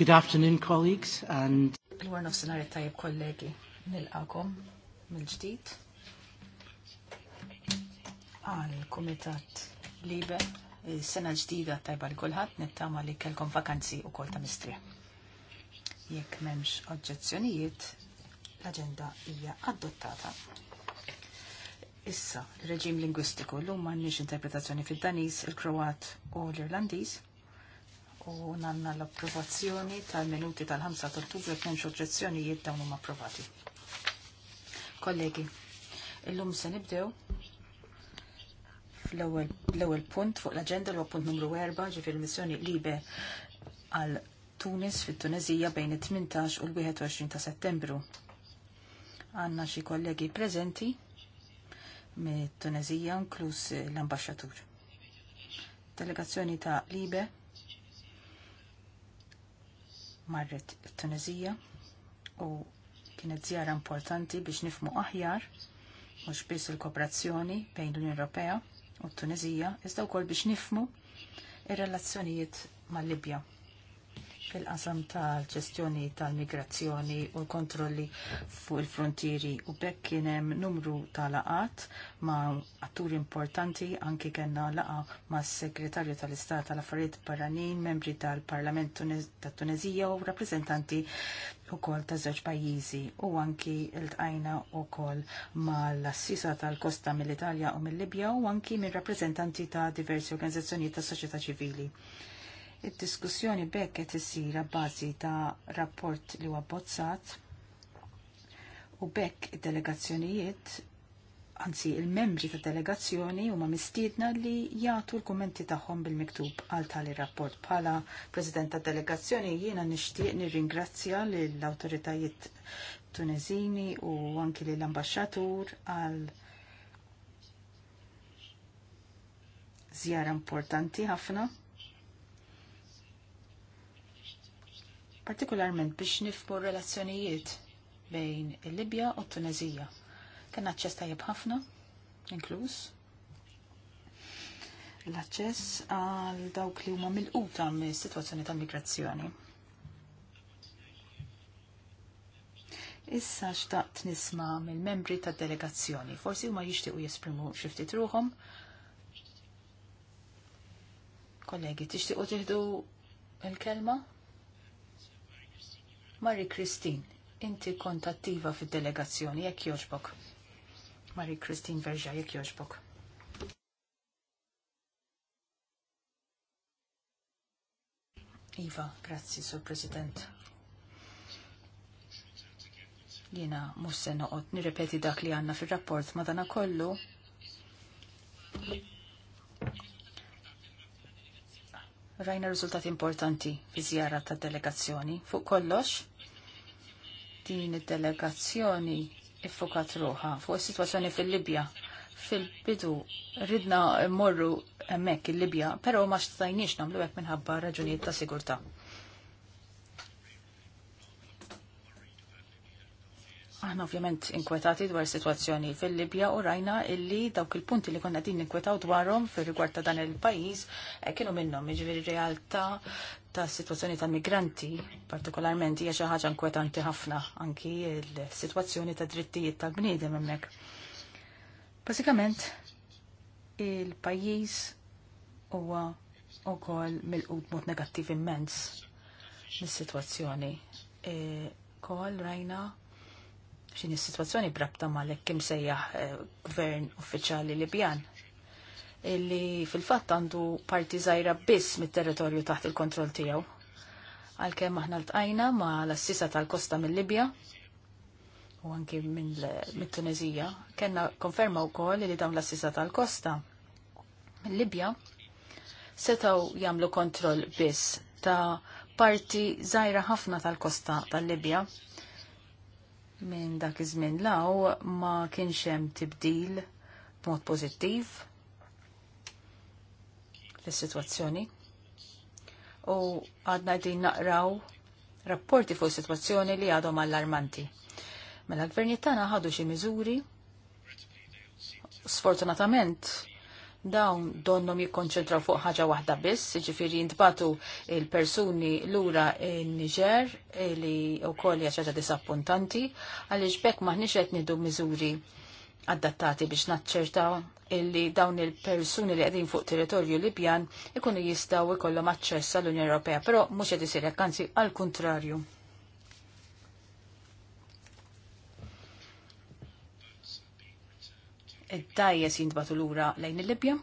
Good afternoon, colleagues, and... L-għar nofsenar tajib kollegi nil-għakom mil-ġdijt għal komitat libe sena ġdida tajba li kullħat nittama li kelkom vakanzi u kol ta' mistri. Jekk memx oġġezzjonijiet, l-agenda hija adottata. Issa, reġim lingwistiku l-lum interpretazzjoni fil-Danis, il-Kroat u l-Irlandiż, u nanna l-approvazzjoni tal-minuti tal-5 tal-tubu jek nemx oġġezzjonijiet dawn huma approvati. Kollegi, illum se nibdew fl-ewwel punt fuq l-aġenda l punt numru 4 ġifier missjoni libe għal Tunis fit-Tunezija bejn it-18 u l-21 ta' Settembru. Għanna xi kollegi preżenti mit-Tunezija inkluż l-ambaxxatur. Delegazzjoni ta' Libe marret it-Tunezija u kienet zjara importanti biex nifmu aħjar mhux biss il-kooperazzjoni bejn l-Unjoni Ewropea u t-Tunezija, iżda wkoll biex nifmu ir-relazzjonijiet mal-Libja fil-qasam tal-ġestjoni tal-migrazzjoni u l-kontrolli fuq il-frontieri u bekk kien hemm numru ta' laqat ma' atturi importanti anki kellna laqa mas segretarju tal-Istat tal-Affarijiet Barranin, membri tal-Parlament ta' Tunezija u rappreżentanti kol ta' żewġ pajjiżi u anki kol wkoll mal-assisa tal-Kosta mill-Italja u mill-Libja u anki mill rappreżentanti ta' diversi organizzazzjonijiet tas soċjetà ċivili Id-diskussjoni bekket qed isir ta' rapport li huwa bozzat u bekk id-delegazzjonijiet anzi il-membri ta' delegazzjoni huma mistiedna li jagħtu l-kummenti tagħhom bil-miktub għal tali rapport. Bħala President ta' delegazzjoni jiena nixtieq nirringrazzja lill-awtoritajiet Tunezini u anki lill-ambaxxatur għal żjara importanti ħafna partikolarment biex nifbu relazzjonijiet bejn il-Libja u t-Tunezija. Kanna aċċess tajjeb ħafna, inkluż. L-aċċess għal dawk li huma mill-quta mis-sitwazzjoni ta' migrazzjoni. Issa xtaqt nisma mill-membri tad delegazzjoni. Forsi huma jixtiequ jesprimu xi ftit ruhom. Kollegi, tixtiequ tieħdu l-kelma? Mari Christine, inti kontattiva attiva fid-delegazzjoni, jekk joġbok. Marie Christine Verja, jekk joġbok. Iva, grazzi, Sur President. Jena musse se noqot nirrepeti dak li għanna fil-rapport madana kollu. Rajna rizultati importanti fi zjara ta' delegazzjoni. Fuq kollox, din id-delegazzjoni iffokat ruħa fuq is-sitwazzjoni fil-Libja. Fil-bidu ridna morru hemmhekk il-Libja, però ma stajniex nagħmlu hekk minħabba raġunijiet ta' sigurtà. Aħna ovvjament inkwetati dwar situazzjoni fil-Libja u rajna illi dawk il-punti li konna din inkwetaw dwarhom fir rigward ta' dan il-pajjiż eh, kienu minnhom jiġifieri realtà ta' situazzjoni ta' migranti partikolarment hija xi ħaġa inkwetanti ħafna anki l-sitwazzjoni ta' drittijiet tal-bniedem hemmhekk. Basikament il-pajjiż huwa wkoll milqud mod negattiv immens mis-sitwazzjoni. E, kol rajna xin is-sitwazzjoni brabta mal kim sejjaħ eh, gvern uffiċjali Libjan li fil-fatt għandu parti zaħira biss mit-territorju taħt il-kontroll tiegħu. Għalkemm aħna ltqajna ma l-assisa tal-kosta mill-Libja u anki mill-Tunezija, kena konferma wkoll li dawn l-assisa tal-kosta mill-Libja setaw jagħmlu kontroll biss ta' parti zaħira ħafna tal-kosta tal-Libja minn dak iż-żmien law ma kienx hemm tibdil b'mod pożittiv l-situazzjoni. U għadna din naqraw rapporti fuq situazzjoni li għadhom allarmanti. Mela l-gvernijiet tagħna ħadu xi miżuri sfortunatament dawn donnom jikkonċentraw fuq ħaġa waħda biss, jiġifieri jintbatu il-persuni lura n niġer li wkoll hija ċerta disappuntanti, għaliex bekk m'aħniex qed nidu miżuri adattati biex naċċertaw illi dawn il-persuni li għedin fuq territorju Libjan ikunu jistaw ikollhom aċċess għall unjoni Ewropea, però mhux qed isir hekk anzi għall-kuntrarju. Id-dajjes jintbatu lura lejn il-Libja.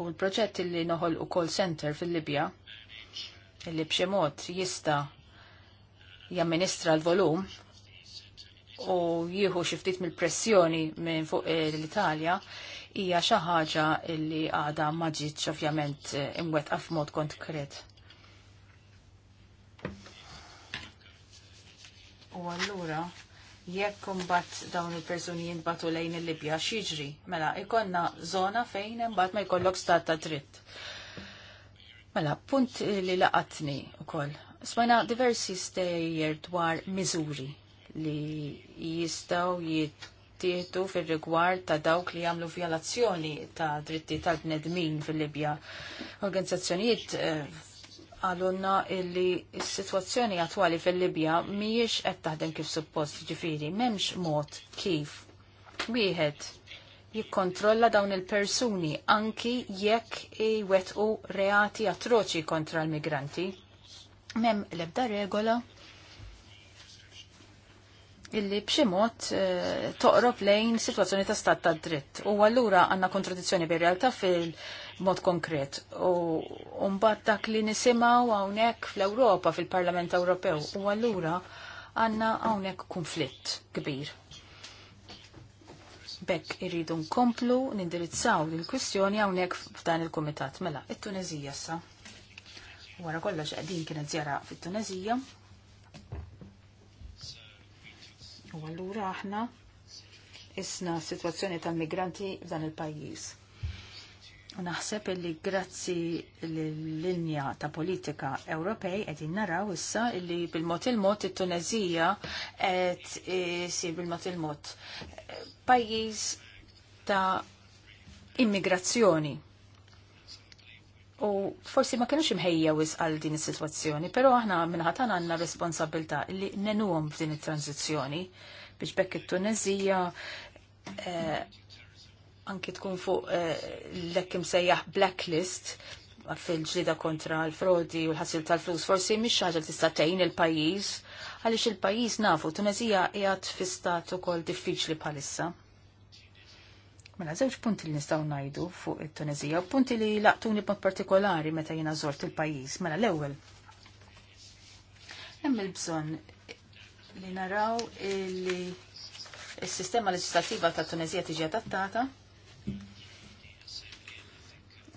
U l-proġett li noħol u call center fil-Libja li b'xi mod jista' jamministra l-volum u jieħu xi ftit mill-pressjoni minn fuq eh, l-Italja hija xi ħaġa li għadha ma ġietx ovvjament eh, imwetqa f'mod konkret. U allura jekk imbagħad dawn il-persuni jinbatu lejn il-Libja x'jiġri, mela ikonna żona fejn imbagħad ma jkollok stat ta' dritt. Mela, punt li laqatni ukoll. Smajna diversi stejjer dwar miżuri li jistaw jittieħdu fil-rigward ta' dawk li jagħmlu violazzjoni ta' dritti tal-bnedmin fil-Libja. Organizzazzjonijiet eh, għalunna illi s-situazzjoni attwali fil-Libja miex qed taħdem kif suppost ġifiri, memx mod kif wieħed jikkontrolla dawn il-persuni anki jekk jwetqu reati atroċi kontra l-migranti. Mem lebda regola illi bximot uh, eh, toqrob lejn situazzjoni ta' stat ta' dritt. U għallura għanna kontradizzjoni bi realtà fil-mod konkret. U mbagħad dak li nisimgħu hawnhekk fl-Ewropa fil-Parlament Ewropew. U allura għanna hawnhekk konflitt kbir. Bekk irridu nkomplu nindirizzaw l kwistjoni hawnhekk f'dan il-kumitat. Mela, it-Tunezija sa. Wara kollox qegħdin kienet zjara fit-Tunezija, U allura aħna isna situazzjoni tal-migranti f'dan il-pajjiż. U naħseb illi grazzi l-linja ta' politika Ewropej qegħdin naraw issa illi bil-mod il-mod it-Tunezija qed isir bil-mod il-mod pajjiż ta' immigrazzjoni U forsi ma kienux imħejja wis għal din is-sitwazzjoni, però aħna minħatan għandna responsabilta li nenuhom f'din it-tranzizzjoni biex bekk it-Tunezija eh, anki tkun fuq eh, l-ekk imsejjaħ blacklist fil-ġlida kontra l-frodi u l-ħasil tal-flus forsi mhix ħaġa tista' tgħin il-pajjiż għaliex il-pajjiż nafu Tunezija qiegħed fi stat ukoll diffiċli bħalissa. Mela żewġ punti li nistgħu ngħidu fuq it-Tunezija, punti li laqtuni b'mod partikolari meta jiena żort il-pajjiż. Mela l-ewwel. Hemm il-bżonn li naraw li s-sistema leġislattiva ta' Tunezija tiġi adattata.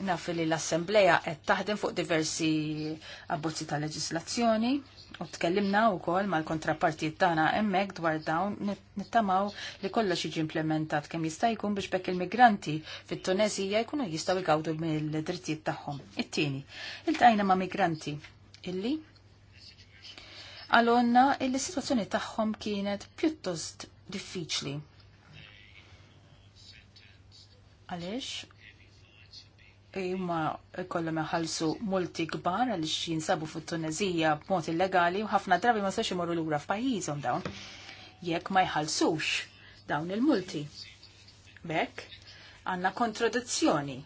Naf li l-Assembleja qed taħdem fuq diversi abbozzi ta' leġislazzjoni U tkellimna u kol mal-kontrapartijiet tagħna hemmhekk dwar dawn nittamaw li kollox jiġi implementat kemm jista' jkun biex bekk il-migranti fit tunezija jkunu jistgħu jgawdu mill-drittijiet tagħhom. It-tieni, iltajna ma' migranti illi għalonna illi situazzjoni tagħhom kienet pjuttost diffiċli. Għaliex imma kollu iħallsu multi kbar għaliex jinsabu fit-Tunezija b'mod illegali u ħafna drabi ma sex imorru lura f'pajjiżhom dawn jekk ma jħallsux dawn il-multi. Bekk għandna kontradizzjoni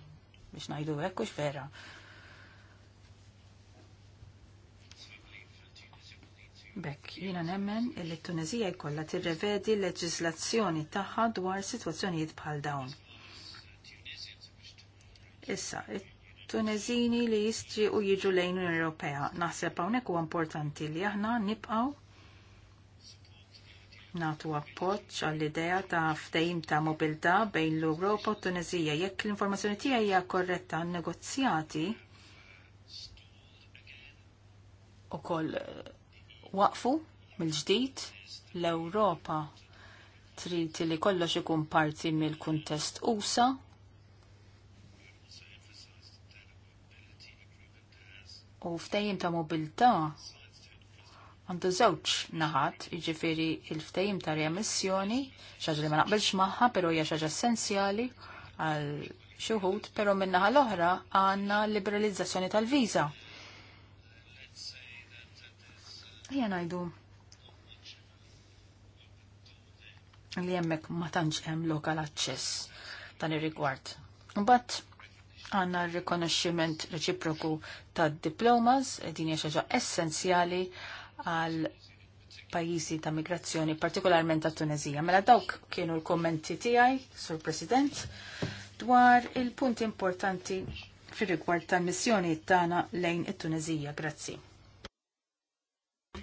biex ngħidu hekk hux vera. Bekk, jina nemmen il t Tunezija jkollha tirrevedi l leġislazzjoni tagħha dwar sitwazzjonijiet bħal dawn Issa, tunezini li jistri u jiġu lejn l Ewropea. Naħseb hawnhekk huwa importanti li aħna nibqgħu natu appoġġ għall-idea ta' ftehim ta' mobilità bejn l-Ewropa u Tunezija. Jekk l-informazzjoni tiegħi hija korretta negozjati ukoll eh, waqfu mill-ġdid l-Ewropa trid li kollox ikun parti mill-kuntest USA u ftejim ta' mobilta għandu żewġ naħat, jiġifieri il-ftejim ta' reemissjoni xaġa li ma naqbilx magħha, però hija xaġa essenzjali għal xuħut, pero minnaħa l-oħra għanna liberalizzazzjoni tal-viza. Ejja najdu. Li jemmek ma tantx hemm lokal aċċess tan ir-rigward. Mbagħad għanna rikonoxximent reċiproku ta' diplomas, din hija xaġa essenzjali għal pajjiżi ta' migrazzjoni, partikolarment ta' Tunezija. Mela dawk kienu l-kommenti tiegħi, Sur President, dwar il-punti importanti fir rigward tal-missjoni tagħna lejn it-Tunezija. Grazzi.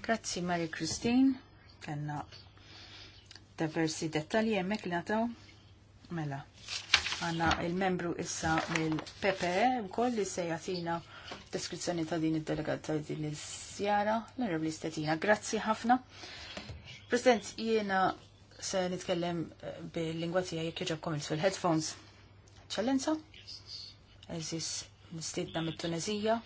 Grazzi Mary Christine, kenna diversi dettalji hemmhekk li nataw. Mela, Għanna il-membru issa mill-PPE wkoll li se jatina deskrizzjoni ta' din id-delegat ta' din il-sjara, l li Stetina. Grazzi ħafna. President, jiena se nitkellem eh, bil-lingwa tiegħi jekk jġobkom fil-headphones. Ċallenza, Eżis mistiedna mit-Tunezija,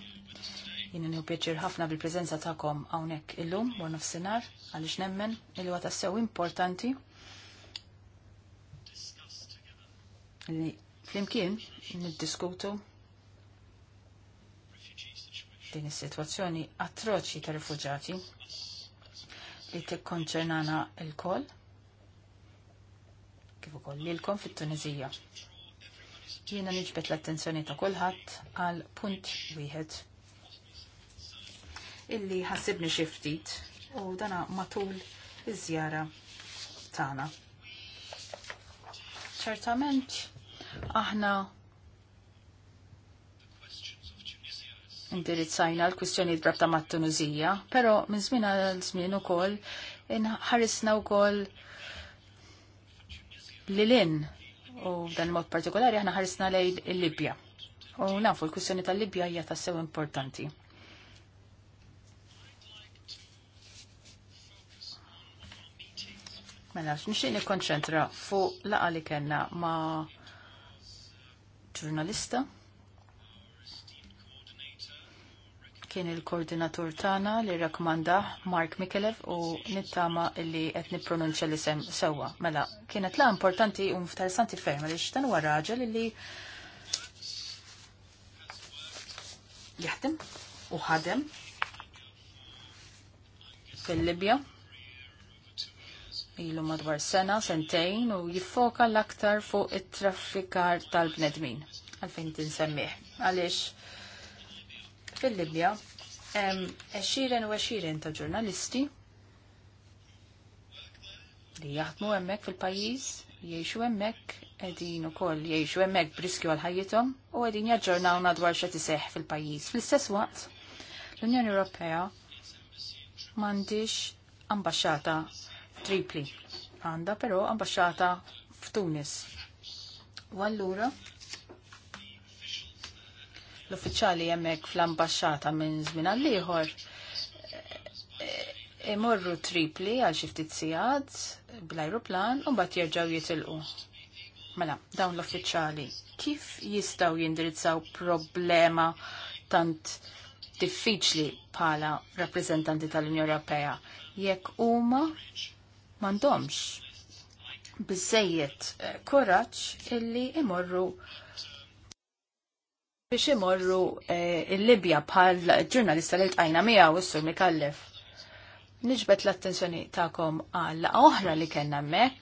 Jiena nħu pieċir ħafna bil-prezenza ta'kom hawnhekk illum u nofsinhar għaliex nemmen il huwa tassew importanti li flimkien niddiskutu din is-sitwazzjoni atroċi ta' rifugġati li tikkonċernana l kol kif ukoll lilkom fit-Tunizija. Jiena niġbet l-attenzjoni ta' kulħadd għal punt wieħed illi ħassibni xi ftit u dana matul iż-żjara tagħna. Ċertament Aħna indirizzajna l-kwistjoni drabta mat tunizija pero minn żmien għal żmien ukoll inħarisna wkoll lilin u dan mod partikolari aħna ħarisna lejn il-Libja. U nafu l-kwistjoni tal-Libja hija sew importanti. Mela, nixtieq nikkonċentra fuq laqa li kellna ma' ġurnalista. kien il-koordinatur tagħna li rrakkomanda Mark Mikelev u nittama li qed nippronunċja l-isem sewwa. Mela, kienet la importanti u interessanti ferm li x'dan huwa raġel li jaħdem u ħadem fil-Libja ilu madwar sena, sentejn u jiffoka l-aktar fuq it-traffikar tal-bnedmin. Għalfejn tinsemmiħ. Għalix fil-Libja hemm u 20 ta' ġurnalisti li jaħdmu hemmhekk fil-pajjiż, jgħixu hemmhekk, qegħdin ukoll jgħixu hemmhekk briskju għal ħajjithom u qegħdin jaġġornawna madwar x'qed iseħħ fil-pajjiż. Fl-istess waqt, l-Unjoni Ewropea m'għandix ambasċata tripli. Għanda però ambasċata f'Tunis. U allura l-uffiċjali hemmhekk fl-ambasċata minn żmien għal ieħor eh, imorru tripli għal xi ftit sigħat bl-ajruplan u mbagħad jerġgħu jitilqu. Mela, dawn l-uffiċjali kif jistgħu jindirizzaw problema tant diffiċli bħala rappreżentanti tal-Unjoni Ewropea jekk huma mandomx bizzejiet eh, kuraċ illi imorru biex imorru eh, il-Libja bħal ġurnalista li l-tqajna miegħu is-sur Mikallef. Niġbet l-attenzjoni tagħkom għal oħra li kellna hemmhekk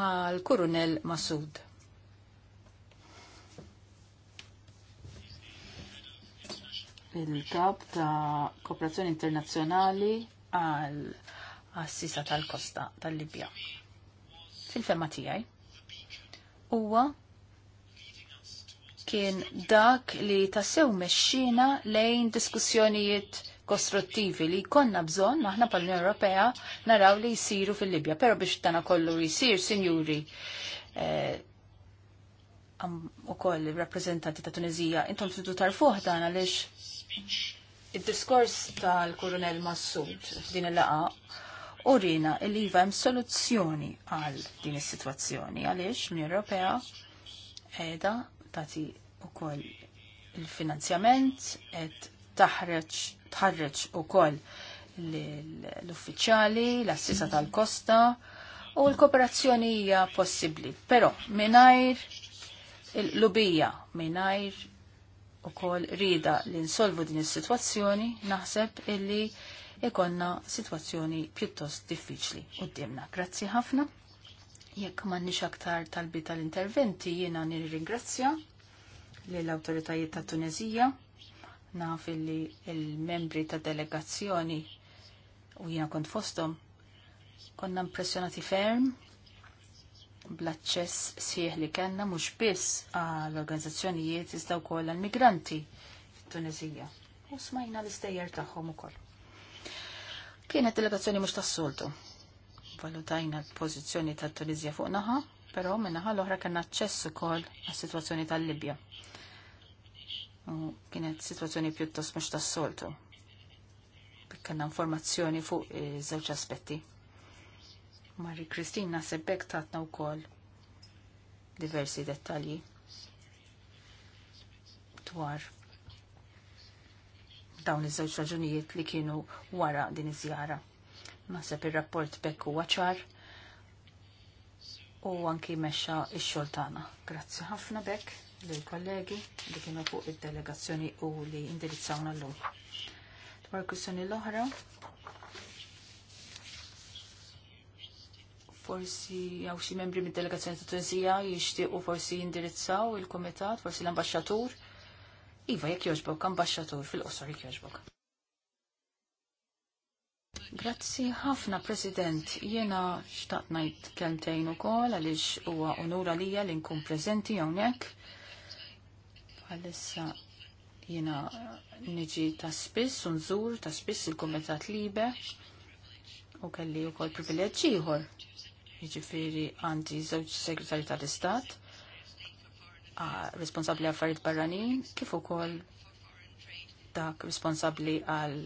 mal-Kurunel Masud. Il-kap ta' Kooperazzjoni Internazzjonali għal assisa tal-kosta tal-Libja. Fil-fema tijaj, huwa kien dak li tassew mexxina lejn diskussjonijiet kostruttivi li konna bżon maħna pal-Unjoni Ewropea naraw li jisiru fil-Libja. Pero biex tana kollu jisir, sinjuri, eh, u koll rappresentanti ta' Tunizija, intom tridu tarfuħ dan għalix il diskors tal-Kurunel Massud f'din il-laqa urina il-liva hemm soluzzjoni għal din is-sitwazzjoni għaliex l-Unjoni Ewropea qiegħda tagħti ukoll il-finanzjament qed taħreċ tħarreġ ukoll l-uffiċjali, l-assisa tal-kosta u l-kooperazzjoni hija possibbli. Però mingħajr l-lubija, mingħajr u kol rida li nsolvu din is-sitwazzjoni, naħseb illi ikonna situazzjoni pjuttost diffiċli dimna. Grazzi ħafna. Jekk m'għandniex aktar talbi tal-interventi jiena nirringrazzja lill awtoritajiet ta' Tunezija naf illi il-membri ta' delegazzjoni u jiena kont fostom konna impressjonati ferm bl-aċċess sħiħ li kellna mhux biss għall-organizzazzjonijiet iżda wkoll għall-migranti fit-Tunisija. U smajna l-istejjer tagħhom ukoll. Kienet delegazzjoni mhux tas-soltu. Valutajna l-pożizzjoni tat-Tunisja fuq naħa, però minn naħa l-oħra kellna aċċess ukoll għas-sitwazzjoni tal-Libja. U kienet sitwazzjoni pjuttost mhux tas-soltu. Kellna informazzjoni fuq eh, żewġ aspetti Mari Kristina sebbek tatna wkoll diversi dettalji dwar dawn iż-żewġ raġunijiet li kienu wara din iż-żjara. Naħseb ir-rapport bekk huwa ċar u anki mexxa x-xogħol tagħna. Grazzi ħafna bekk lill kollegi li kienu fuq id-delegazzjoni u li indirizzawna llum. Dwar kwistjoni l-oħra, forsi għaw xi membri mid-delegazzjoni ta' Tunizija jixtiequ forsi jindirizzaw il-kumitat, forsi l ambasġatur Iva, jekk jogħġbok, ambasġatur, fil-qosor jekk jogħġbok. Grazzi ħafna, President. Jiena xtaqt ngħid kelmtejn ukoll għaliex huwa onura lija li nkun preżenti hawnhekk. Għalissa jiena niġi ta' spiss u nżur ta' spiss il-Kumitat Libe u kelli wkoll kol ieħor jiġifieri għandi żewġ segretari tal-Istat responsabbli affarijiet barranin kif ukoll dak responsabbli għal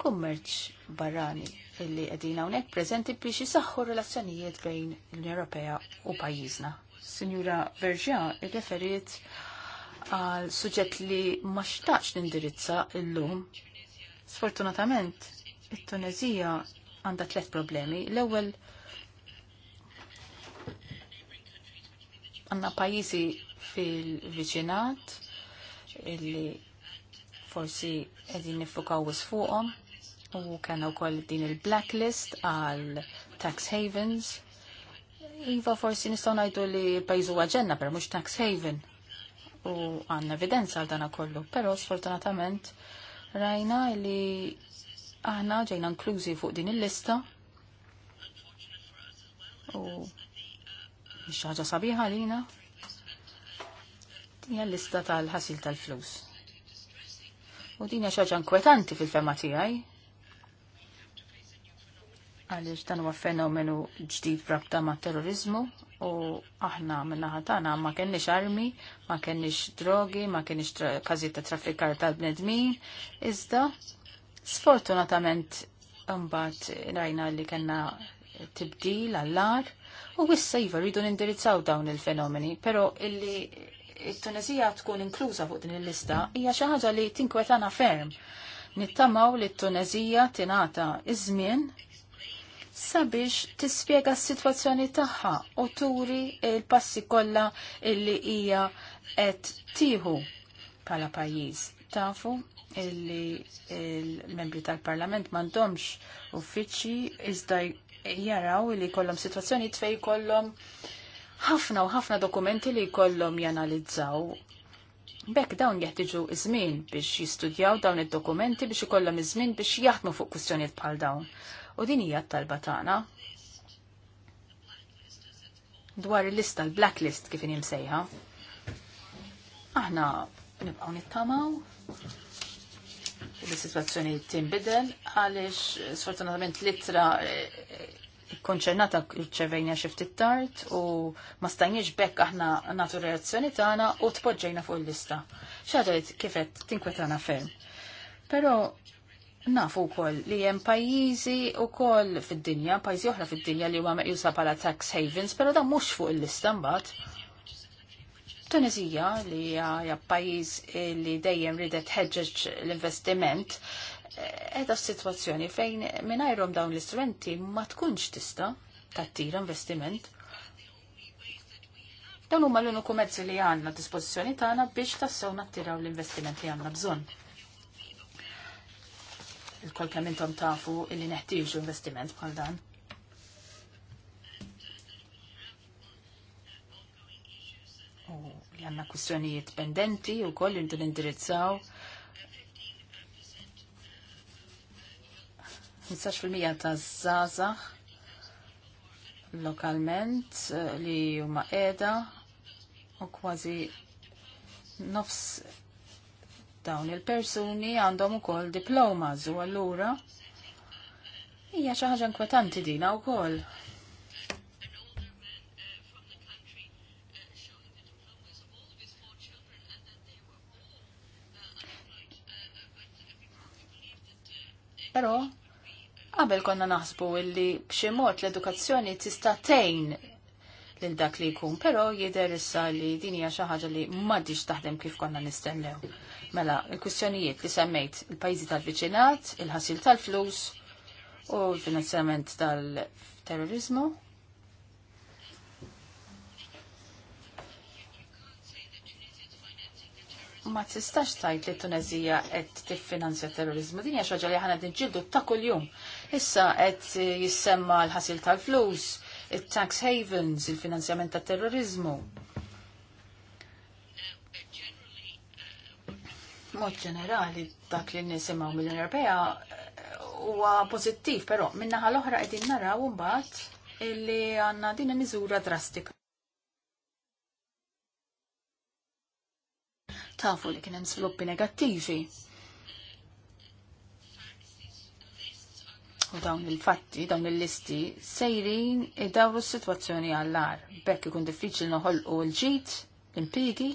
kummerċ barrani illi qegħdin hawnhekk preżenti biex jisaħħu relazzjonijiet bejn l-Unjoni Ewropea u pajjiżna. Sinjura Verġa irreferiet għal suġġett li ma xtaqx nindirizza illum. Sfortunatament, it-Tunezija għandha tliet problemi. L-ewwel Għanna pajizi fil-viċinat illi forsi edin nifukaw wis fuqom u kena u koll din il-blacklist għal tax havens. Iva forsi nistaw najdu li pajizu għagġenna per mux tax haven u għanna evidenza għal dana kollu, pero sfortunatament rajna li aħna ġejna inklużi fuq din il-lista u xaġa sabiħa lina hija l-lista tal-ħasil tal-flus. U din hija ħaġa inkwetanti fil-fema tiegħi. Għaliex dan huwa fenomenu ġdid rabta ma' terrorizmu u aħna minnaħa tagħna ma kenniex armi, ma kenniex drogi, ma kenniex tra każijiet ta' traffikar tal-bnedmin, iżda sfortunatament mbagħad rajna li kellna tibdil għall-ar U issa jiva rridu nindirizzaw dawn il-fenomeni, pero illi il-Tunezija tkun inkluża fuq din il-lista hija xi ħaġa li tinkwetana ferm. Nittamaw li t-Tunezija tingħata iż-żmien sabiex tispjega s-sitwazzjoni tagħha u turi l-passi kollha illi hija qed tieħu bħala pajjiż. Tafu illi il-membri tal-Parlament m'għandhomx uffiċċji iżda jaraw li kollom situazzjoni tfej kollom ħafna u ħafna dokumenti li kollom janalizzaw. Bek dawn jeħtiġu izmin żmien biex jistudjaw dawn id-dokumenti biex ikollhom iż-żmien biex jaħdmu fuq kwistjonijiet bħal dawn. U din hija t-talba tagħna. Dwar il-lista l-blacklist kif imsejħa. Aħna nibqgħu nittamaw il-situazzjoni timbidel għaliex sfortunatament l-ittra eh, konċernata ċervejna xift it-tart u ma stajniex bekk aħna natu reazzjoni tagħna u tpoġġejna fuq il-lista. Xadet kifet tinkwetana ferm. Però nafu wkoll li hemm pajjiżi wkoll fid-dinja, pajjiżi oħra fid-dinja li huma meqjusa bħala tax havens, però dan mhux fuq il-lista mbagħad. Tunisija li hija pajjiż li dejjem ridet ħeġġeġ l-investiment edha s-sitwazzjoni fejn mingħajrhom dawn l-istrumenti ma tkunx tista tattira investiment. Dawn huma l-uniku mezzi li għandna dispożizzjoni tagħna biex tassew nattiraw l-investiment li għandna bżonn. Il-kol kemm intom tafu illi neħtieġu investiment bħal dan. għanna kwistjonijiet pendenti u koll indu l-indirizzaw. fil-mija ta' zazax lokalment eh, li huma qiegħda u kważi nofs dawn il-persuni għandhom ukoll diplomas u allura hija xi ħaġa inkwetanti dina wkoll Però qabel konna naħsbu illi b'xi mod l-edukazzjoni tista' tgħin lil dak li jkun, però jidher issa li din hija xi ħaġa li m'għadix taħdem kif konna nistennew. Mela, il-kwistjonijiet li semmejt il-pajjiżi tal-viċinat, il-ħasil tal-flus u l-finanzjament tal-terrorizmu Ma tistax tajt li Tunezija qed tiffinanzja terrorizmu. Din hija xi ħaġa li aħna dinġildu ta' kuljum. Issa qed jissemma l-ħasil tal-flus, it-tax havens, il-finanzjament ta' terrorizmu. Mod ġenerali dak li nisimaw mill-Unjoni Ewropea eh, huwa pożittiv, però min-naħa l-oħra qegħdin naraw imbagħad illi għandna din miżura drastika. tafu li kien hemm sviluppi negattivi. U dawn il-fatti, dawn il-listi, sejrin id-dawru s-situazzjoni għallar. Bekk ikun diffiċil noħolqu l-ġit, l-impigi,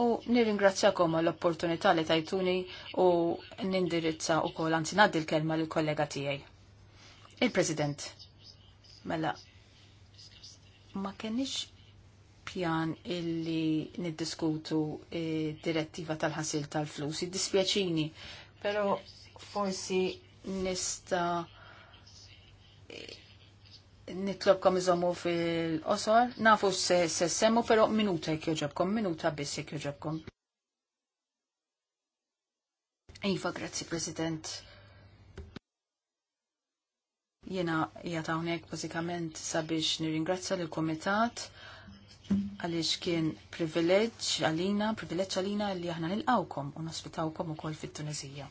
u nirringrazzjakom għall opportunità li tajtuni u nindirizza u kol għanzi naddi l-kelma l-kollega tijaj. Il-President, mela, ma kenix pjan illi niddiskutu eh, direttiva tal-ħasil tal-flus. Dispjaċini, pero forsi nista eh, nitlobkom iżommu fil-qosor. Nafu se, se semmu, pero minuta jek joġobkom, minuta biss jek joġobkom. Iva, grazzi, President. Jena jgħatawnek bazikament sabiex nirringrazzja l-Komitat għaliex kien privileġġ għalina, privileġ għalina li aħna ospitawkom u koll ukoll fit-Tunizija.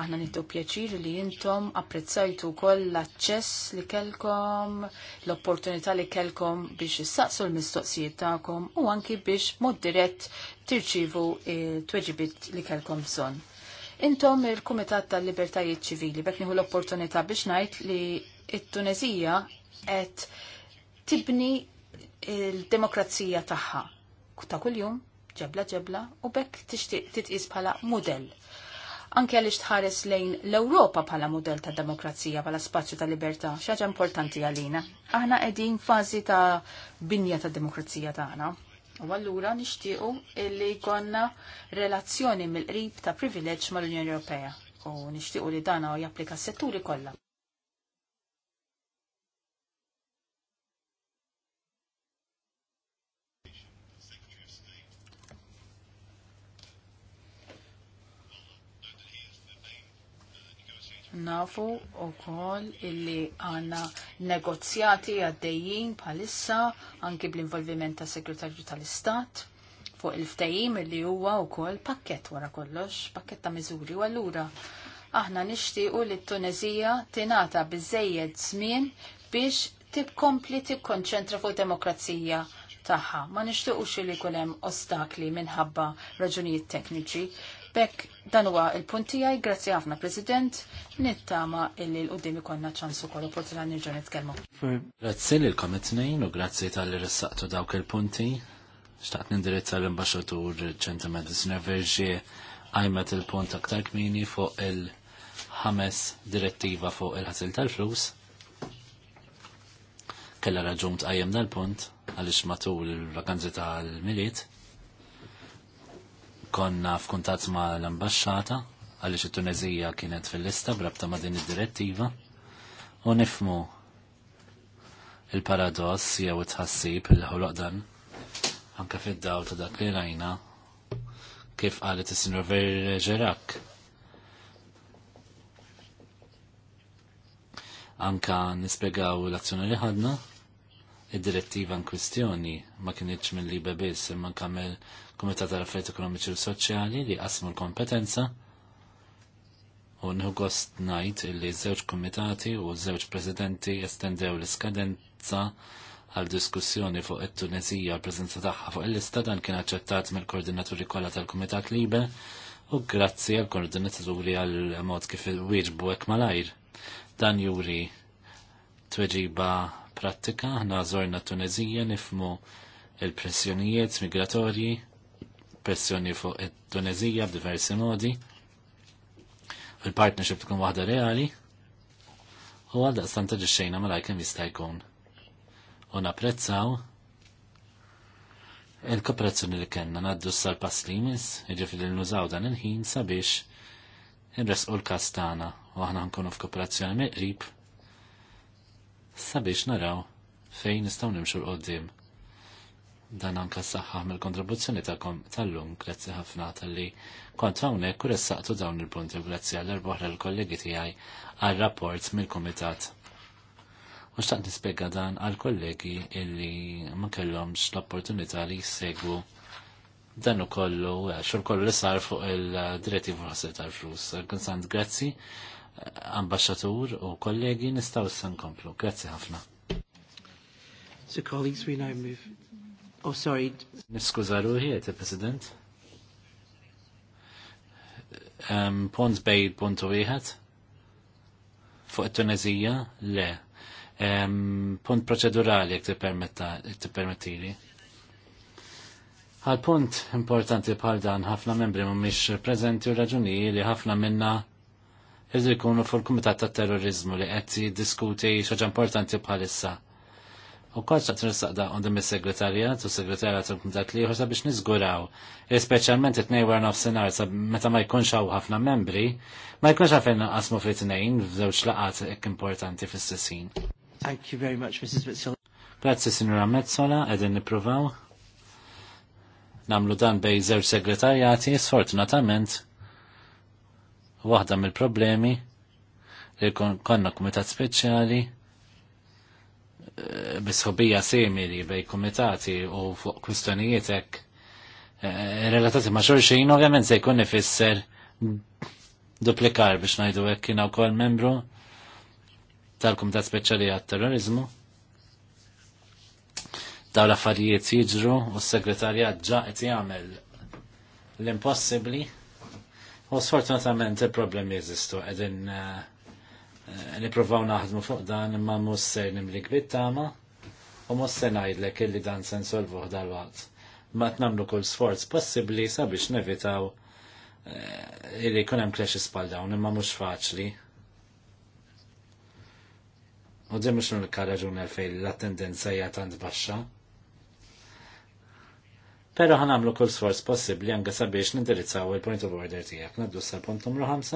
Aħna nittu pjaċir li jintom apprezzajtu koll l-aċċess li kelkom, l-opportunità li kelkom biex issaqsu l-mistoqsijiet tagħkom u anki biex mod dirett tirċivu tweġibit li kelkom bżonn. Intom il-Kumitat tal-Libertajiet Ċivili bekk nieħu l-opportunità biex ngħid li t-Tunezija qed tibni il-demokrazija tagħha ta' kuljum ġebla ġebla u bekk tixtieq titqis bħala mudell. Anke għaliex tħares lejn l-Ewropa bħala mudell ta' demokrazija bħala spazju ta' libertà, xaġa importanti għalina. Aħna qegħdin fażi ta' binja ta' demokrazija tagħna. U allura nixtiequ li jkollna relazzjoni mill-qrib ta' privileġġ mal-Unjoni Ewropea u nixtiequ li dan japplika s-setturi kollha. Nafu u illi għanna negozjati għaddejjien bħalissa anki bl-involviment ta' segretarju tal-Istat fuq il-ftajim illi huwa u koll pakket wara kollox, pakket ta' miżuri u allura. Aħna nixtiequ li t-Tunezija tinata biżejjed żmien biex tibkompli tikkonċentra fuq demokrazija tagħha. Ma nixtiequx li hemm ostakli minħabba raġunijiet tekniċi Bekk dan huwa il punti grazzi ħafna President, nittama illi l-qudiem ċansu ċans ukoll opportunità nirġgħu nitkellmu. Grazzi lilkom it u grazzi tal-li ressaqtu dawk il-punti. Xtaqt nindirizza l-Imbaxxatur ċentru Medicina Verġi għajmet il-punt aktar kmini fuq il-ħames direttiva fuq il-ħasil tal-flus kella raġun tqajjem dal-punt għaliex matul il-vakanzi tal-miliet konna f'kuntat ma' l-ambasċata għaliex it-Tunezija kienet fil-lista brabta ma' din id-direttiva u nifmu il-paradoss jew it-ħassib il-ħoloq dan anke fid-daw ta' dak li rajna kif qalet is-Sinjor Ġerak. Anka nispjegaw l-azzjoni li ħadna id-direttiva in kwistjoni ma kienieċ minn li biss imma kamel Kumitat tal-Affarijiet Ekonomiċi u Soċjali li qasmu l-kompetenza u nħu gost najt illi żewġ kumitati u żewġ presidenti estendew l-iskadenza għal diskussjoni fuq it-Tunezija l preżenza tagħha fuq il-lista dan kien aċċettat mill-koordinaturi kollha tal-Kumitat Libe u grazzi għal koordinaturi għal mod kif il-wieġbu hekk malajr. Dan juri tweġiba prattika, aħna żorna t Tunezija nifmu il-pressjonijiet migratorji pressjoni fuq it-Tunezija b'diversi modi. Il-partnership tkun waħda reali. U għal daqstan ġiċċejna ma lajkem jista' jkun. U napprezzaw il-kooperazzjoni li kellna naddu sal-pass li jmiss, jiġifieri li nużaw dan il-ħin sabiex irresqu l-kastana u aħna nkunu f'kooperazzjoni meqrib sabiex naraw fejn nistgħu nimxu l-qoddim dan anka s-saxħa mill-kontribuzzjoni tal-kom tal-lum, grazzi ħafna tal-li kont hawnhekk kur saqtu dawn il-punti grazzi għall erboħra l-kollegi tiegħi għal-rapport mill-kumitat. U xtaqt nispjega dan għal-kollegi illi ma kellhomx l-opportunità li jissegwu dan kollu, xogħol kollu li sar fuq il diretti ħasib tal-flus. Kunsant grazzi, ambasġatur u kollegi nistgħu issa nkomplu. Grazzi ħafna. So colleagues, we now move Oh, sorry. Niskuza ruħiet, President. Um, punt bej punt wieħed fuq it-Tunezija, le. Um, punt proċedurali jek tippermettili. Għal punt importanti bħal dan ħafna membri mhumiex preżenti u raġuni li ħafna minna jizri jkunu fuq il-Kumitat tat-Terrorizmu li qed jiddiskuti xaġa importanti bħalissa. issa U kol xaqt nistaqda għandhom il-segretarjat u segretarjat u kumdat liħor sabiex nizguraw. speċjalment it-nej war nofsenar sab meta ma jkunx għaw ħafna membri, ma jkunx għafen qasmu fit-nejn f'żewġ laqat ek importanti fis-sessin. Thank you very much, Mrs. Metzola. Grazzi, Sinura Mezzola, edin nippruvaw Namlu dan bej żewġ segretarjati, sfortunatament, waħda mill-problemi li konna kumitat speċjali bisħobija simili bej komitati u fuq kwistjonijiet hekk eh, relatati ma' xorxin, ovvjament se jkun ifisser duplikar biex ngħidu hekk kien wkoll membru tal-Kumitat Speċjali għat-Terrorizmu. Daw l-affarijiet jiġru u s-segretarjat ġa qed jagħmel l-impossibbli u sfortunatament il-problemi jeżistu qegħdin uh, Eh, niprofaw naħdmu fuq dan imma musser nimlik bit-tama u musser najdlek illi dan sen solvuħ dal-waqt. Ma nagħmlu kull sforz possibli sabiex nevitaw eh, illi kunem kleċi spaldawn imma mux faċli. U din mux l-unika raġun fej l-attendenza hija tant baxxa. Pero ħanamlu kull sforz possibli anke sabiex nindirizzaw il-point of order tiegħek. Naddu sal-punt numru 5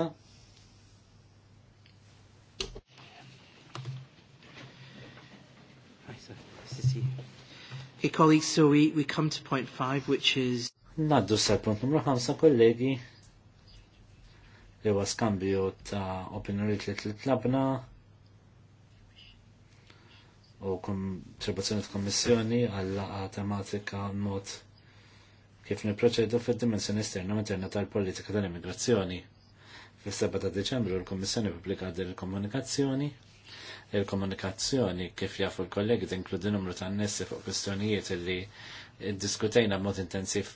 Okay, colleagues, so we, we come to point five, which is... Naddu sal-punt numru 5, kollegi, li huwa skambju ta' opinjoni li tlabna u kontribuzzjoni f'kommissjoni għall-laqa tematika mod kif niproċedu fid-dimensjoni esterna Materna interna tal-politika tal-immigrazzjoni. Fis-7 ta' Deċembru l-Kommissjoni pubblika din il-komunikazzjoni il-komunikazzjoni kif jafu l-kollegi tinkludi numru ta' nessi fuq kwistjonijiet li diskutejna mod intensiv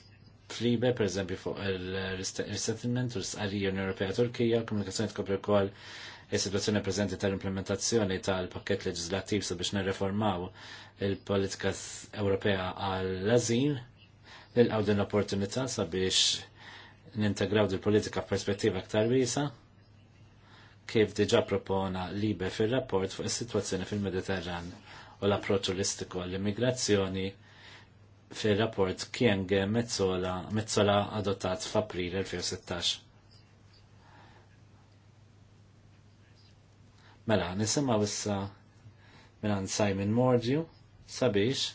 flibe, per eżempju, fuq il-resettlement u l-sqarija Unjoni Ewropea Turkija, komunikazzjoni tkopri wkoll is-situazzjoni preżenti tal-implementazzjoni tal-pakket leġislattiv sabiex nirreformaw il-politika Ewropea għall-azil, il-għaw din l-opportunità sabiex nintegraw dil-politika f'perspettiva aktar wiesa' kif diġa propona libe fil-rapport fuq is-sitwazzjoni fil-Mediterran u l-approċċ turistiku għall-immigrazzjoni fil-rapport Kieng Mezzola adottat f'April 2016. Mela, nisimgħu issa minn Simon Mordju sabiex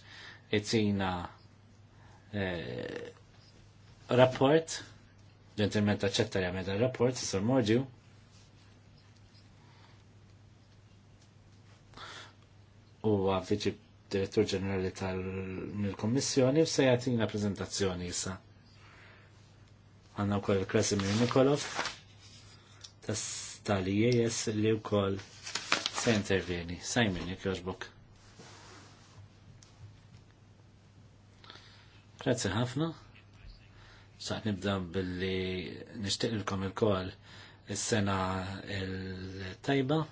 jtina eh, rapport ġentilment aċċetta jagħmel rapport, Sur Mordju, huwa viċi direttur ġenerali tal-Kommissjoni u se jagħtina preżentazzjoni issa. Għandna wkoll krasimir Nikolov tal-IES li wkoll se intervjeni. Sajmin jekk joġbok. Grazzi ħafna. Sa' nibda billi nishtiqilkom il-kol is-sena il-tajba. il kol is sena il tajba il sena il tajba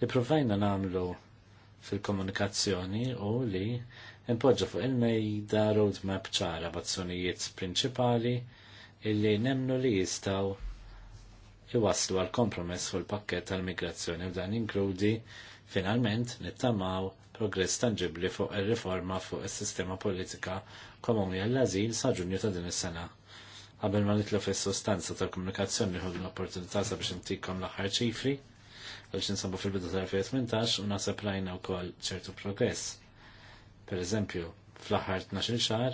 li provajna namlu fil-komunikazzjoni u li npoġġa fuq il-mejda roadmap ċara b'azzjonijiet prinċipali illi nemnu li jistaw iwaslu għal kompromess fuq il-pakket tal-migrazzjoni u dan inkludi finalment nittamaw progress tangibli fuq il-riforma fuq il-sistema politika komuni għall-azil sa' ġunju ta' din is-sena. Qabel ma nitlu fis sostanza tal komunikazzjoni ħu l-opportunità sabiex intikom l-aħħar ċifri għax nsabu fil-bidu tal-2018 u nasab rajna u koll ċertu progress. Per eżempju, fl-ħar 12 xar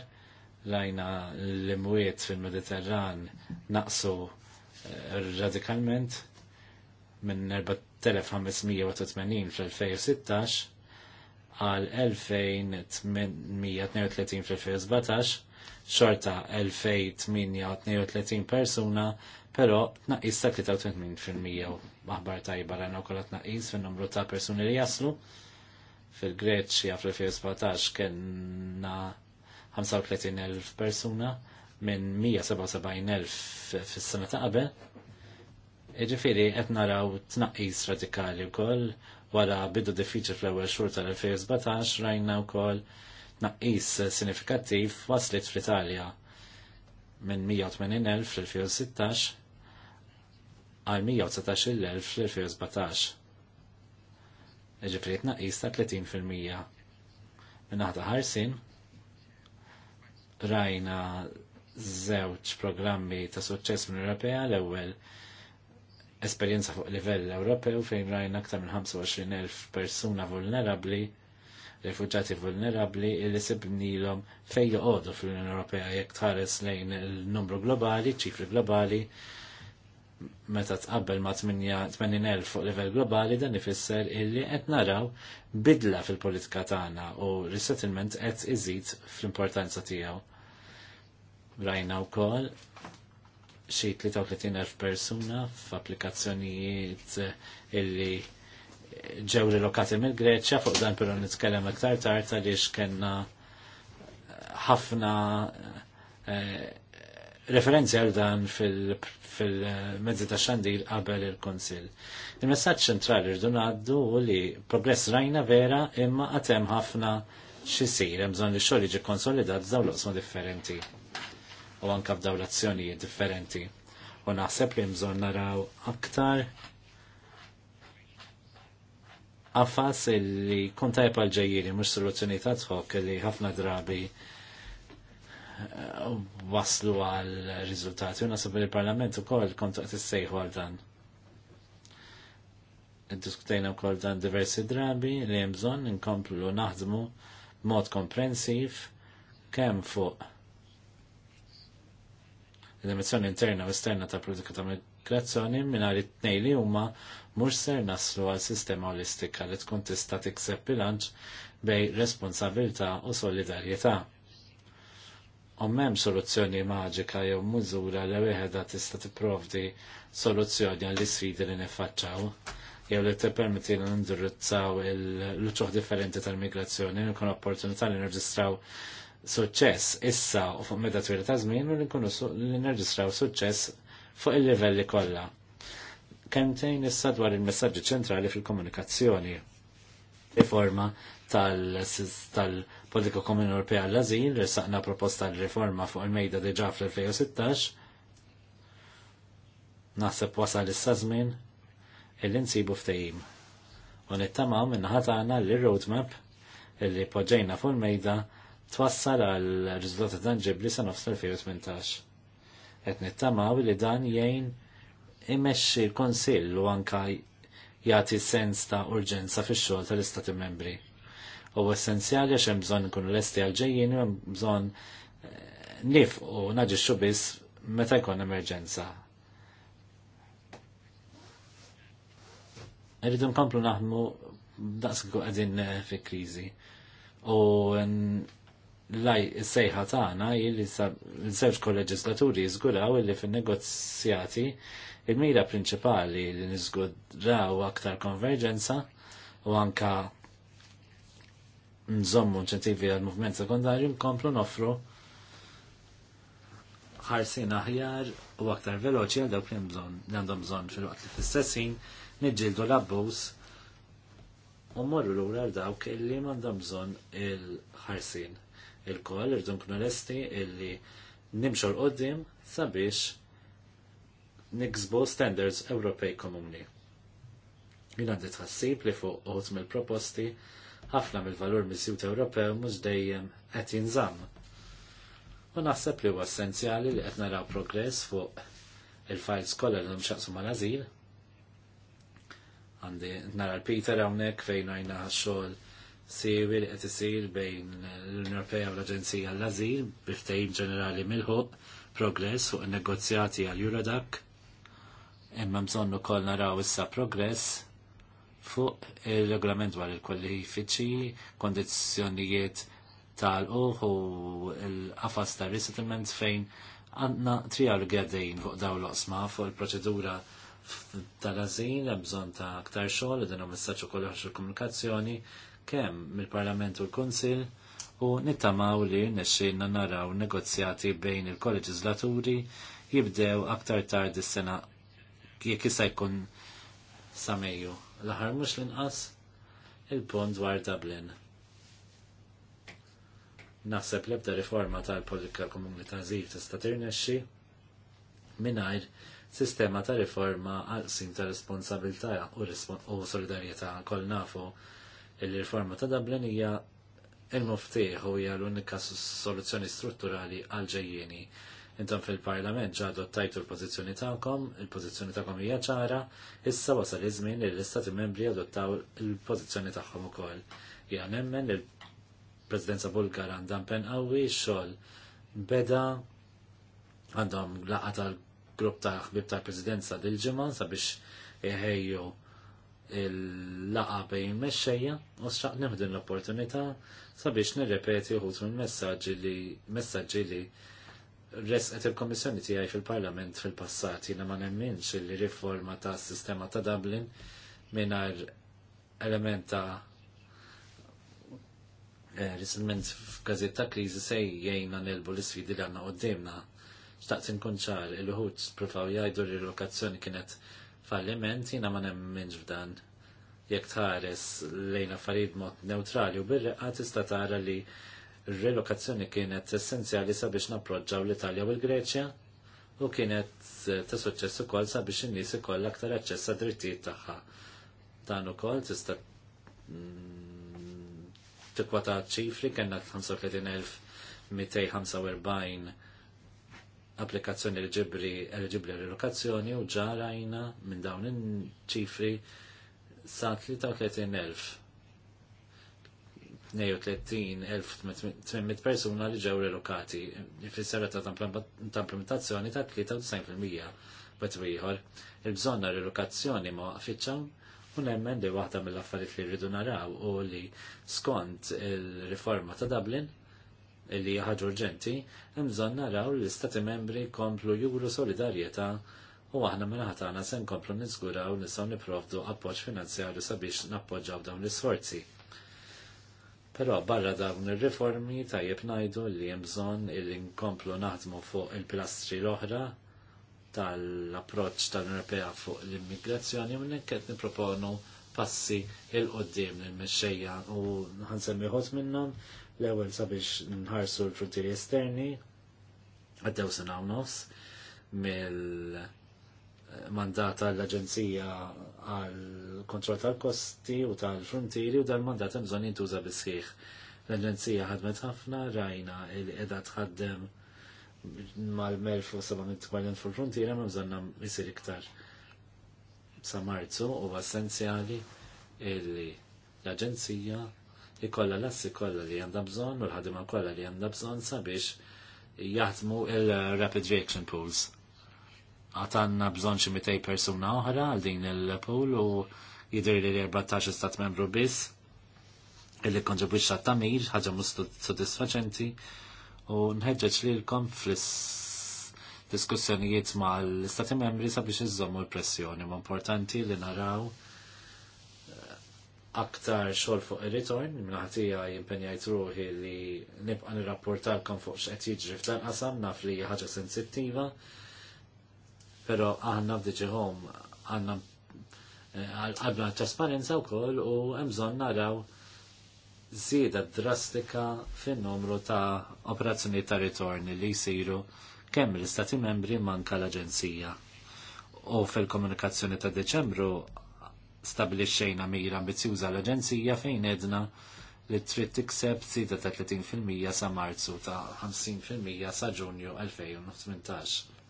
rajna l-imwiet fil-Mediterran naqsu eh, radikalment minn 4580 fl-2016 għal 2832 fl 2017 xorta 2832 persuna Pero tnaqis ta' 83% u maħbar tajba rajna kolla tnaqis fin-numru ta' persuni li jaslu. Fil-Greċja fl-2017 kellna 35,000 persuna minn 177,000 fis-sena ta' qabel. Iġifieri qed naraw tnaqqis radikali wkoll wara bidu diffiċli fl-ewwel xhur tal-2017 rajna wkoll tnaqqis sinifikattiv waslit fl-Italja minn 180,000 fil 2016 għal 119.000 fl-2017. Ġifri tnaqis ta' 30%. Minnaħta ħarsin, rajna żewġ programmi ta' suċċess minn Ewropea l-ewwel esperjenza fuq livell Ewropew fejn rajna aktar minn 25.000 persuna vulnerabbli rifugġati vulnerabli illi sibnilhom fejn joqogħdu fl-Unjoni Ewropea jekk tħares lejn il-numru globali, ċifri globali, meta tqabbel ma' 80.000 fuq livell globali dan ifisser illi qed naraw bidla fil-politika tagħna u resettlement qed iżid fl-importanza tiegħu. Rajna wkoll xi 33.000 persuna f'applikazzjonijiet illi ġew rilokati mill-Greċja fuq dan però nitkellem aktar tard għaliex kellna ħafna eh, referenzi għal dan fil-mezzi ta' xandir qabel il-Konsil. Il-messagġ ċentrali rridu għaddu li progress rajna vera imma għatem ħafna xisir, bżon li xogħol jiġi konsolidat f'dawn l differenti u anka f'daw l-azzjonijiet differenti. U naħseb li bżon naraw aktar għafas li kontajpa l-ġejjiri, mux soluzzjoni ta' tħok li ħafna drabi waslu għal riżultati u nasab li parlament ukoll kont s-sejħu għal dan. u wkoll dan diversi drabi li hemm bżonn inkomplu naħdmu b'mod komprensiv kemm fuq l emissjoni interna u esterna ta' politika ta' migrazzjoni mingħajr it-tnej li huma mhux ser naslu għal sistema olistika li tkun tista' tikseb bilanċ bej responsabilità u solidarjetà U m'hemm soluzzjoni maġika jew mużura li wieħed tista' tipprovdi soluzzjoni għall isfidi li nifaċċaw jew li tippermetti li nindirizzaw l-ċoħ differenti tal-migrazzjoni li nkun opportunità li nirġistraw suċċess issa u fuq meta twil ta' żmien u li nkunu li nirġistraw suċċess fuq il-livelli kollha kemtejn issa dwar il messaġġi ċentrali fil-komunikazzjoni. Riforma tal-sistema politiko komuni Ewropea l-azil, ressaqna proposta l-riforma fuq il-mejda diġa fl-2016. Naħseb wasal issa żmien illi nsibu ftehim. U nittamaw minnaħat għana l-roadmap illi poġġejna fuq il-mejda twassal għal riżultati tangibli sa nofs 2018. Qed nittamaw li dan jgħin imexxi l-Konsill u anka jagħti sens ta' urġenza fix-xogħol tal-Istati Membri u essenzjali għax hemm bżonn ikunu lesti għal-ġejjin u hemm bżonn eh, nif u naġixxu biss meta jkun emerġenza. Rridu nkomplu naħdmu daqs għadin eh, fi kriżi. U laj sejħa tagħna li żewġ kol-leġislaturi jiżguraw illi fin-negozjati il-mira prinċipali li niżguraw aktar konverġenza u anka nżommu inċentivi għal movement sekundarju nkomplu noffru ħarsin aħjar u aktar veloċi għal dawk li għandhom bżonn fil-waqt li fl-istessin niġġieldu l-abbuż u morru lura għal dawk illi għandhom bżonn il-ħarsin. Il-koll kunu l-esti illi nimxu l-qoddim sabiex niksbu standards Ewropej komuni. Jina għandi tħassib li fuq mill-proposti ħafna mill-valur mis miżjut Ewropew mhux dejjem qed jinżamm. U naħseb li huwa essenzjali li qed naraw progress fuq il-files kollha li mxaqsu mal-ażil. Għandi nara l-Peter hawnhekk fejn għajna xogħol siwi li qed isir bejn l-Unjoni Ewropea u l-Aġenzija għall-Ażil biftehim ġenerali mill progress fuq in-negozjati għal Eurodac imma bżonn ukoll naraw issa progress fuq il-regolament dwar il-kwalifiċi, kondizjonijiet tal-uħu il-qafas ta' resettlement fejn għandna trial għedin fuq daw l-osma fuq il-proċedura tal-azil, bżon ta' aktar xogħol, id u messaċu kollox il-komunikazzjoni, kemm mill-Parlament u l konsil u nittamaw li nixxinna naraw negozjati bejn il-kolleġislaturi jibdew aktar tard is-sena jekk jista' jkun samejju l-aħħar mhux l-inqas il-punt dwar Dublin. Naħseb l-ebda riforma tal-politika komunità żil tista' tirnexxi mingħajr sistema ta' riforma għal-sim ta' responsabilità u solidarjetà kol nafu il-riforma ta' Dublin hija il-muftiħ u hija l-unika soluzzjoni strutturali għal ġejjieni Intom fil-Parlament ġa tajtu l-pożizzjoni ta'kom, il-pożizzjoni ta'kom hija ċara, issa wasal iż-żmien li l-Istati membri adottaw il-pożizzjoni tagħhom ukoll. Ja nemmen il-Presidenza Bulgara għandha pen qawwi xogħol beda għandhom l-laqgħa tal-grupp ta' ħbib tal-Presidenza dil-ġimgħa sabiex iħejju il-laqa bejn mexxejja u xaq neħdu l-opportunità sabiex nirrepeti uħut minn messaġġi li messaġġi li resqet il-Komissjoni tiegħi fil-Parlament fil-passat jiena ma nemminx li riforma ta' sistema ta' Dublin mingħajr element ta' eh, risilment f'każiet ta' kriżi se jgħinna nelbu l-isfidi li għandna qudiemna. Xtaqt inkun ċar il-ħut provaw jgħidu li l-lokazzjoni kienet falliment jiena ma nemminx f'dan jekk tħares lejn affarijiet mod neutrali u birreqqa tista' tara li relokazzjoni kienet essenzjali sabiex napproġġaw l-Italja u l-Greċja u kienet ta' suċċess ukoll sabiex in-nies ikoll aktar aċċess għad drittijiet tagħha. Dan ukoll tista' tikwata ċifri kena 35.245 applikazzjoni elġibri elġibri relokazzjoni u ġarajna minn dawn in-ċifri sa' 33.000 32.800 persuna li ġew relokati, jifissera ta' implementazzjoni ta' 93% bet ieħor. Il-bżonna relokazzjoni ma' affiċċaw u nemmen li waħda mill-affarijiet li rridu naraw u li skont il-riforma ta' Dublin li ħaġa urġenti, hemm bżonn naraw li l-Istati membri komplu juru solidarjetà u aħna minn ħatana se nkomplu nizguraw nistgħu nipprovdu appoġġ finanzjarju sabiex nappoġġaw dawn l-isforzi Però barra dawn ir-riformi tajjeb ngħidu li hemm bżonn inkomplu nkomplu naħdmu fuq il-pilastri l-oħra tal-approċċ tal europea fuq l-immigrazzjoni u qed nipproponu passi il qoddim l mexxejja u ħansemmi ħodt minnhom l-ewwel sabiex nħarsu l-frontieri esterni għaddew sena nofs mill mandata l-Aġenzija għal kontroll tal-kosti u tal-frontieri u dal-mandat hemm bżonn jintuża bisħiħ. L-Aġenzija ħadmet ħafna rajna li qiegħda tħaddem mal-1700 gwardjan fil-frontiera ma bżonn isir iktar sa marzu u essenzjali illi l-Aġenzija ikolla l-assi kollha li għandha bżonn u l-ħadima kollha li għandha bżonn sabiex jaħdmu il-Rapid Reaction Pools għatanna bżon xi mitej persuna oħra għal din il-pool u jidri li 14 stat membru biss illi konġibwix tamir ħaġa mhux sodisfaċenti u nħeġġeġ lilkom fl-diskussjonijiet mal-istati membri sabiex iżommu l-pressjoni ma' importanti li naraw eh, aktar xol fuq il ritorn minnaħtija jimpenjajt ruħi li nibqa nirrapportalkom fuq xqed jiġri f'dan qasam naf li ħaġa sensittiva. Pero għanna bdiċiħom home għanna eh, għadna trasparenza u koll u għemżon naraw zida drastika fin numru ta' operazzjoni ta' ritorni li jisiru kemm l-istati membri manka l-Aġenzija. U fil-komunikazzjoni ta' Deċembru stabilixxejna mira ambizjuża l-Aġenzija fejn edna li trid tikseb zida ta' 30% sa' Marzu ta' 50% sa' Ġunju 2018.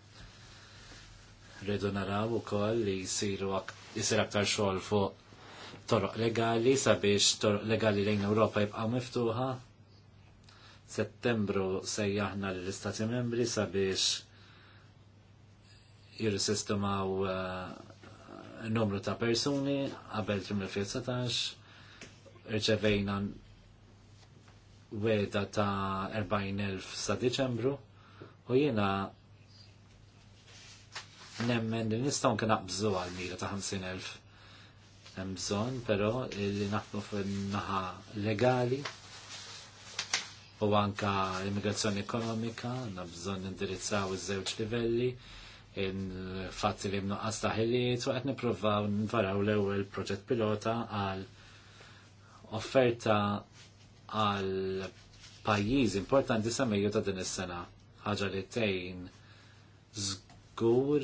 Rridu naraw ukoll li jsiru jisir aktar xogħol fuq toroq legali sabiex toroq legali lejn Ewropa jibqa' miftuħa. Settembru sejjaħna l-Istati Membri sabiex n eh, numru ta' persuni qabel trim 2019 irċevejna weda ta' 40.000 sa' Diċembru u jiena nemmen li nistgħu kien naqbżu għal mira ta' 50,000. Hemm bżonn però li naħdmu f'naħa legali u anka l-immigrazzjoni ekonomika, għandna bżonn indirizzaw iż-żewġ livelli, il-fatt li mnuqqas taħiliet u qed nippruvaw nvaraw l-ewwel proġett pilota għal offerta għal pajjiż importanti sa' ta' din is-sena ħaġa li tgħin gur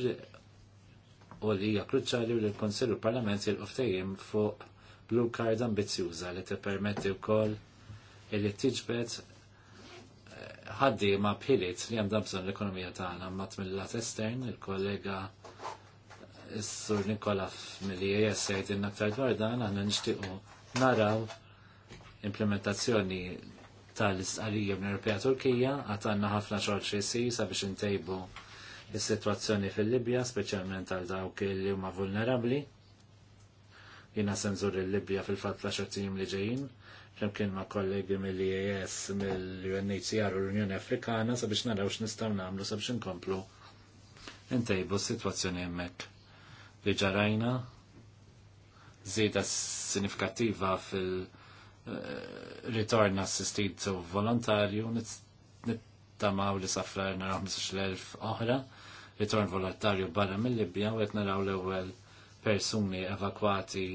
u li hija kruċjali li l konsilu u l-Parlament jilqoftajjem fuq blue card ambizjuża li tippermetti wkoll li eh, ħaddi ma' bħiliet li hemm bżonn l-ekonomija tagħna mat mill estern il-kollega s eh, sur Nikola mill sejt din aktar dwar dan aħna nixtiequ naraw implementazzjoni tal-istqarrija minn europea Turkija għatanna ħafna xogħol xi sabiex intejbu is-sitwazzjoni fil-Libja, speċjalment għal dawk li huma vulnerabbli. Jiena senżur il-Libja fil fat ta' xortijim li ġejjin, flimkien ma' kollegi mill-IAS, mill-UNHCR u l-Unjoni Afrikana sabiex naraw x'nistgħu nagħmlu sabiex inkomplu intejbu s-sitwazzjoni hemmhekk li ġarajna żieda sinifikattiva fil-ritorn eh, assistit volontarju nittamaw li safrar 15.000 oħra ritorn volontarju barra mill-Libja u qed naraw l-ewwel persuni evakwati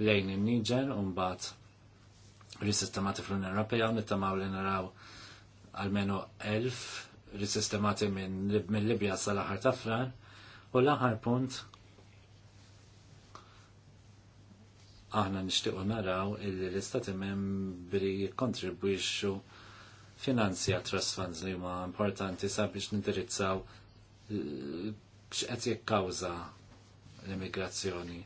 lejn in-Niġer u mbagħad risistemati fl-Unjoni Ewropea u nittamaw li naraw almenu elf risistemati mill Libja sal-aħħar ta' frar u l-aħħar punt aħna nixtiequ naraw illi l-istati membri jikkontribwixxu finanzja trust funds li huma importanti sabiex nindirizzaw x'qed jikkawża l-immigrazzjoni.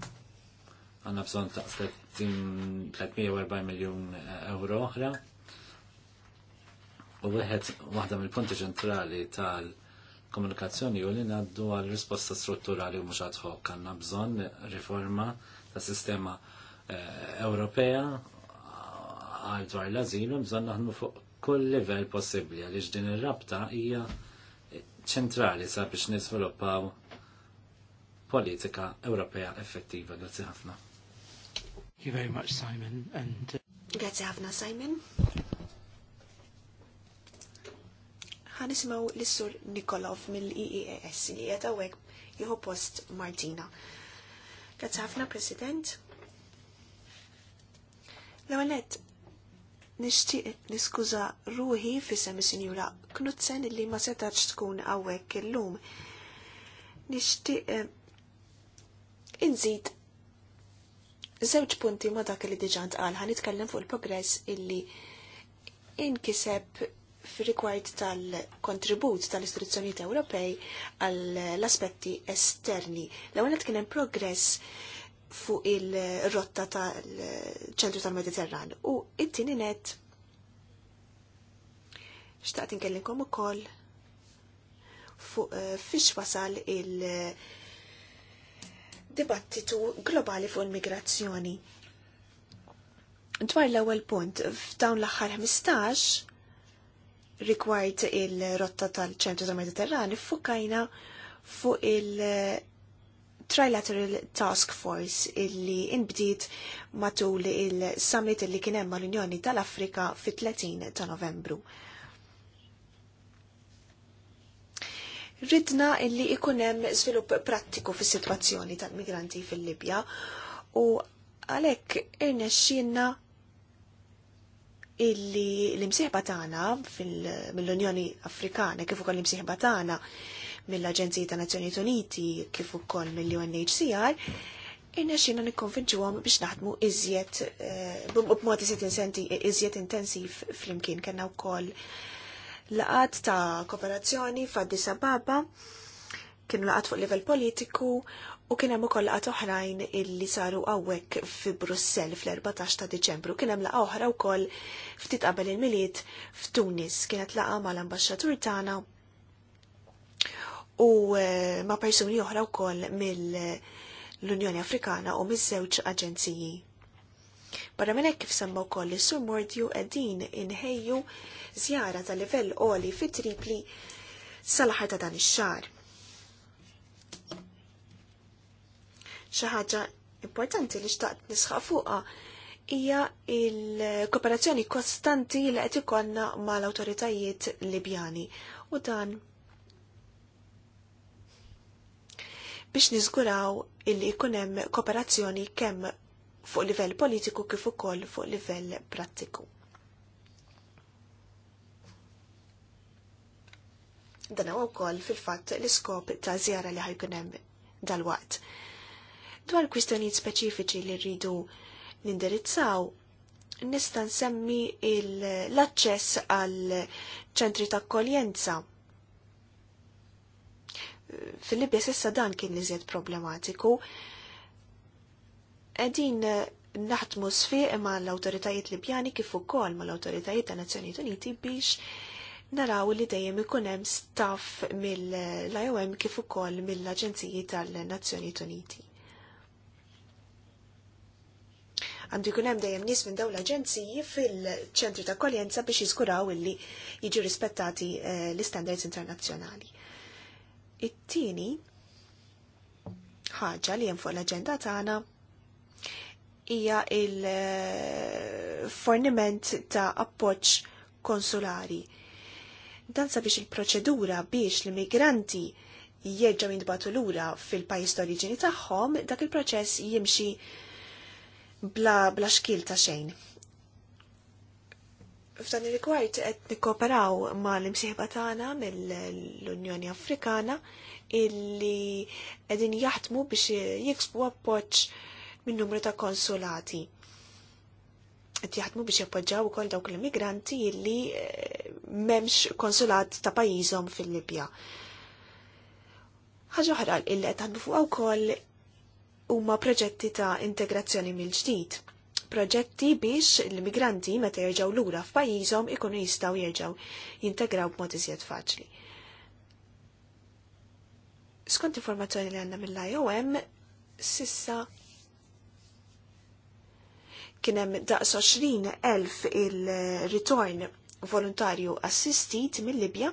Għanna bżon ta' 340 miljon euro oħra. U wieħed waħda mill-punti ċentrali tal-komunikazzjoni u li ngħaddu għal risposta strutturali u mhux ad hoc għandna bżonn riforma ta' sistema Ewropea għal dwar l azilu bżonn naħdmu fuq kull level possibbli għaliex din ir-rabta hija ċentrali sa biex nisviluppaw politika Ewropea effettiva. Grazzi ħafna. Thank you very much, Simon. And... uh... Grazie ħafna, Simon. Ħanisimaw l-sur Nikolov mill ieas li jgħetawek jieħu post Martina. Grazie ħafna, President. L-għalet, Nixtieq niskuża ruħi fisem is-Sinjura knutzen li ma setax tkun hawnhekk illum. Nixtieq eh, inżid żewġ punti ma dak li diġà ntqal nitkellem fuq il-progress illi inkiseb fir rikward tal-kontribut tal istruzzjoniet Ewropej għall aspetti esterni. L-ewwel kien hemm progress fuq il-rotta tal-ċentru tal-Mediterran. U it-tini net, xtaqt inkellinkom ukoll fuq eh, fiex wasal il-dibattitu globali fuq il-migrazzjoni. Dwar l-ewwel punt, f'dawn l-aħħar 15 rigward il-rotta tal-ċentru tal-Mediterran, fukajna fuq il- Trilateral Task Force illi inbdiet matul il-summit illi kien hemm l-Unjoni tal-Afrika fit-30 ta' Novembru. Ridna illi ikun hemm svilupp prattiku fis-sitwazzjoni tal-migranti fil-Libja u għalhekk irnexxielna illi l-imsieħba tagħna mill-Unjoni Afrikana kif ukoll l-imsieħba tagħna mill aġenzija ta' Nazzjonijiet Uniti kif ukoll mill-UNHCR, inna xina nikkonvinġuhom biex naħdmu iżjed eh, b'mod iżjed insenti iżjed intensiv flimkien kellna wkoll laqat ta' kooperazzjoni f'Addis Ababa kienu laqat fuq livell politiku u kien hemm ukoll laqat oħrajn illi saru hawnhekk fi Brussell fl-14 ta' Diċembru. Kien hemm laqgħa oħra wkoll ftit qabel il-miliet f'Tunis kienet laqgħa mal-ambaxxatur tagħna u eh, ma' persuni oħra wkoll mill-Unjoni Afrikana u miż-żewġ aġenziji. Barra minn hekk kif semma wkoll is-Sur Mordju qegħdin inħejju żjara ta' livell qoli fi Tripli sal-aħħar ta' dan ix-xahar. Xi ħaġa importanti li xtaqt nisħaq fuqha hija il-kooperazzjoni kostanti li qed ikollna mal-awtoritajiet Libjani u dan biex niżguraw illi jkun hemm kooperazzjoni kemm fuq livell politiku kif ukoll fuq livell prattiku. Dan huwa wkoll fil-fatt l-iskop ta' żjara li ħajkunem hemm dalwaqt. Dwar kwistjonijiet speċifiċi li rridu nindirizzaw, nista' nsemmi l-aċċess għal ċentri ta' kolienza fil-Libja sissa dan kien iżjed problematiku. Edin eh, naħdmu sfiq ma l-autoritajiet Libjani kif ukoll ma l-autoritajiet ta' Nazzjonijiet Uniti biex naraw li dejjem ikun hemm staff mill-IOM kif ukoll mill-Aġenziji tal-Nazzjonijiet Uniti. Għandu jkun hemm dejjem nies minn dawn l-aġenziji fil-ċentri ta' koljenza biex jiżguraw illi jiġu rispettati eh, l-istandards internazzjonali. It-tieni ħaġa li hemm fuq l-aġenda tagħna hija il-forniment ta' appoġġ konsulari. Dan sabiex il-proċedura biex l-immigranti jerġgħu jintbatu lura fil-pajjiż oriġini tagħhom dak il-proċess jimxi bla, bla xkil ta' xejn f'dan il rigward qed nikkooperaw mal l-imsieħba tagħna mill-Unjoni Afrikana illi qegħdin jaħdmu biex jiksbu appoġġ min numru ta' konsulati. Qed jaħdmu biex jappoġġaw ukoll dawk l-immigranti illi eh, m'hemmx konsulat ta' pajjiżhom fil-Libja. Ħaġa oħra li qed għandu fuq wkoll huma proġetti ta' integrazzjoni mill-ġdid proġetti biex l-immigranti meta jerġgħu lura f'pajjiżhom ikunu jistgħu jerġgħu jintegraw b'mod iżjed faċli. Skont informazzjoni li għandna mill-IOM, sissa hemm daqs 20.000 il return volontarju assistit mill-Libja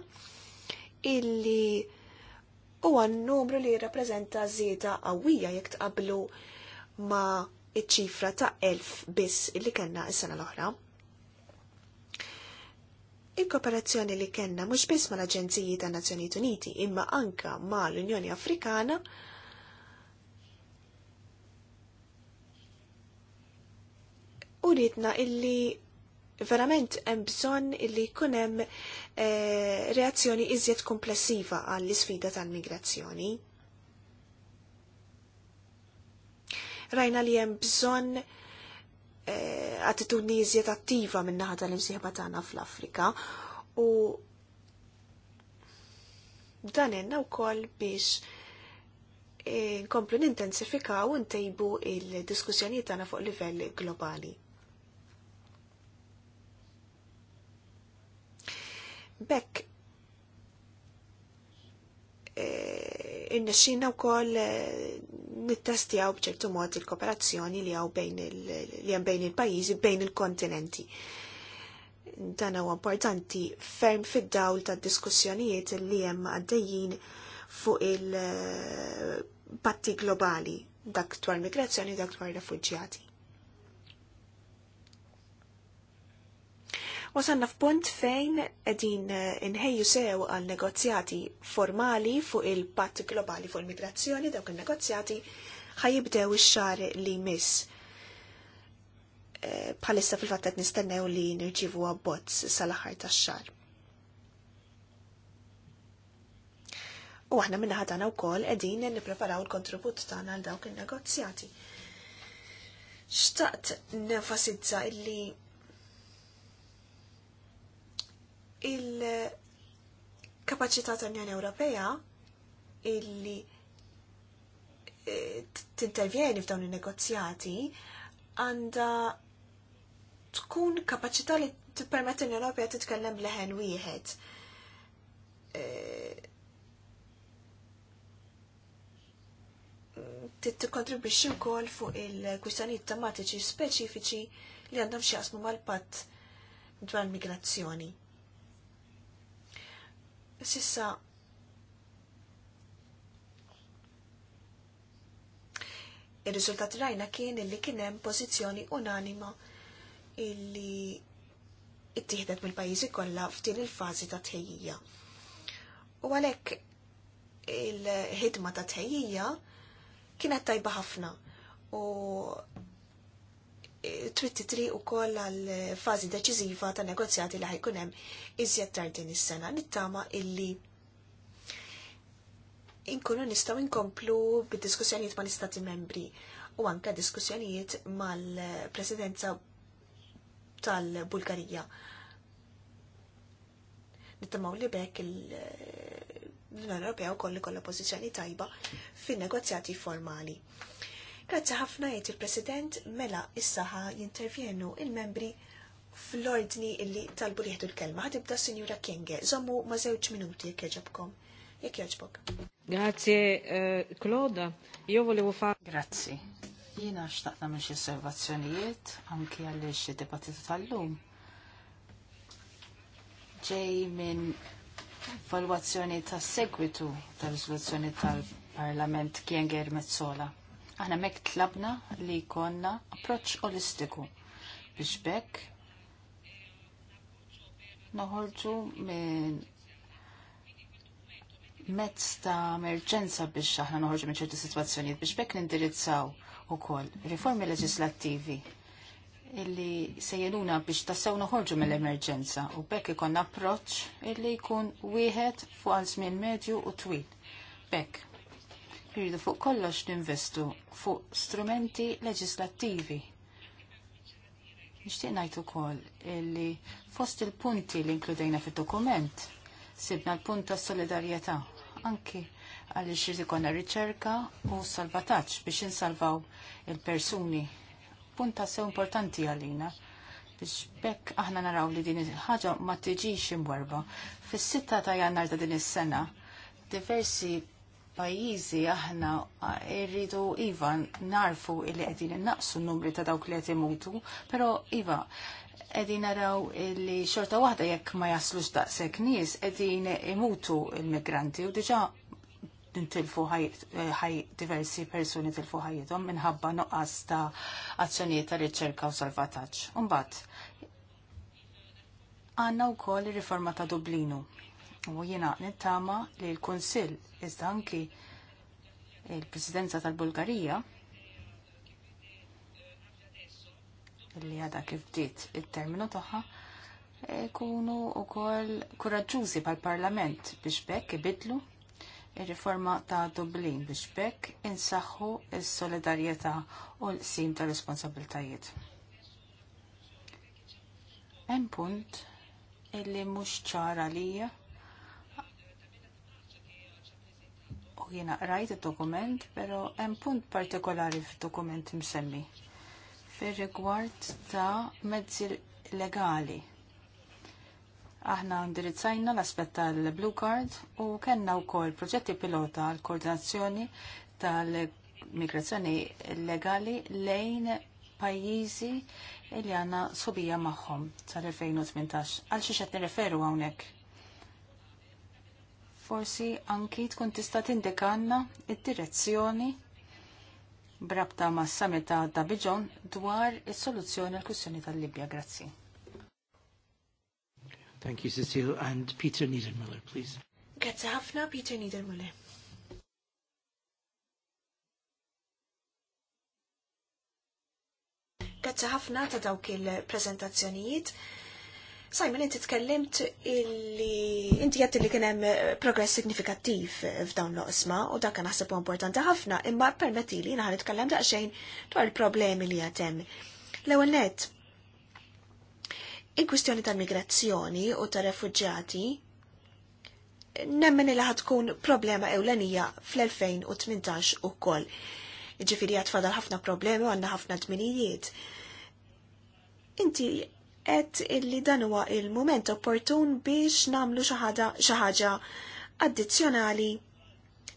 illi huwa n-numru li jirrappreżenta żieda qawwija jekk tqablu ma' iċ-ċifra ta' 1000 biss illi kellna s-sena l-oħra. Il-kooperazzjoni li kellna mhux biss mal-Aġenziji ta' Nazzjonijiet Uniti imma anka mal-Unjoni Afrikana uritna illi verament hemm bżonn illi jkun hemm eh, reazzjoni iżjed komplessiva għall-isfida tal-migrazzjoni. rajna li hemm bżonn eh, attitudni jizjet attiva minna naħa tal msiħba tagħna fl-Afrika u dan u wkoll biex eh, nkomplu nintensifikaw u ntejbu il-diskussjoni tagħna fuq livell globali. Bekk Eh, innexxina wkoll eh, nittestjaw b'ċertu mod il-kooperazzjoni li hawn bejn li hemm bejn il-pajjiżi bejn il-kontinenti. Dan huwa importanti ferm fid-dawl tad-diskussjonijiet li hemm għaddejjin fuq il-patti eh, globali dak dwar migrazzjoni dak dwar refuġjati. Wasanna f'punt fejn edin eh, inħejju sew għal negozjati formali fuq il-patt globali fuq il-migrazzjoni dawk il-negozjati ħajibdew ix-xar li miss. Eh, bħalissa fil-fatt qed nistennew li nirċivu abbozz sal-aħħar tax-xar. U aħna minna ħadana u kol edin nipreparaw il-kontribut tagħna għal dawk il-negozjati. Xtaqt nenfasizza illi il-kapacità tal-Unjoni Ewropea illi eh, tintervjeni f'dawn il-negozjati għanda tkun kapacità li tippermetti l-Unjoni Ewropea titkellem leħen wieħed. Eh, Tikkontribwixxi wkoll fuq il-kwistjonijiet tematiċi speċifiċi li għandhom x'jaqsmu mal-patt dwar migrazzjoni. Sissa, Il-rizultat rajna kien illi kienem pozizjoni unanima illi ittieħdet mill-pajjiżi kollha f'din il-fażi ta' tħejjija. U għalhekk il-ħidma ta' tħejjija kienet tajba ħafna u tri u wkoll għal fażi deċiżiva ta' negozjati li ħajkun hemm iżjed tard din is-sena nittama illi inkunu nistgħu inkomplu bid-diskussjonijiet mal-Istati membri u anke diskussjonijiet mal-Presidenza tal-Bulgarija. Nittamaw li bekk l-Unjoni Ewropea wkoll ikollha pożizzjoni tajba fin-negozjati formali. Grazzi ħafna jgħid il-President mela issaħa jintervjenu il-membri fl-ordni illi talbu li l-kelma. Ħatibda Sinjura Kenge, Zommu ma' żewġ minuti jek jħġabkom. Jekk jogħġbok. Grazzi, Kloda. Eh, jo volevo fa. Grazzi. Jiena xtaqna minn xi osservazzjonijiet anki għaliex id-dibattitu tal-lum ġej minn valwazzjoni tas segwitu tal-riżoluzzjoni tal-Parlament Kienger Mezzola Aħna mek tlabna li konna approċ olistiku biex bekk noħorġu minn mezz ta' emerġenza biex aħna noħorġu minn ċerti situazzjonijiet biex bekk nindirizzaw ukoll riformi leġislattivi illi sejjeluna biex tassew noħorġu mill-emerġenza u bekk ikon approċ illi jkun wieħed fuq għal żmien medju u twil. Bekk Irridu fuq kollox ninvestu fuq strumenti leġislattivi. Nixtieq ngħid ukoll li fost il-punti li inkludejna fid-dokument sibna l-punt tas solidarjetà anki għaliex irid ikollna riċerka u salvataġġ biex insalvaw il-persuni. Punt sew importanti għalina biex bekk aħna naraw li din ħaġa ma tiġix imwerba. Fis-sitta ta' jannar ta' din is-sena, diversi pajjiżi aħna irridu iva narfu illi qegħdin innaqsu n-numri ta' dawk li qed imutu, però iva qegħdin naraw illi xorta waħda jekk ma jaslux daqshekk nies qegħdin imutu l-migranti u diġà nintilfu ħaj diversi persuni tilfu ħajjithom minħabba nuqqas ta' azzjonijiet ta' riċerka u salvataġġ. Imbagħad għandna wkoll ir-riforma ta' Dublinu U jiena nittama li l-Kunsill iżda anki il-Presidenza tal-Bulgarija li għada kif dit il-terminu tagħha u wkoll kuraġuzi pal-Parlament biex bekk ibidlu il riforma ta' Dublin biex bekk insaħħu s-solidarjetà u l sim ta' responsabiltajiet. Hemm punt illi mhux ċara lija jiena rajt id-dokument, pero hemm punt partikolari f'dokument msemmi fir-rigward ta' mezzi legali. Aħna indirizzajna l-aspett tal-Blue Card u kellna wkoll proġetti pilota għal koordinazzjoni tal-migrazzjoni legali lejn pajjiżi li għandna sobija magħhom sal-2018. Għal xi qed nirreferu hawnhekk? forsi anki tkun tista' tindikanna id-direzzjoni brabta ma' summit ta' Dabiġon dwar is-soluzzjoni għal kwistjoni tal-Libja. Grazzi. Thank you, Cecile. And Peter Niedermüller, please. Grazie ħafna, Peter Niedermüller. Grazie ħafna ta' dawk il-prezentazzjonijiet. Simon, inti tkellimt illi inti jgħat li kienem eh, progress signifikattiv eh, f'dawn l-osma u dak naħseb importanti ħafna, imma permetti li naħan nitkellem daqxejn dwar il-problemi li għatem. L-ewwel net, il-kwistjoni tal-migrazzjoni u ta' refugġati nemmen li tkun problema ewlenija fl-2018 u koll. Ġifiri għatfadal ħafna problemi u għanna ħafna dminijiet. Inti et illi dan huwa il-moment opportun biex namlu xaħġa addizzjonali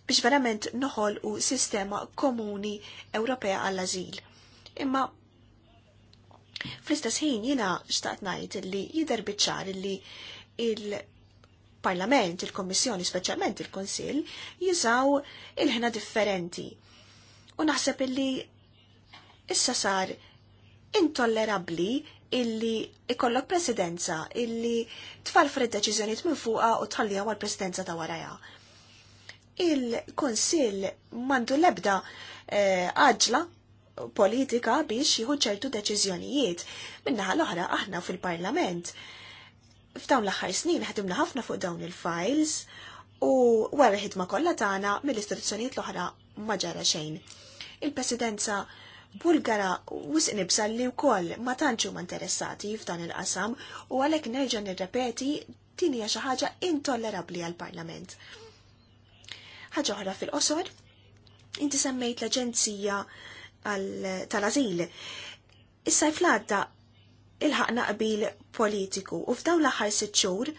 biex verament noħol u sistema komuni Ewropea għall-azil. Imma fl-istess ħin jina xtaqt ngħid illi jidher biċċar illi il-Parlament, il-Kommissjoni, speċjalment il konsil jiżaw il ħena differenti. U naħseb illi issa sar intollerabli illi ikollok presidenza illi tfal fred deċiżjonijiet minn fuqa u tħallija għal presidenza ta' waraja. Il-Konsil mandu lebda għaġla eh, politika biex jieħu ċertu deċiżjonijiet minnaħa l-oħra aħna fil-Parlament. F'dawn l-aħħar snin ħedimna ħafna fuq dawn il-files u wara ħidma kollha tagħna mill-istituzzjonijiet l-oħra ma ġara xejn. Il-Presidenza Bulgara wisq li wkoll ma tantx huma interessati f'dan il-qasam u għalhekk nerġa' nirrepeti din hija xi ħaġa intollerabbli għall-Parlament. Ħaġa oħra fil-qosor, inti semmejt l-Aġenzija tal-Azil. Issa fladda il-ħakna qbil politiku u f'dawn l-aħħar sitt xhur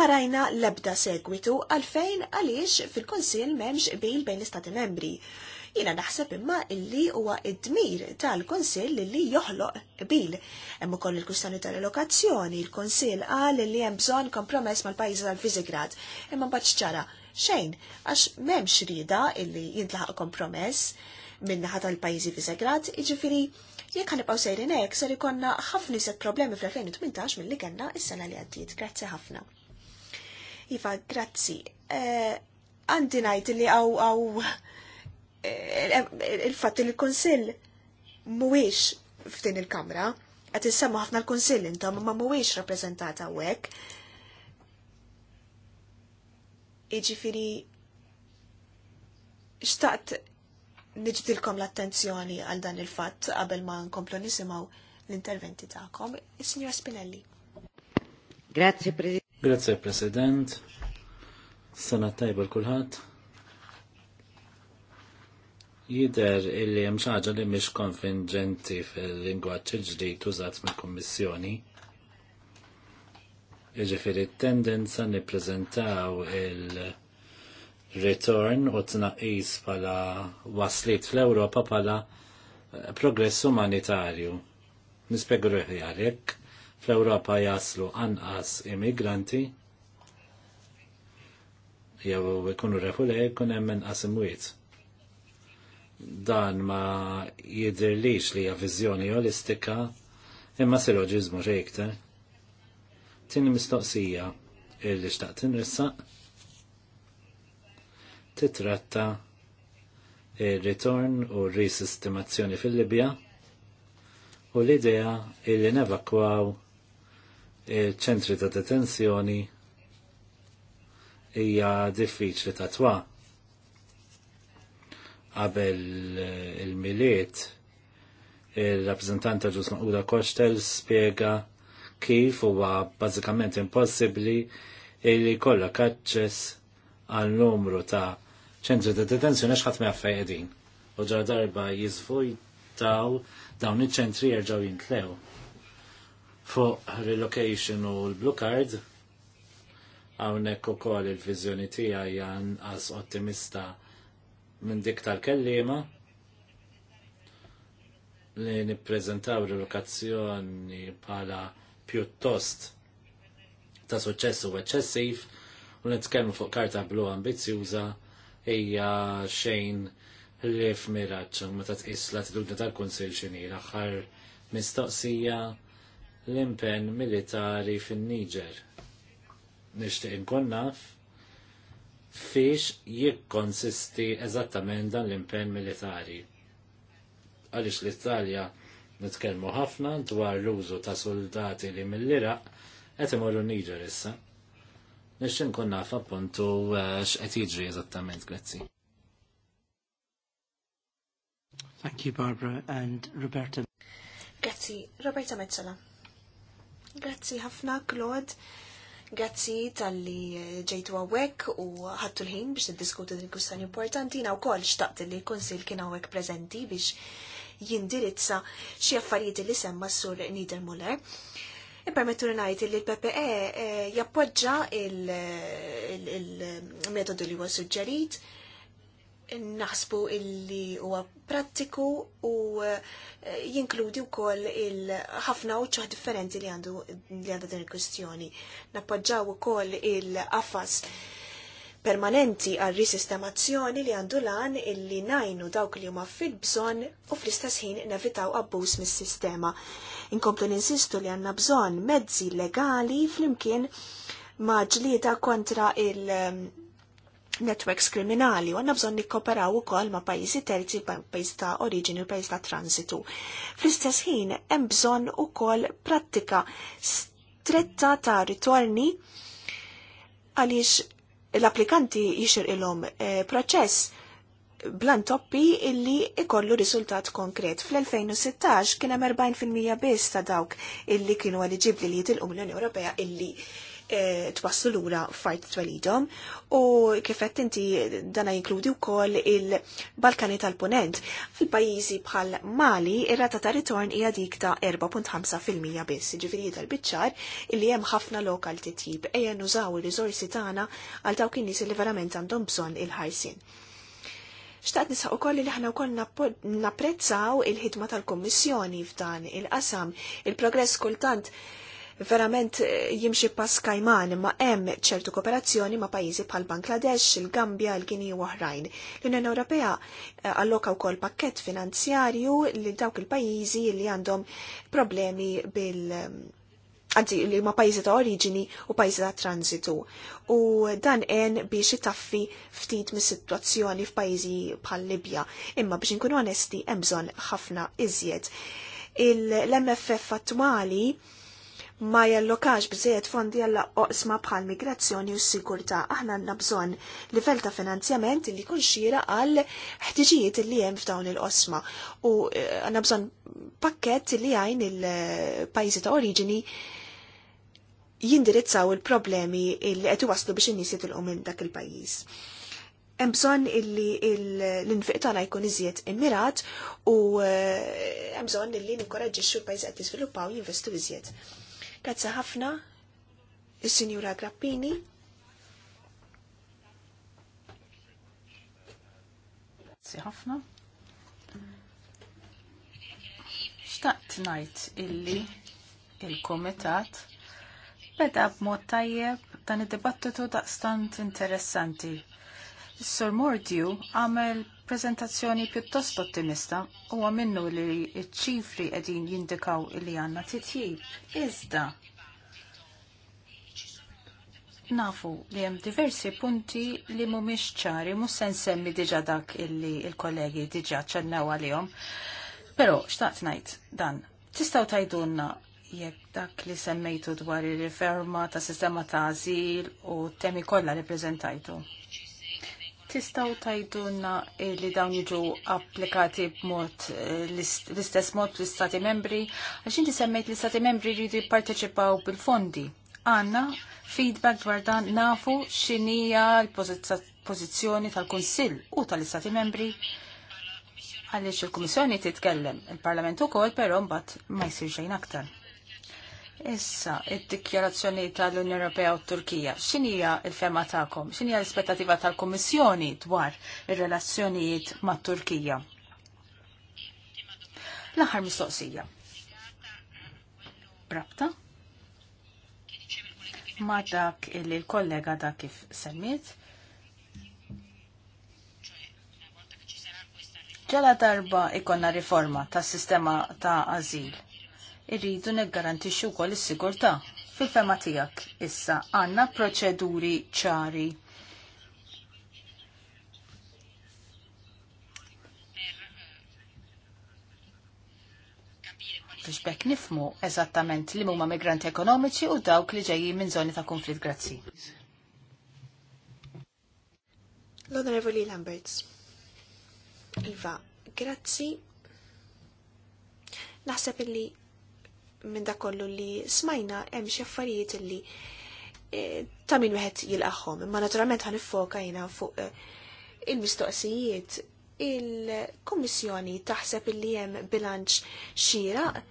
ma rajna l-ebda segwitu għalfejn għaliex fil-Konsil memx qbil bejn l-Istati membri. Jina naħseb imma illi huwa id-dmir tal-Konsil li joħloq bil. Hemm ukoll il-kustani tal-allokazzjoni, il-Konsil qal li hemm bżonn kompromess mal-pajjiż tal fiżigrad Imma mbagħad xċara xejn għax m'hemmx rieda illi jintlaħaq kompromess minnaħa tal-pajjiżi Viżigrad, jiġifieri jekk ħanibqgħu sejrin hekk ser ikonna ħafna set problemi fl-2018 milli kellna is-sena li għaddiet. Grazzi ħafna. Iva, grazzi. Eh, għandi ngħid li għaw għaw Eh, il-fatt li l-Kunsill mhuwiex f'din il-Kamra, qed insemmu ħafna l-Kunsill intom ma mhuwiex u hawnhekk. Jiġifieri xtaqt niġdilkom l-attenzjoni għal dan il-fatt qabel ma nkomplu nisimgħu l-interventi tagħkom. is Spinelli. Grazie President. Grazie President. Sena tajba l-kulħadd jider illi hemm xaġa li mhix konvinġenti fil-lingwaġġ il-ġdid użat mill-Kummissjoni. Jiġifieri t-tendenza nippreżentaw il-return u tnaqqis bħala waslit fl-Ewropa bħala eh, progress umanitarju. Nispegu ruħi għalhekk fl-Ewropa jaslu anqas immigranti jew ikunu refulej kun hemm inqas imwiet dan ma jidrilix li hija viżjoni holistika imma siloġizmu xejkte. Tini mistoqsija illi xtaqt tinrissaq titratta il ritorn u r-risistemazzjoni fil-Libja u l-idea illi nevakwaw il-ċentri ta' detenzjoni hija diffiċli ta' twaq qabel eh, il-miliet il-rappresentant ta' Uda maquda Koshtel spiega kif huwa bażikament impossibbli li kollha kaċċess għal numru ta' ċentri ta' detenzjoni x'ħadd ma jaffejedin. U ġar darba jiżvojtaw dawn iċ-ċentri jerġgħu jintlew fuq relocation u l-blue card għawnek u koll il-vizjoni tija jan għas ottimista minn dik tal-kellima li nippreżentaw relokazzjoni bħala pjuttost ta' suċessu u eċċessiv u nitkellmu fuq karta blu ambizjuża hija xejn li f'miraġġ meta tqis l-attitudni tal-Kunsill xini l-aħħar mistoqsija l-impenn militari fin-Niġer. Nixtieq inkun naf fiex jikkonsisti eżattament dan l-impenn militari. Għaliex l-Italja nitkellmu ħafna dwar l-użu ta' soldati li mill-Iraq qed imorru Niġer issa. Nixxin nkun naf appuntu eh, x'qed jiġri eżattament, grazzi. Thank you, Barbara and Roberta. Grazzi, Roberta Mezzola. Grazzi ħafna, Claude Grazzi tal-li ġejtu għawek u ħattu l-ħin biex t-diskutu din kustan importanti, na u kol xtaqt li konsil kien għawek prezenti biex jindirizza xie affarijiet li semma sur Muller. Ipermettu li najt li l-PPE eh, jappoġġa il-metodu li huwa suġġerit naħsbu illi huwa prattiku u eh, jinkludi wkoll il-ħafna uċċaħ differenti li għandu li għandu din il-kwistjoni. Nappoġġaw ukoll il-qafas permanenti għal risistemazzjoni li għandu lan illi najnu dawk li huma fil-bżonn u fl-istess ħin nevitaw abbuż mis-sistema. Inkomplu ninsistu li għandna bżonn mezzi legali flimkien ma' ġlieda kontra il- networks kriminali u għanna bżon nikkoperaw ukoll ma' pajjiżi terzi, pajjiżi ta' oriġini u pajjiżi ta' transitu. Fl-istess ħin hemm bżonn ukoll prattika stretta ta' ritorni għaliex l-applikanti jixir ilhom e, proċess blan toppi illi ikollu riżultat konkret. Fl-2016 kien hemm 40% biss ta' dawk illi kienu eliġibbli li jitilqu mill-Unjoni Ewropea illi E, twassu lura fajt twelidhom u kifett inti dana jinkludi wkoll il-Balkani tal-Punent. Fil-pajjiżi bħal Mali ir-rata ta' ritorn hija dik ta' 4.5% biss, ġifiri tal-biċċar illi hemm ħafna lokal titjib ejja nużaw ir rizorsi tagħna għal dawk in-nies li verament għandhom bżonn il-ħajsin xtaqt u ukoll li ħna wkoll napprezzaw il-ħidma tal-Kommissjoni f'dan il-qasam. Il-progress kultant verament eh, jimxi pass kajman ma hemm ċertu kooperazzjoni ma' pajjiżi bħal Bangladesh, il-Gambja, il-Gini u oħrajn. L-Unjoni Ewropea eh, alloka wkoll pakkett finanzjarju li dawk il-pajjiżi li għandhom problemi bil- Għanzi, eh, li ma pajizi ta' oriġini u pajjiżi ta' transitu. U dan en biex itaffi ftit mis situazzjoni f'pajjiżi bħal Libja. Imma biex inkunu onesti, hemm bżonn ħafna iżjed. Il-MFF attuali ma jallokax bżiet fondi għalla oqsma bħal migrazzjoni u s-sigurta. Aħna għanna bżon livell ta' finanzjament li kun xira għal ħtiġijiet li jem f'dawn il-qosma. U eh, għanna bżon pakket li għajn il-pajzi ta' oriġini jindirizzaw il-problemi li għetu waslu biex n-nis jitilqu minn dak il pajjiż Hemm bżonn illi l-infiq tagħna jkun iżjed immirat u eh, hemm bżonn illi ninkoraġġixxu l-pajjiż qed jiżviluppaw jinvestu iżjed. Grazzi ħafna, il-Sinjura Grappini. Grazzi ħafna. Xtaqt najt illi il-Komitat beda b'mod tajjeb dan id-dibattitu daqstant interessanti. Is-Sur għamel prezentazzjoni pjuttost ottimista huwa minnu li ċ-ċifri qegħdin jindikaw li għandna titjib. Iżda nafu li hemm diversi punti li mhumiex ċari mhux se nsemmi diġà dak illi l-kollegi diġa diġà ċennew għalihom. Però xtaqt ngħid dan. tistaw tgħidulna jekk dak li semmejtu dwar ir riferma ta' sistema ta' azil u temi kollha li preżentajtu Tistaw tajdunna li dawn jiġu applikati b'mod eh, l-istess mod l-istati membri, għax inti semmejt l-istati membri jridu jipparteċipaw bil-fondi. Għanna feedback dwar dan nafu x'inija l-pożizzjoni tal-Kunsill u tal-istati membri għaliex il-Kummissjoni titkellem, il-Parlament ukoll però mbagħad ma jsir xejn aktar. Issa, id-dikjarazzjoni tal-Unjoni Ewropea u Turkija, x'inhija l-fema tagħkom? Xinija l-ispettativa tal-Kummissjoni dwar ir-relazzjonijiet mat-Turkija? L-aħħar mistoqsija. Brabta? Ma dak li l-kollega dak kif semmiet. Ġala darba ikonna riforma tas sistema ta' azil irridu niggarantixxu wkoll is-sigurtà. Fil-fema tiegħek issa għandna proċeduri ċari. biex bekk nifmu eżattament li huma migranti ekonomiċi u dawk li ġejjin minn żoni ta' konflitt grazzi. L-Onorevoli Lamberts. Iva, grazzi. Naħseb li minn dak kollu li smajna hemm xi affarijiet li e, ta' min wieħed jilqahom. Imma naturalment ħan iffoka jiena fuq e, il-mistoqsijiet il-Kommissjoni taħseb li hemm bilanċ xieraq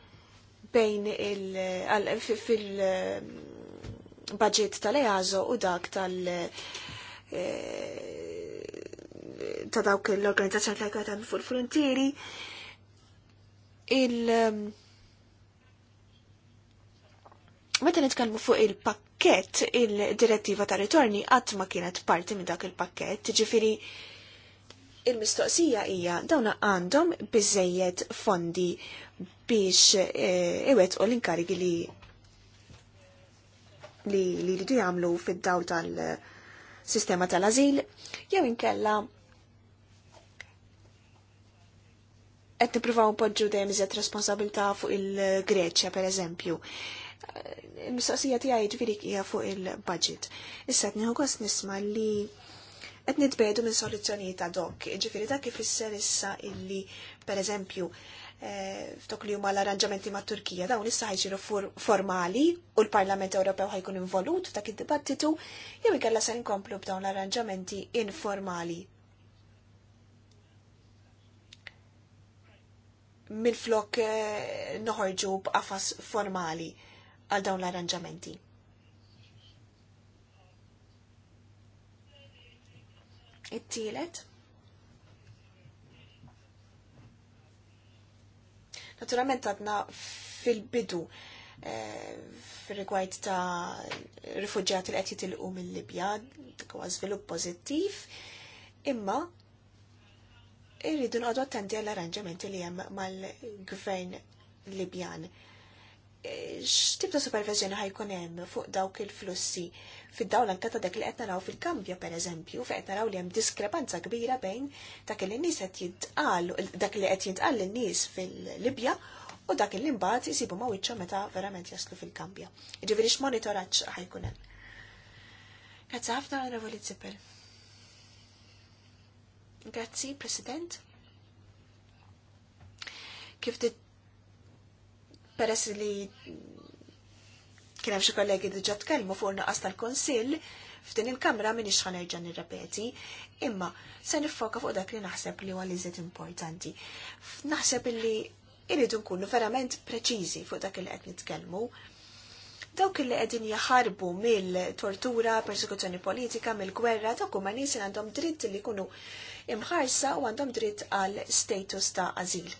bejn il fil budget tal-EASO u dak tal- e, ta' dawk l-organizzazzjoni tal-kata fuq il-frontieri il- Meta nitkellmu fuq il-pakket, il-direttiva ta' ritorni qatt ma kienet parti minn dak il-pakket, ġifiri il-mistoqsija hija dawna għandhom biżejjed fondi biex eh, iwet u l-inkarigi li li li li jagħmlu fid dawl tal-sistema tal-azil, jew inkella qed nippruvaw npoġġu dejjem iżjed responsabilità fuq il-Greċja pereżempju. eżempju il-mistoqsija tiegħi ġifieri hija fuq il-budget. Issa qed nieħu gost nisma' li qed nitbedu minn soluzzjonijiet ta' dok. Ġifieri dak kif issa illi pereżempju eh, f'dok li huma l-arranġamenti ma' Turkija dawn issa ħajġiru formali u l-Parlament Ewropew ħajkun involut f'dak id-dibattitu jew ikella se nkomplu b'dawn l-arranġamenti informali. Minflok eh, noħorġu b'qafas formali għal dawn l-arranġamenti. It-tielet. Naturalment għadna fil-bidu eh, fil-rigward ta' rifugġjati li qed jitilqu mill-Libja, dak huwa żvilupp pożittiv, imma irridu nqogħdu attenti għall arranġamenti li hemm mal-gvern Libjan x'tib ta' supervizjoni ħajkun hemm fuq dawk il-flussi fid-dawl anke ta' dak li qed naraw fil kambja pereżempju fejn qed naraw li hemm diskrepanza kbira bejn dak li n-nies qed jintqal dak li qed jintqal lin-nies fil-Libja u dak li mbagħad isibu ma' wiċċa meta verament jaslu fil kambja Ġifieri x'monitoraġġ ħajkun hemm. Grazzi ħafna Onorevoli Zippel. Grazzi, President. Kif dit peress li kien hemm xi kollegi diġà tkellmu fuq naqas tal-Kunsill, f'din il-kamra minn ixħan nerġa' nirrepeti, imma se nifoka fuq dak li naħseb li huwa liżiet importanti. Naħseb li irridu nkunu verament preċiżi fuq dak li qed nitkellmu. Dawk li qegħdin jaħarbu mill-tortura, persekuzzjoni politika, mill-gwerra, dawk huma nies li għandhom dritt li jkunu imħarsa u għandhom dritt għal status ta' azil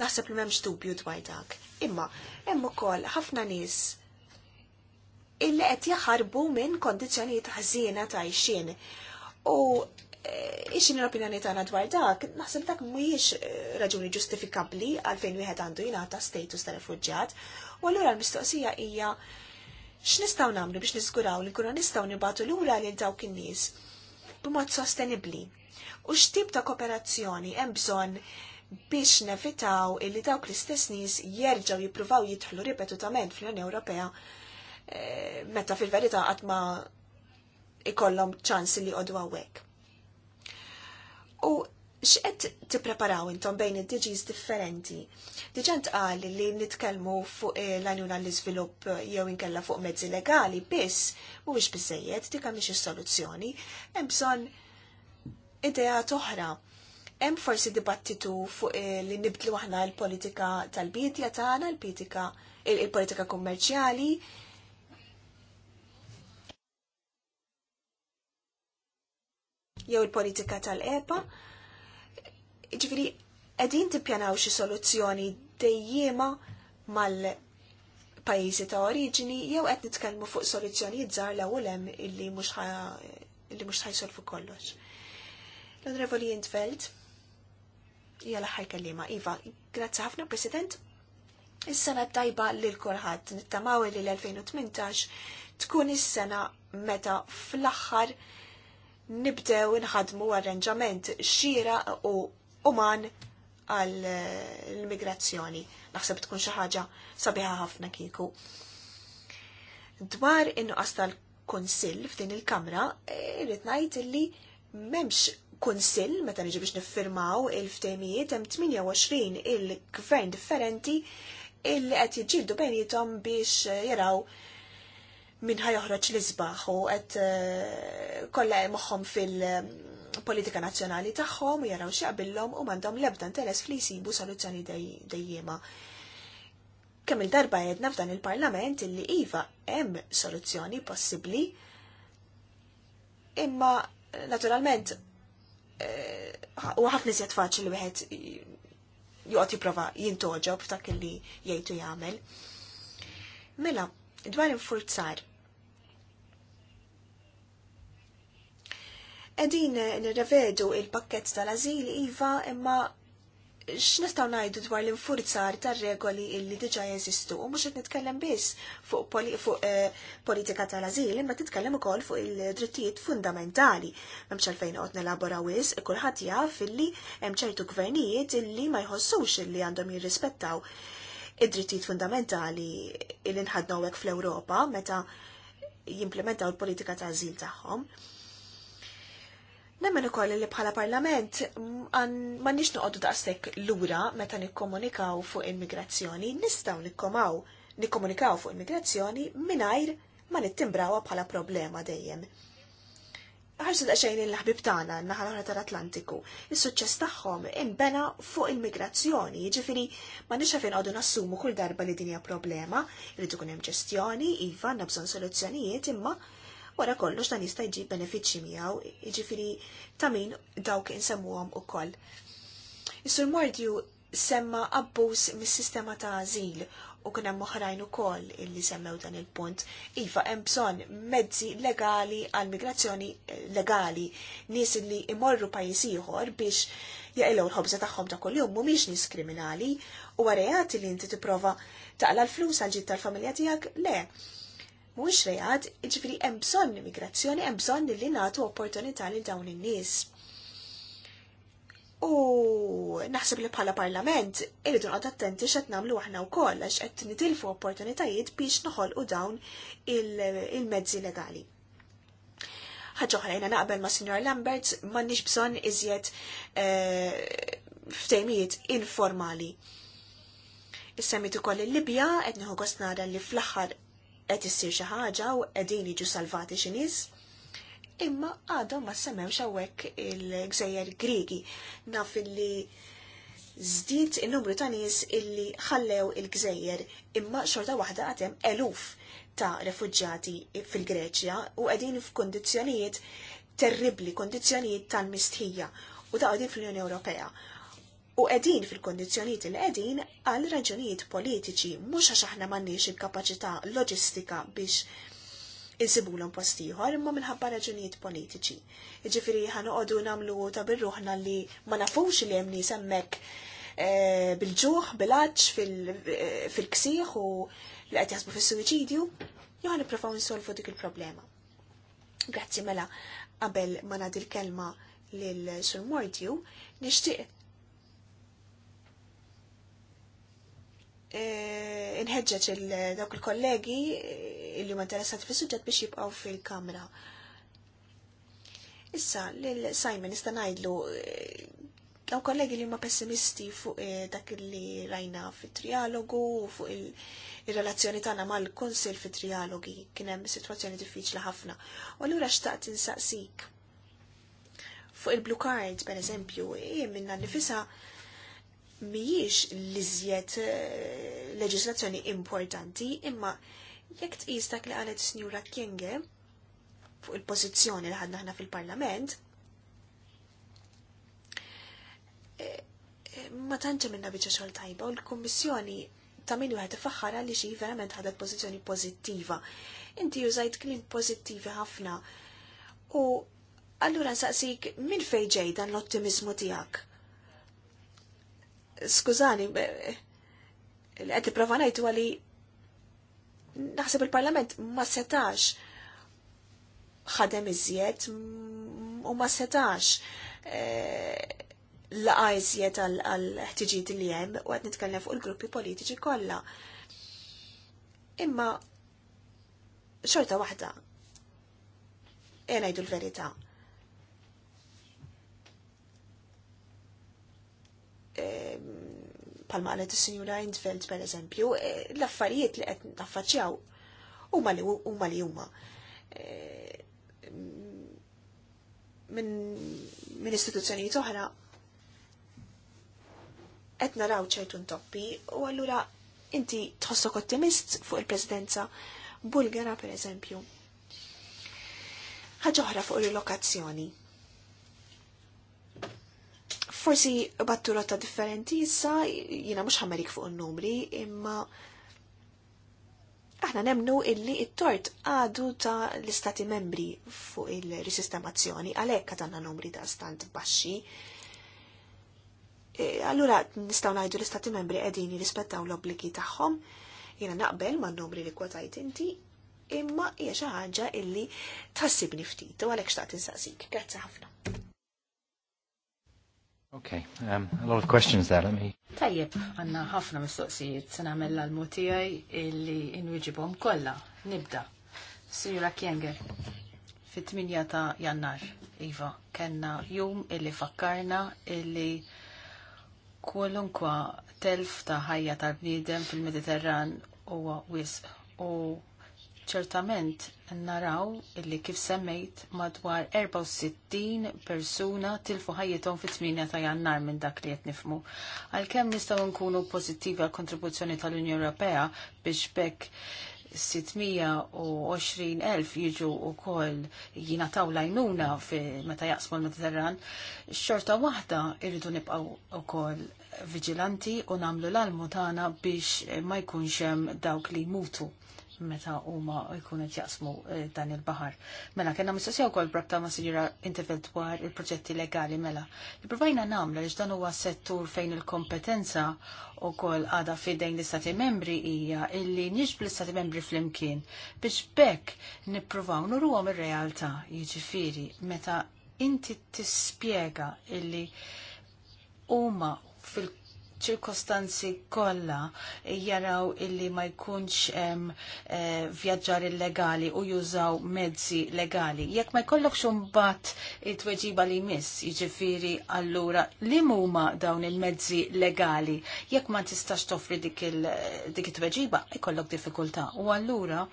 naħseb li m'hemmx dubju dwar dak. Imma hemm ukoll ħafna nies illi qed jaħarbu minn kondizzjonijiet ħażiena ta' ixin. U e, ixin l-opinjoni tagħna dwar dak, naħseb dak mhijiex e, raġuni ġustifikabbli għalfejn wieħed għandu jingħata status ta' refuġġjat. U allura l-mistoqsija hija x'nistgħu nagħmlu biex niżguraw li nkunu nistgħu nibatu lura lil dawk in-nies b'mod sostenibbli. U x'tip ta' kooperazzjoni hemm bżonn biex nevitaw illi dawk l-istess nies jerġgħu jippruvaw jidħlu ripetutament fl-Unjoni Ewropea eh, meta fil-verità qatt ma ikollhom ċans li jqogħdu hawnhekk. U x'qed tippreparaw intom bejn id-diġis differenti? Diġent qal li nitkellmu fuq eh, l-għanjuna l-iżvilupp jew inkella fuq mezzi legali biss mhuwiex biżejjed dik mhix is-soluzzjoni, hemm bżonn idea toħra Hemm forsi dibattitu fuq eh, li nibdlu aħna l-politika tal-bidja tagħna, l-politika il-politika kummerċjali. Jew il-politika tal-EPA. Ġifieri qegħdin tippjanaw xi soluzzjoni dejjema mal pajjiżi ta' oriġini jew qed nitkellmu fuq soluzzjonijiet żgħar l-ewwel hemm illi mhux ħajsolfu kollox. L-Onorevoli Jintfeld, Jgħal l kellima. Iva, grazzi ħafna President. Is-sena tajba lil kulħadd nittamaw li l-2018 tkun is-sena meta fl-aħħar nibdew inħadmu arranġament xira u uman għall-immigrazzjoni. Eh, Naħseb tkun xi ħaġa sabiħa ħafna kieku. Dwar innuqas tal kunsill f'din il-Kamra, eh, irrid ngħid li m'hemmx kunsill meta niġi biex niffirmaw il-ftemijiet hemm 28 il-gvern differenti illi qed jiġġieldu bejnietom biex eh, jaraw minn ħajoħroġ l-isbaħ u qed eh, kollha moħħhom fil-politika nazzjonali tagħhom u jaraw x'jaqbilhom u m'għandhom l-ebda interess fli jsibu soluzzjoni dejjema. Kemm il-darba jedna f'dan il-Parlament illi iva hemm soluzzjoni possibbli imma naturalment Eh, u ħafna faċi faċli wieħed joqgħod jipprova jintoġob f'dak li jgħidu jagħmel. Mela, dwar infurzar. Edin nirrevedu il-pakket tal-azil iva imma x'nistgħu ngħidu dwar l-infurzar tar-regoli illi diġà jeżistu u mhux qed nitkellem biss fuq eh, politika tal-ażil imma titkellem ukoll fuq il-drittijiet fundamentali. M'hemmx għalfejn qed nelaboraw wis, kulħadd jaf illi hemm ċertu gvernijiet illi ma jħossux illi għandhom jirrispettaw id-drittijiet fundamentali il hekk fl-Europa meta jimplementaw il politika ta' azil tagħhom. Nemmen ukoll li bħala parlament mm, ma nix noqogħdu daqshekk lura meta nikkomunikaw fuq immigrazzjoni, nistgħu nikkomaw nikkomunikaw fuq immigrazzjoni mingħajr ma nittimbrawa bħala problema dejjem. Ħarġu daqsxejn il-ħbib tagħna naħa l tal-Atlantiku. Is-suċċess tagħhom imbena fuq immigrazzjoni, jiġifieri ma nix fejn qogħdu nassumu kull darba li dinja problema, irid ikun hemm ġestjoni, iva, bżonn soluzzjonijiet imma wara kollox dan jista' jġib benefiċċji miegħu, jiġifieri ta' min dawk insemmuhom ukoll. Is-Sur Mordju semma abbuż mis-sistema ta' ażil u kien hemm oħrajn ukoll illi semmew dan il-punt. Iva hemm bżonn mezzi legali għal migrazzjoni eh, legali, nies li imorru pajjiż ieħor biex jaqilgħu l-ħobża tagħhom ta' kuljum mhumiex nies kriminali u għarejati li inti tipprova taqla l-flus għal ġid tal-familja tiegħek le mux rejad, jiġifieri hemm bżonn immigrazzjoni, hemm bżonn li nagħtu opportunità lil dawn in-nies. U naħseb li bħala parlament irridu nqgħod attenti x'qed nagħmlu aħna wkoll għax qed nitilfu opportunitajiet biex noħolqu dawn il-mezzi legali. Ħaġa oħra jiena naqbel ma' Sinjor Lambert, m'għandniex bżonn iżjed eh, ftejmijiet informali. Is-semmit ukoll il-Libja qed nieħu nara li fl-aħħar qed issir xi ħaġa u qegħdin jiġu salvati xi nies. Imma għadhom ma semmewx hawnhekk il-gżejjer Griegi. Naf illi żdied in-numru ta' nies illi ħallew il-gżejjer imma xorta waħda għad hemm eluf ta' refuġġjati fil-Greċja u qegħdin f'kondizzjonijiet terribli, kondizzjonijiet tal-mistħija u ta' qegħdin fl-Unjoni Ewropea u edin fil-kondizjoniet il edin għal raġunijiet politiċi mhux għax aħna m'għandniex il-kapaċità loġistika biex insibulhom post ieħor imma minħabba raġunijiet politiċi. Jiġifieri ħanoqogħdu nagħmlu ta' birruħna li ma nafux li hemm nies hemmhekk eh, bil-ġuħ, bil-għadġ, eh, fil-ksieħ u li qed jaħsbu fis-suwiċidju, jew ħanipprovaw insolvu dik il-problema. Grazzi mela qabel ma nagħti l-kelma lil Sur Mordju, nixtieq Eh, inħedġeċ il-dawk il-kollegi eh, illi ma interessati fis suġġett biex jibqaw fil-kamra. Issa, l-Simon, nista' ngħidlu eh, daw kollegi li huma pessimisti fuq dak li rajna fit-trialogu u fuq il-relazzjoni tagħna mal-Kunsil fit-trialogi kien hemm sitwazzjoni diffiċli ħafna. U allura xtaqt insaqsik. Fuq il-blue card, per eżempju, minna nifisa' mijiex liżjed eh, leġislazzjoni importanti, imma jekk tqistak li qalet Snjura Kienge fuq il-pożizzjoni li ħadna ħna fil-Parlament, eh, eh, ma tantx minna biċċa xogħol tajba u l-Kummissjoni ta' min wieħed ifaħħara li xi verament ħadet pożizzjoni pożittiva. Inti użajt kliem pożittivi ħafna u allura saqsik minn fejn ġej dan l-ottimizmu tiegħek? Skużani, li għed niprofa ngħid huwa li naħseb il-Parlament ma setax ħadem iżjed u ma setax eh, laqa iżjed għal-ħtiġijiet li jem u qed nitkellem fuq il-gruppi politiċi kollha. Imma xorta waħda, jena ngħidu l-verità. palma għalet il-Sinjura Eindfeld per eżempju, eh, l-affarijiet li qed naffaċċjaw huma li huma li huma. Eh, minn istituzzjonijiet oħra qed naraw ċertu ntoppi u allura inti tħossok ottimist fuq il-presidenza Bulgara per eżempju. Ħaġa oħra fuq il-lokazzjoni. Forsi batturata differenti issa, jina mux ħammerik fuq n-numri, imma aħna nemnu illi it-tort għadu ta' l-istati membri fuq il-risistemazzjoni, għalek għatanna numri ta' stant baxxi. E, allura, nistaw najdu l-istati membri għedin jirrispettaw l-obligi tagħhom, jina naqbel ma' numri li kwatajt inti, imma hija xi ħaġa illi tħassibni ftit u għalhekk xtaqt insaqsik. Grazzi ħafna. Okay, um, a lot of questions there, let me... Tajjeb, għanna ħafna mistoqsijiet se nagħmel l mutijaj illi inwiġibhom kollha. Nibda. Sinjura Kjenger, fit-8 ta' jannar, Iva, kellna jum illi fakkarna illi kwalunkwa telf ta' ħajja tal-bniedem fil-Mediterran huwa wisq u ċertament naraw illi kif semmejt madwar 64 persuna tilfu ħajjithom fit-8 ta' jannar minn dak li qed nifmu. Għalkemm nistgħu nkunu pożittivi għal kontribuzzjoni tal-Unjoni Ewropea biex bekk 620.000 jiġu u koll taw lajnuna fi meta jaqsmu l-Mediterran, xorta waħda irridu nibqaw u koll vigilanti u namlu l almutana biex ma jkunx hemm dawk li mutu meta huma jkunu qed jaqsmu eh, dan il-baħar. Mela kellna mistoqsija wkoll brabta ma' sinjura Intervelt dwar il-proġetti legali mela. Ippruvajna nagħmlu għaliex dan huwa settur fejn il-kompetenza wkoll għadha fidejn l-Istati Membri hija illi nix bl istati Membri flimkien biex bekk nippruvaw nurruhom ir-realtà jiġifieri meta inti tispjega illi huma fil ċirkostanzi kollha eh, jaraw illi ma jkunx um, vjaġġar illegali u jużaw mezzi legali. Jekk ma jkollokx bat it-tweġiba li miss, jiġifieri allura li huma dawn il-mezzi legali. Jekk ma tistax toffri dik eh, it-tweġiba, jkollok diffikultà. U allura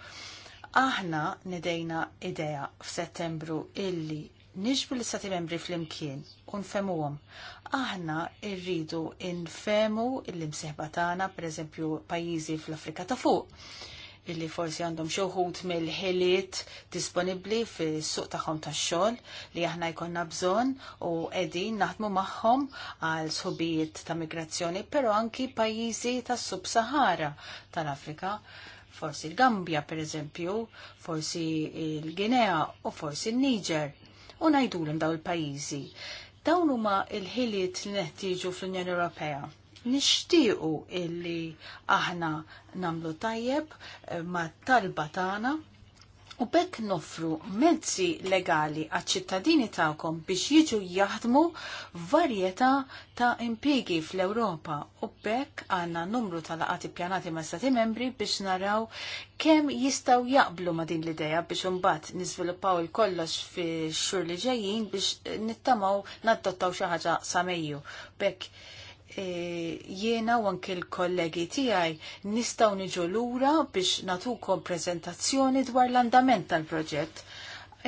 aħna nidejna idea f'Settembru illi nixbu li istati membri fl-imkien għom. Aħna irridu infemu l-imsieħba tagħna, pereżempju pajjiżi fl-Afrika ta' fuq, illi forsi għandhom xoħut mill-ħiliet disponibbli fis-suq tagħhom tax-xogħol li aħna jkollna bżonn u qegħdin naħdmu magħhom għal sħubijiet ta' migrazzjoni, però anki pajjiżi tas-Sub-Sahara tal-Afrika forsi l-Gambja per eżempju, forsi l-Ginea u forsi l-Niger u ngħidulhom daw il-pajjiżi. Dawn huma l-ħiliet li neħtieġu fl-Unjoni Ewropea. Nixtiequ illi aħna nagħmlu tajjeb eh, ma' talba tagħna u bekk nofru mezzi legali għad ċittadini tagħkom biex jiġu jaħdmu varjetà ta' impjiegi fl-Ewropa u bekk għandna numru ta' laqati pjanati ma' stati membri biex naraw kemm jistgħu jaqblu ma' din l-idea biex imbagħad niżviluppaw il-kollox fix-xhur li ġejjin biex nittamaw naddottaw xi ħaġa sa' Bekk E, jiena u anke l-kollegi tiegħi nistgħu niġu lura biex natukom prezentazzjoni dwar l-andament tal-proġett.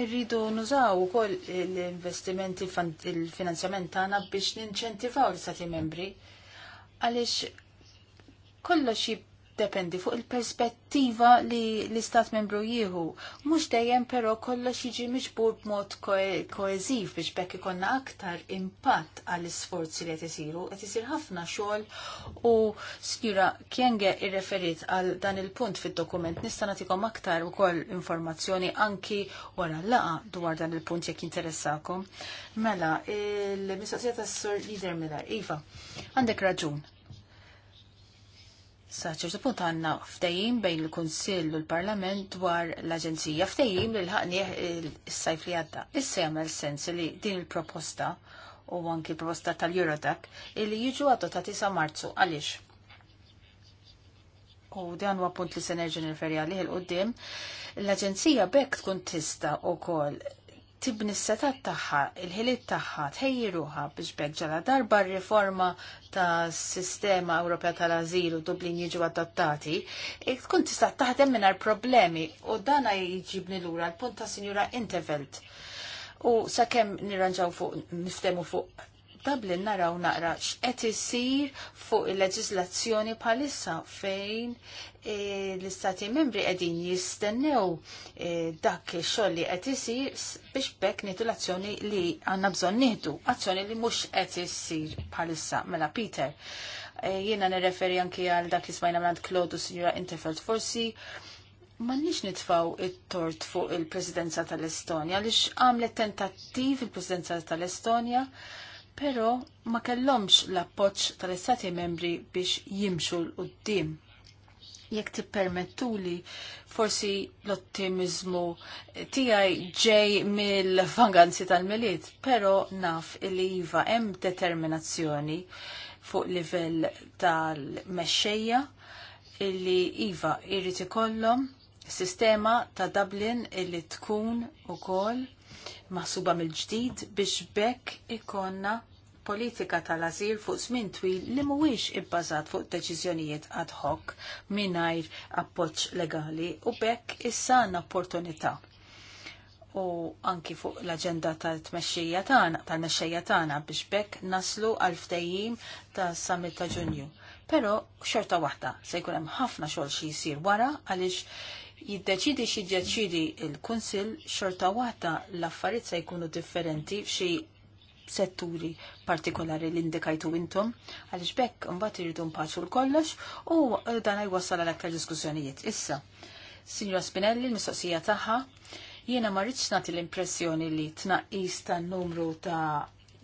Irridu nużaw ukoll l-investimenti il-finanzjament tagħna biex ninċentivaw l sati membri għaliex kollox dependi fuq il-perspettiva li l-istat membru jieħu. Mhux dejjem però kollox jiġi miġbur b'mod koeżiv biex bekk ikonna aktar impatt għall isforzi li qed isiru, qed isir ħafna xogħol u skjura Kienge irreferit għal dan il-punt fid-dokument nista' nagħtikom aktar ukoll informazzjoni anki wara laqa dwar dan il-punt jekk interessakom. Mela, il-mistoqsija tas-Sur Lider Miller, Iva, għandek raġun Sa ċertu punt għanna ftejim bejn il-Kunsill u l-Parlament dwar l-Aġenzija ftejim li l-ħaqni s-sajf li għadda. Issa jagħmel sens li din il-proposta u anki proposta tal-Eurodac li jiġu ta' sa Marzu għaliex. U dan huwa punt li se nerġa' nirferi għalih il-qudiem. L-Aġenzija bekk tkun tista' wkoll tibni s-setat taħħa, il-ħiliet taħħa, tħejjiruħa biex bekk darba r-riforma ta' sistema Ewropea tal-Azilu Dublin jiġu adattati, tkun tista' taħdem minn problemi u dana jġibni lura l-punt ta' Sinjura Intervelt. U sakemm nirranġaw fuq, niftemu fuq ġodda naraw naqra x'qed isir fuq il-leġiżlazzjoni bħalissa fejn eh, l-istati membri qegħdin jistennew eh, dak ix-xogħol li qed isir biex bekk nieħdu l-azzjoni li għandna bżonn nieħdu, azzjoni li mhux qed isir bħalissa mela Peter. Eh, jiena nirreferi anki għal dak li smajna mlant Klodu Sinjura Interfeld forsi Mannix nitfaw it-tort fuq il-presidenza tal-Estonja, lix għamlet tentattiv il-presidenza tal-Estonja pero ma kellhomx l-appoġġ tal-Istati membri biex jimxu l-qudiem. Jekk tippermettuli forsi l-ottimizmu tiegħi ġej mill-vanganzi tal-miliet, pero naf li iva hemm determinazzjoni fuq livell tal-mexxejja illi iva irrid ikollhom sistema ta' Dublin illi tkun ukoll maħsuba mill-ġdid biex bekk ikonna politika tal-azil fuq żmien twil li mhuwiex ibbażat fuq deċiżjonijiet ad hoc mingħajr appoġġ legali u bekk issa għandna opportunità u anki fuq l-agenda tal-tmexxija tagħna tal-mexxejja tagħna biex bekk naslu għal ftehim tas-summit ta' Ġunju. Pero xorta waħda se jkun hemm ħafna xogħol xi jsir wara għaliex jiddeċidi xiddeċidi il-Kunsil xorta waħda l-affarijiet se jkunu differenti f'xi setturi partikolari li indikajtu intom, għaliex bekk mbagħad iridu mpaċu l-kollox u dan jwassal għal aktar diskussjonijiet. Issa, Signora Spinelli, l-mistoqsija tagħha, jiena ma rridx nagħti l-impressjoni li tnaqqis tan-numru ta'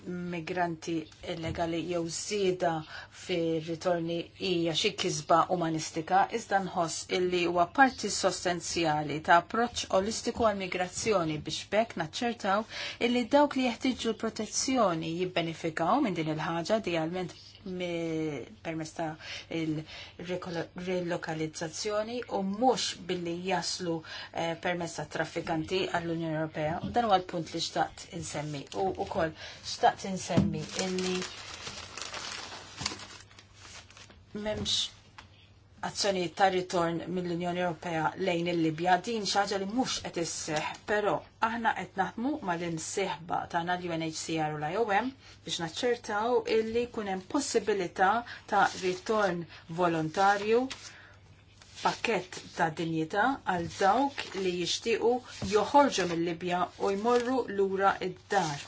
migranti illegali jew żieda fir-ritorni hija xi kisba umanistika, iżda nħoss illi huwa parti sostenzjali ta' approċċ olistiku għall migrazzjoni biex bekk naċċertaw illi dawk li jeħtieġu l-protezzjoni jibbenefikaw minn din il-ħaġa idealment permesta ta' il-relokalizzazzjoni u mhux billi jaslu eh, permesta ta' traffikanti għall-Unjoni Ewropea. Dan huwa l-punt li xtaqt insemmi u wkoll xtaqt insemmi illi memx azzjonijiet ta' ritorn mill-Unjoni Ewropea lejn il-Libja din xaġa li mhux qed isseħ, però aħna qed naħdmu mal-insieħba tagħna l-UNHCR u l-IOM biex naċċertaw illi jkun hemm possibilità ta' ritorn volontarju pakket ta' dinjità għal dawk li jixtiequ joħorġu mill-Libja u jmorru lura id-dar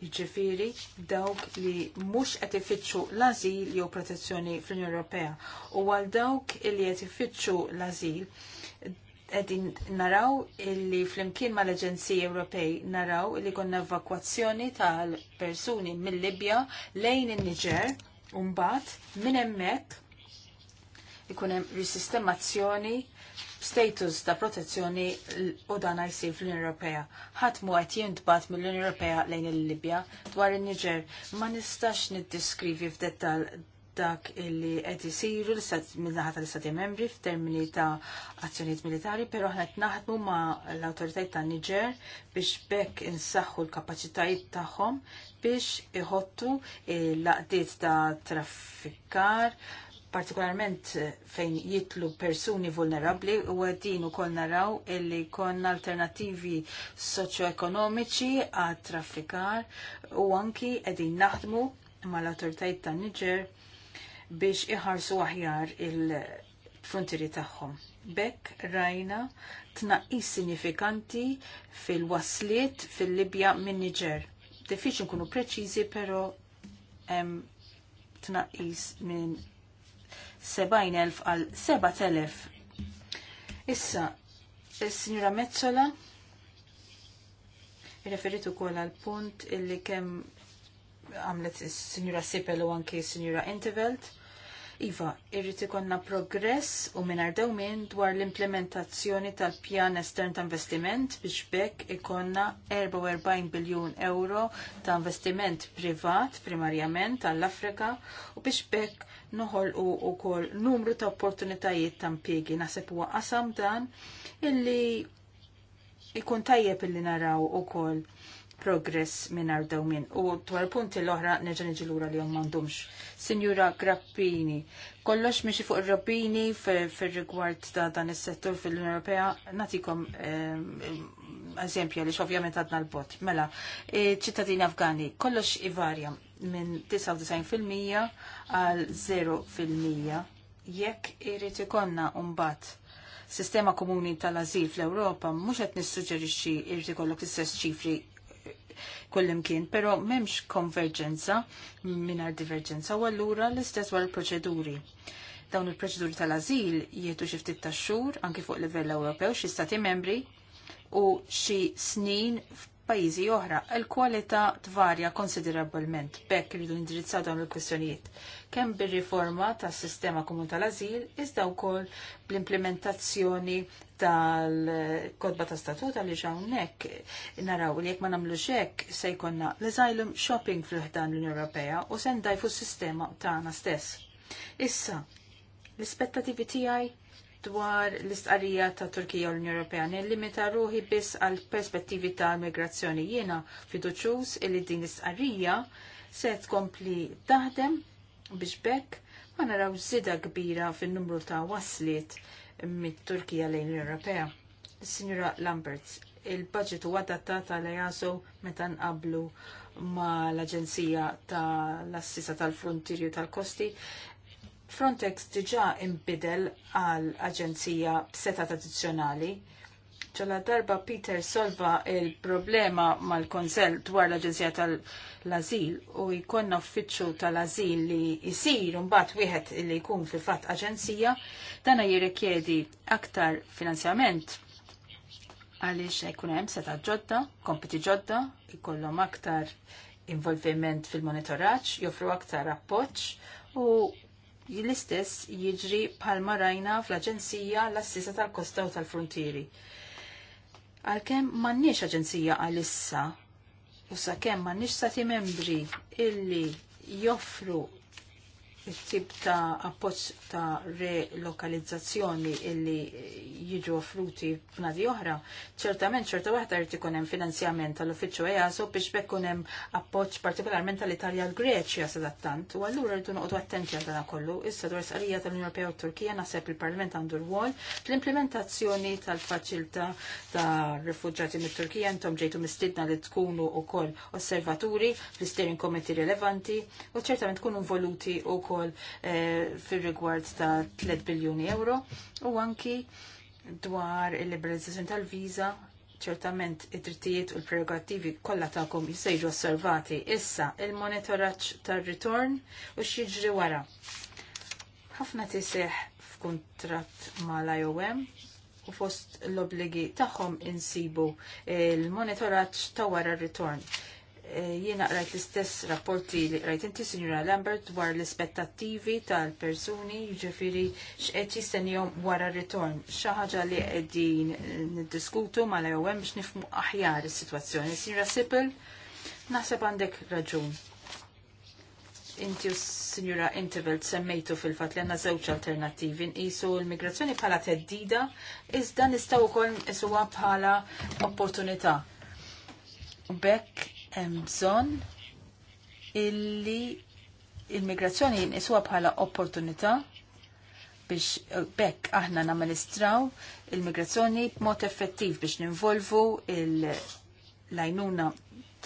Jiġifieri dawk li mhux qed ifittxu l-ażil jew protezzjoni fl-Unjoni Ewropea. U għal dawk li qed ifittxu l-ażil qegħdin naraw li flimkien mal-Aġenziji Ewropej naraw li konna evakwazzjoni tal-persuni mill-Libja lejn in-Niġer u mbagħad minn hemmhekk ikun hemm risistemazzjoni status ta' protezzjoni u dan jsir fl-Unjoni Ewropea. Ħadd mu qed jintbagħat mill-Unjoni Ewropea lejn il-Libja dwar in-Niġer ma nistax niddiskrivi f'dettall dak illi qed isiru mill-naħa tal-Istati Membri f'termini ta' azzjonijiet militari, però aħna qed naħdmu ma' l-awtoritajiet tan-Niġer biex bekk insaħħu l-kapaċitajiet tagħhom biex iħottu l-laqdiet ta' traffikar partikolarment eh, fejn jitlu persuni vulnerabli u għedin u kol naraw illi kon alternativi ekonomiċi għad traffikar u anki għedin naħdmu mal autoritajt ta' Niger biex iħarsu aħjar il-frontieri tagħhom. Bekk rajna tnaqqis sinifikanti fil-wasliet fil-Libja minn Niger. Diffiċi nkunu preċiżi, pero tnaqqis minn 70.000 għal 7.000. Issa, il signora Mezzola, referitu kol għal punt illi kem għamlet il signora Sipel u anki il-Sinjura Intervelt. Iva, irriti konna progress u minar minn dwar l-implementazzjoni tal-pjan estern ta' investiment biex bekk ikonna 44 biljun euro ta' investiment privat primarjament tal-Afrika u biex bekk noħol u kol numru ta' opportunitajiet ta' impjiegi nasib u qasam dan illi ikun tajjeb illi naraw ukoll progress minn ardaw minn. U twar punti l-oħra nerġa' l lura li jom m'għandhomx. Sinjura Grappini, kollox miexi fuq ir-rabbini fir-rigward ta' dan is-settur fil-Unjoni Ewropea, natikom eh, eżempja li ovvjament għadna l-bot. Mela, eh, ċittadini Afgani, kollox ivarja minn 99% għal 0% jekk irrid ikonna mbagħad sistema komuni tal-azil fl-Ewropa mhux qed nissuġġerixxi irrit ikollok l-istess ċifri kullimkien, pero memx konverġenza minar divergenza, u allura l-istess għal proċeduri Dawn il-proċeduri tal-azil jietu xi ftit taxxur anki fuq livell Ewropew xi stati membri u xi snin f'pajjiżi oħra. Il-kwalità tvarja konsiderabbilment bekk irridu indirizzaw dawn il kwestjonijiet kemm bir-riforma tas-sistema komun tal-azil iżda wkoll bl-implementazzjoni tal-kodba ta' statuta li hawnhekk naraw li jekk ma nagħmlux hekk se jkollna l-asylum shopping fl ħdan l-Unjoni Ewropea u sen dajfu s-sistema tagħna stess. Issa, l-ispettativi tiegħi dwar l istqarija ta' Turkija u l-Unjoni Ewropea nillimita ruħi biss għal perspettivi ta' migrazzjoni jiena fiduċjuż li din l istqarija se tkompli taħdem biex bekk ma naraw zida kbira fin-numru ta' waslit mit-Turkija lejn l-Ewropea. Signora Lamberts, il-budget huwa adattat li EASO meta qablu ma l-Aġenzija tal-Assisa tal-Frontirju tal-Kosti. Frontex diġà imbidel għal Aġenzija b'seta tradizzjonali ċala darba Peter solva il-problema mal-konsell dwar l-Aġenzija tal-Azil u jkonna uffiċċju tal-Azil li jisir mbagħad wieħed li jkun fil-fatt aġenzija, dana jirrikjedi aktar finanzjament għaliex jkun hemm seta' ġodda, kompiti ġodda, jkollhom aktar involviment fil-monitoraġġ, joffru aktar appoġġ u l-istess jiġri bħalma rajna fl-Aġenzija l-Assisa tal-Kosta u tal-Frontieri. Għalkemm m'għandniex aġenzija għalissa u sakemm m'għandniex stati membri illi joffru il-tip ta' appoġġ ta' relokalizzazzjoni illi jiġu offruti f'nadi oħra, ċertament ċerta waħda jrid ikun hemm finanzjament tal-uffiċċju EASO biex bekk hemm appoġġ partikolarment tal-Italja l greċja sadattant. U allura rridu noqgħdu attenti għal dan kollu. Issa dwar sqarija tal-Unjoni Ewropea u Turkija naħseb il-Parlament għandu rwol fl-implementazzjoni tal-faċilità ta' rifuġġati mit-Turkija intom ġejtu mistidna li tkunu wkoll osservaturi fl-Steering Committee rilevanti u ċertament tkunu involuti wkoll ukoll eh, fir-rigward ta' 3 biljuni euro u anki dwar il-liberalizzazzjoni tal-viża ċertament id-drittijiet u l-prerogativi kollha tagħkom jisejġu osservati. Issa, il-monitoraġġ tar-ritorn u x'jiġri wara. Ħafna tiseħ f'kuntratt mal-IOM u fost l obbligi tagħhom insibu il-monitoraġġ ta' wara r-ritorn. Eh, jiena rajt l-istess rapporti li rajt inti, Signora Lambert, dwar l-ispettattivi tal-persuni, ġifiri x'qed jistennihom wara r-ritorn. Xi ħaġa li qegħdin niddiskutu mal-EOM biex nifmu aħjar is-sitwazzjoni. Signora Sippel, naħseb għandek raġun. Inti u Signora Intervelt semmejtu fil-fatt li għandna żewġ alternattivi nqisu l-migrazzjoni bħala teddida, iżda nistgħu wkoll nqisuha bħala opportunità. Bekk hemm bżonn illi l migrazzjoni jinqisuha bħala opportunità biex eh, bekk aħna namministraw il-migrazzjoni b'mod effettiv biex ninvolvu l-għajnuna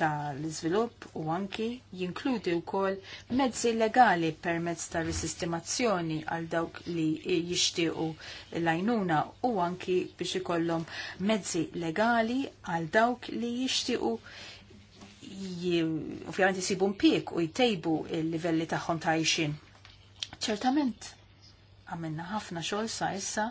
tal-iżvilupp u anki jinkludi wkoll mezzi legali permezz ta' risistimazzjoni għal dawk li jixtiequ l-għajnuna u anki biex ikollhom mezzi legali għal dawk li jixtiequ ovvjament jisibu mpik u jtejbu il-livelli tagħhom ta' ixin. Ċertament, għamilna ħafna xogħol sa' issa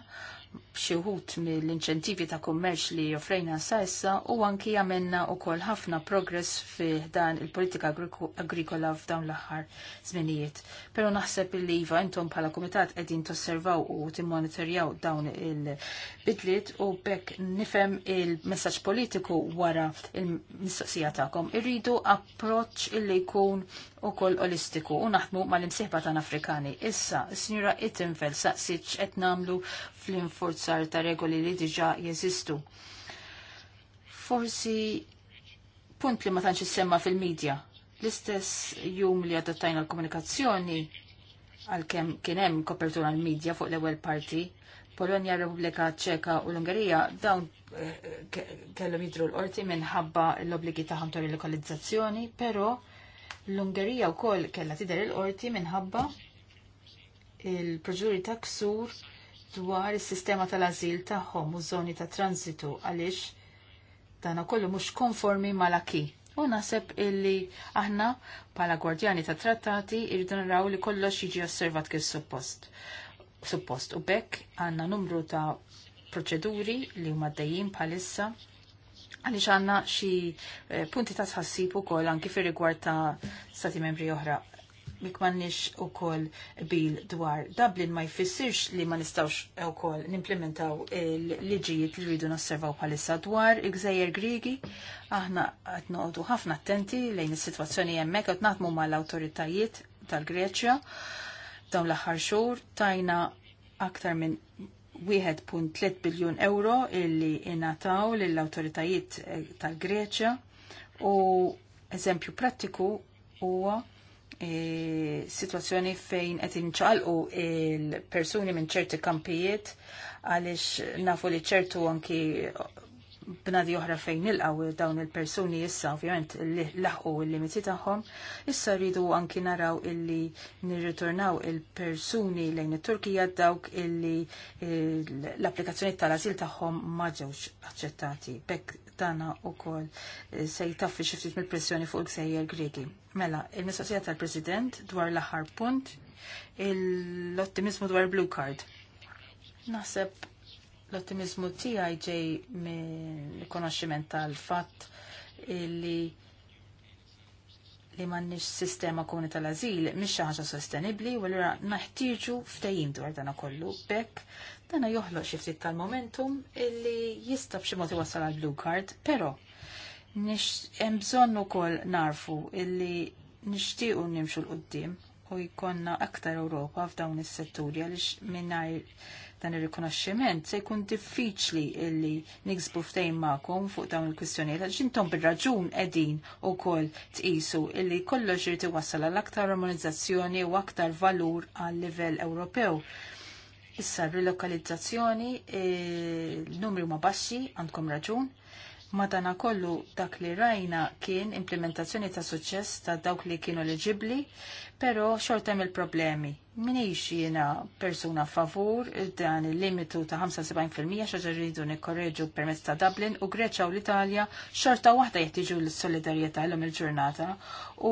xi wħud mill-inċentivi ta' kummerċ li jofrejna sa issa u anki u wkoll ħafna progress fi dan il-politika agrikola f'dawn l-aħħar żminijiet. Però naħseb li iva intom bħala kumitat qegħdin tosservaw u timmonitorjaw dawn il-bidliet u bekk nifhem il-messaġġ politiku wara il-mistoqsija tagħkom. Irridu approċċ illi jkun ukoll olistiku u naħdmu mal-imsieħba tan Afrikani. Issa, s-Sinjura Ittenfeld saqsitx qed nagħmlu fl-infurz sar ta' regoli li diġa jeżistu. Forsi punt li ma tantx semma fil-medja. L-istess jum li adottajna l-komunikazzjoni għal-kem kienem kopertura l-medja fuq l-ewel parti, Polonja, Repubblika Ċeka u l-Ungerija, dawn eh, kellhom jidru l-qorti minħabba l-obligi ta' tor il-lokalizzazzjoni, però l-Ungerija wkoll kellha tidher il-qorti minħabba il-proġuri ta' ksur dwar is-sistema tal-azil tagħhom u żoni ta' transitu għaliex dan kollu mhux konformi mal-aki. U naħseb illi aħna bħala gwardjani ta' trattati irridu naraw li kollox jiġi osservat kif suppost. Suppost u bekk għandna numru ta' proċeduri li huma dejjin bħalissa għaliex għandna xi eh, punti ta' tħassib ukoll anki fir rigward ta' stati membri oħra jekk u ukoll bil dwar Dublin ma jfissirx li ma nistgħux ukoll nimplementaw l liġijiet li rridu nosservaw bħalissa dwar il-Gżejjer Grigi. Aħna qed noqogħdu ħafna attenti lejn is-sitwazzjoni hemmhekk qed ma mal-awtoritajiet tal-Greċja dawn l-aħħar xhur tajna aktar minn 1.3 biljun euro illi inataw lill-awtoritajiet eh, tal-Greċja u eżempju prattiku huwa E, situazzjoni fejn qed inċalqu il-persuni minn ċerti kampijiet għaliex nafu li ċertu anki bnadi oħra fejn nilqaw dawn il-persuni issa ovvjament li laħqu il-limiti tagħhom, issa rridu anki naraw illi nirritornaw il-persuni lejn it-Turkija dawk illi l-applikazzjoni tal-azil tagħhom ma ġewx aċċettati. Bekk dana u kol eh, se jitaffi xiftit mill-pressjoni fuq il gsejjer Griegi. Mela, il-mistoqsija tal-President dwar l-aħħar punt l-ottimizmu dwar Blue Card. Naħseb l-ottimizmu tiegħi ġej minn konoxximent tal-fatt li li m'għandniex sistema komuni tal-azil mhix xi ħaġa sostenibbli u allura naħtieġu ftehim dwar dan kollu bekk Dana joħloq xi ftit tal-momentum illi jista' b'xi mod iwassal għal blue card, però nix hemm bżonn ukoll narfu illi nixtiequ nimxu l qudiem u jkollna aktar Ewropa f'dawn is-setturi għaliex mingħajr dan ir-rikonoxximent se jkun diffiċli illi niksbu ftejn magħkom fuq dawn il-kwistjonijiet għaliex intom bir-raġun qegħdin ukoll tqisu illi kollox irid iwassal għal aktar armonizzazzjoni u aktar valur għal livell Ewropew. Issa rilokalizzazzjoni e, l-numri ma baxxi għandkom raġun. Madana kollu dak li rajna kien implementazzjoni ta' suċċess ta' dawk li kienu leġibli, pero xortem il-problemi Minix jena persuna favur dan il-limitu ta' 75% xaġa rridu nikkorreġu permezz ta' Dublin u Greċa u l-Italja xorta waħda jettiġu l-solidarieta l-om il-ġurnata u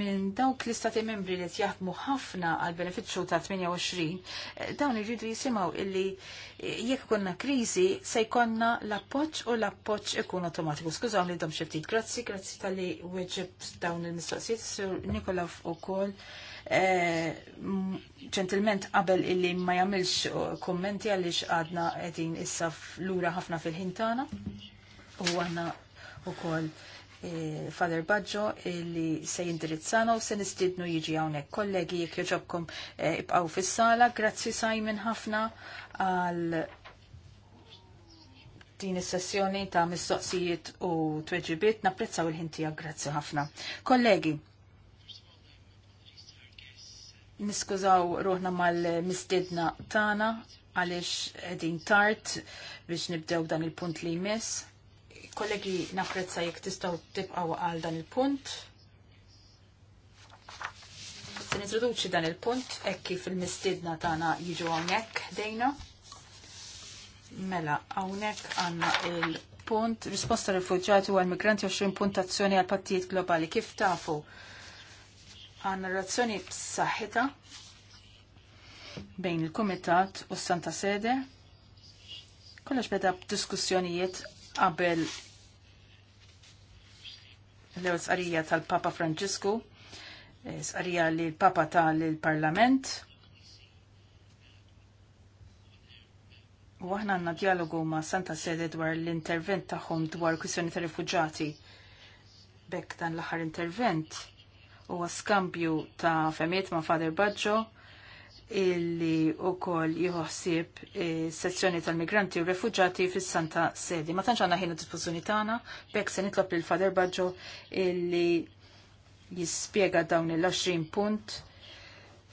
minn dawk l-istati membri li jaħdmu ħafna għal beneficju ta' 28 eh, dawn irridu jisimaw illi eh, jekk konna krizi se jkonna l-appoċ u l-appoċ ikun automatiku. Skużaw li dom ftit Grazzi, grazzi tal-li weġib dawn il-mistoqsijiet, Sir Nikolaf u kol. Eh, ċentilment qabel illi ma jagħmilx uh, kummenti għaliex għadna qegħdin issa lura ħafna fil u għanna u għandna ukoll eh, Father Baggio li se jindirizzana u se nistidnu jiġi hawnhekk. Kollegi jekk joġobkom eh, ibqgħu fis-sala. Grazzi Simon ħafna għal din is-sessjoni ta' mistoqsijiet u tweġibiet. Napprezzaw il-ħin tiegħek, grazzi ħafna. Kollegi, niskużaw ruħna mal-mistedna tana għalix edin tart biex nibdew dan il-punt li jmiss. Kollegi naprezza jek tistaw tibqaw għal dan il-punt. Se nintroduċi dan il-punt ekki fil-mistedna tana jiġu għonek dejna. Mela, għonek għanna il-punt risposta rifugġati u għal-migranti 20 puntazzjoni għal pattijiet globali. Kif tafu? għanna relazzjoni b'saħħita bejn il-Kumitat u s-Santa Sede. Kollox beda b'diskussjonijiet qabel l-ewwel sqarija tal-Papa Franġisku, sqarija li l-Papa tal-Parlament. U aħna għandna dialogu ma' Santa Sede dwar l-intervent tagħhom dwar kwistjoni tar rifuġati Bekk dan l-aħħar intervent u skambju ta' femiet ma' Fader Baggio illi u koll jħossib eh, sezzjoni tal-migranti u refugġati fis santa Sedi. Ma tanċa għanna ħin dispozzjoni tagħna, bekk se nitlob il Fader Baġġo illi jispjega dawn il-20 punt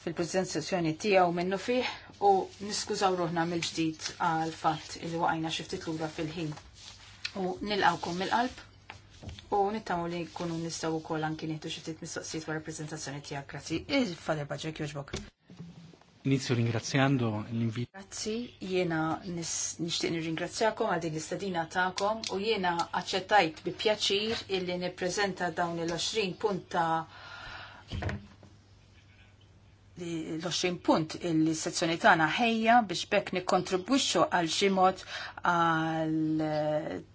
fil-prezentazzjoni tiegħu minnu fiħ u niskużaw ruħna mill-ġdid għal fatt illi waqajna xi ftit lura fil-ħin. U nilqawkom mill-qalb U nittamu li kunu nistaw u kol anki nittu xi ftit mistoqsijiet wara tijak. tiegħek. Grazzi. Il-Fader Baġek jogħġbok. Inizio ringrazzjando l-invito. Grazzi, jiena nixtieq nirringrazzjakom għal din l-istadina tagħkom u jiena aċċettajt bi pjaċir illi nippreżenta dawn il-20 punta l-20 punt il-sezzjoni tagħna ħejja biex bekk nikkontribwixxu għal xi mod għal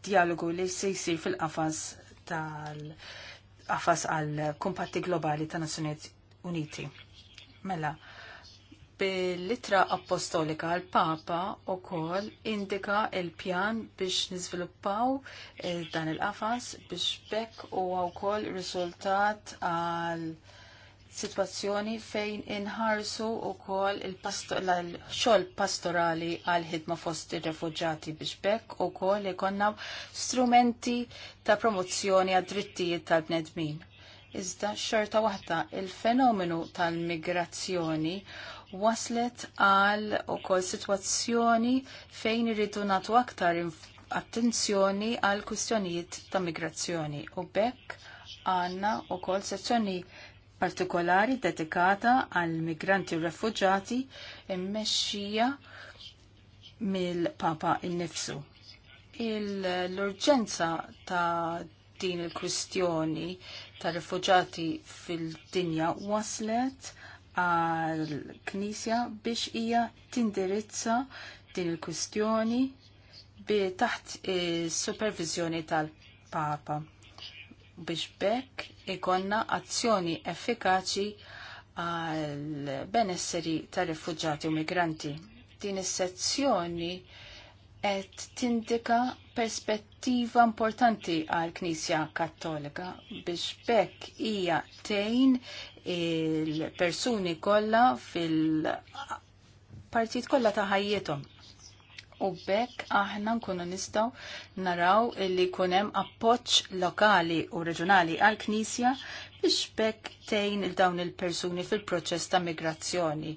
dialogu li se jsir fil-qafas tal-qafas għal kumpatti globali ta' Nazzjonijiet Uniti. Mela, bil-litra apostolika għal papa u kol indika il-pjan biex nizviluppaw eh, dan il-qafas biex bekk u għaw kol risultat għal situazzjoni fejn inħarsu u kol xol pastorali għal ħidma fost il-refugġati biex bekk u kol ikonna strumenti ta' promozzjoni għad drittijiet tal-bnedmin. Iżda xorta waħda il-fenomenu tal-migrazzjoni waslet għal u kol situazzjoni fejn irridu natu aktar attenzjoni għal kustjonijiet ta' migrazzjoni u bekk għanna u kol sezzjoni partikolari dedikata għal migranti u refugġati immexxija mill-Papa innifsu. L-urġenza ta' din il-kwistjoni ta' refugġati fil-dinja waslet għal Knisja biex hija tindirizza din il-kwistjoni bi taħt is-supervizjoni tal-Papa biex bekk ikonna azzjoni effikaċi għal benesseri tar rifugġati u migranti. Din is-sezzjoni qed tindika perspettiva importanti għal Knisja Kattolika biex bekk hija tejn il-persuni kollha fil-partit kollha ta' ħajjithom u bekk aħna nkunu nistgħu naraw li jkun hemm appoġġ lokali u reġjonali għall knisja biex bekk tgħin il dawn il-persuni fil-proċess ta' migrazzjoni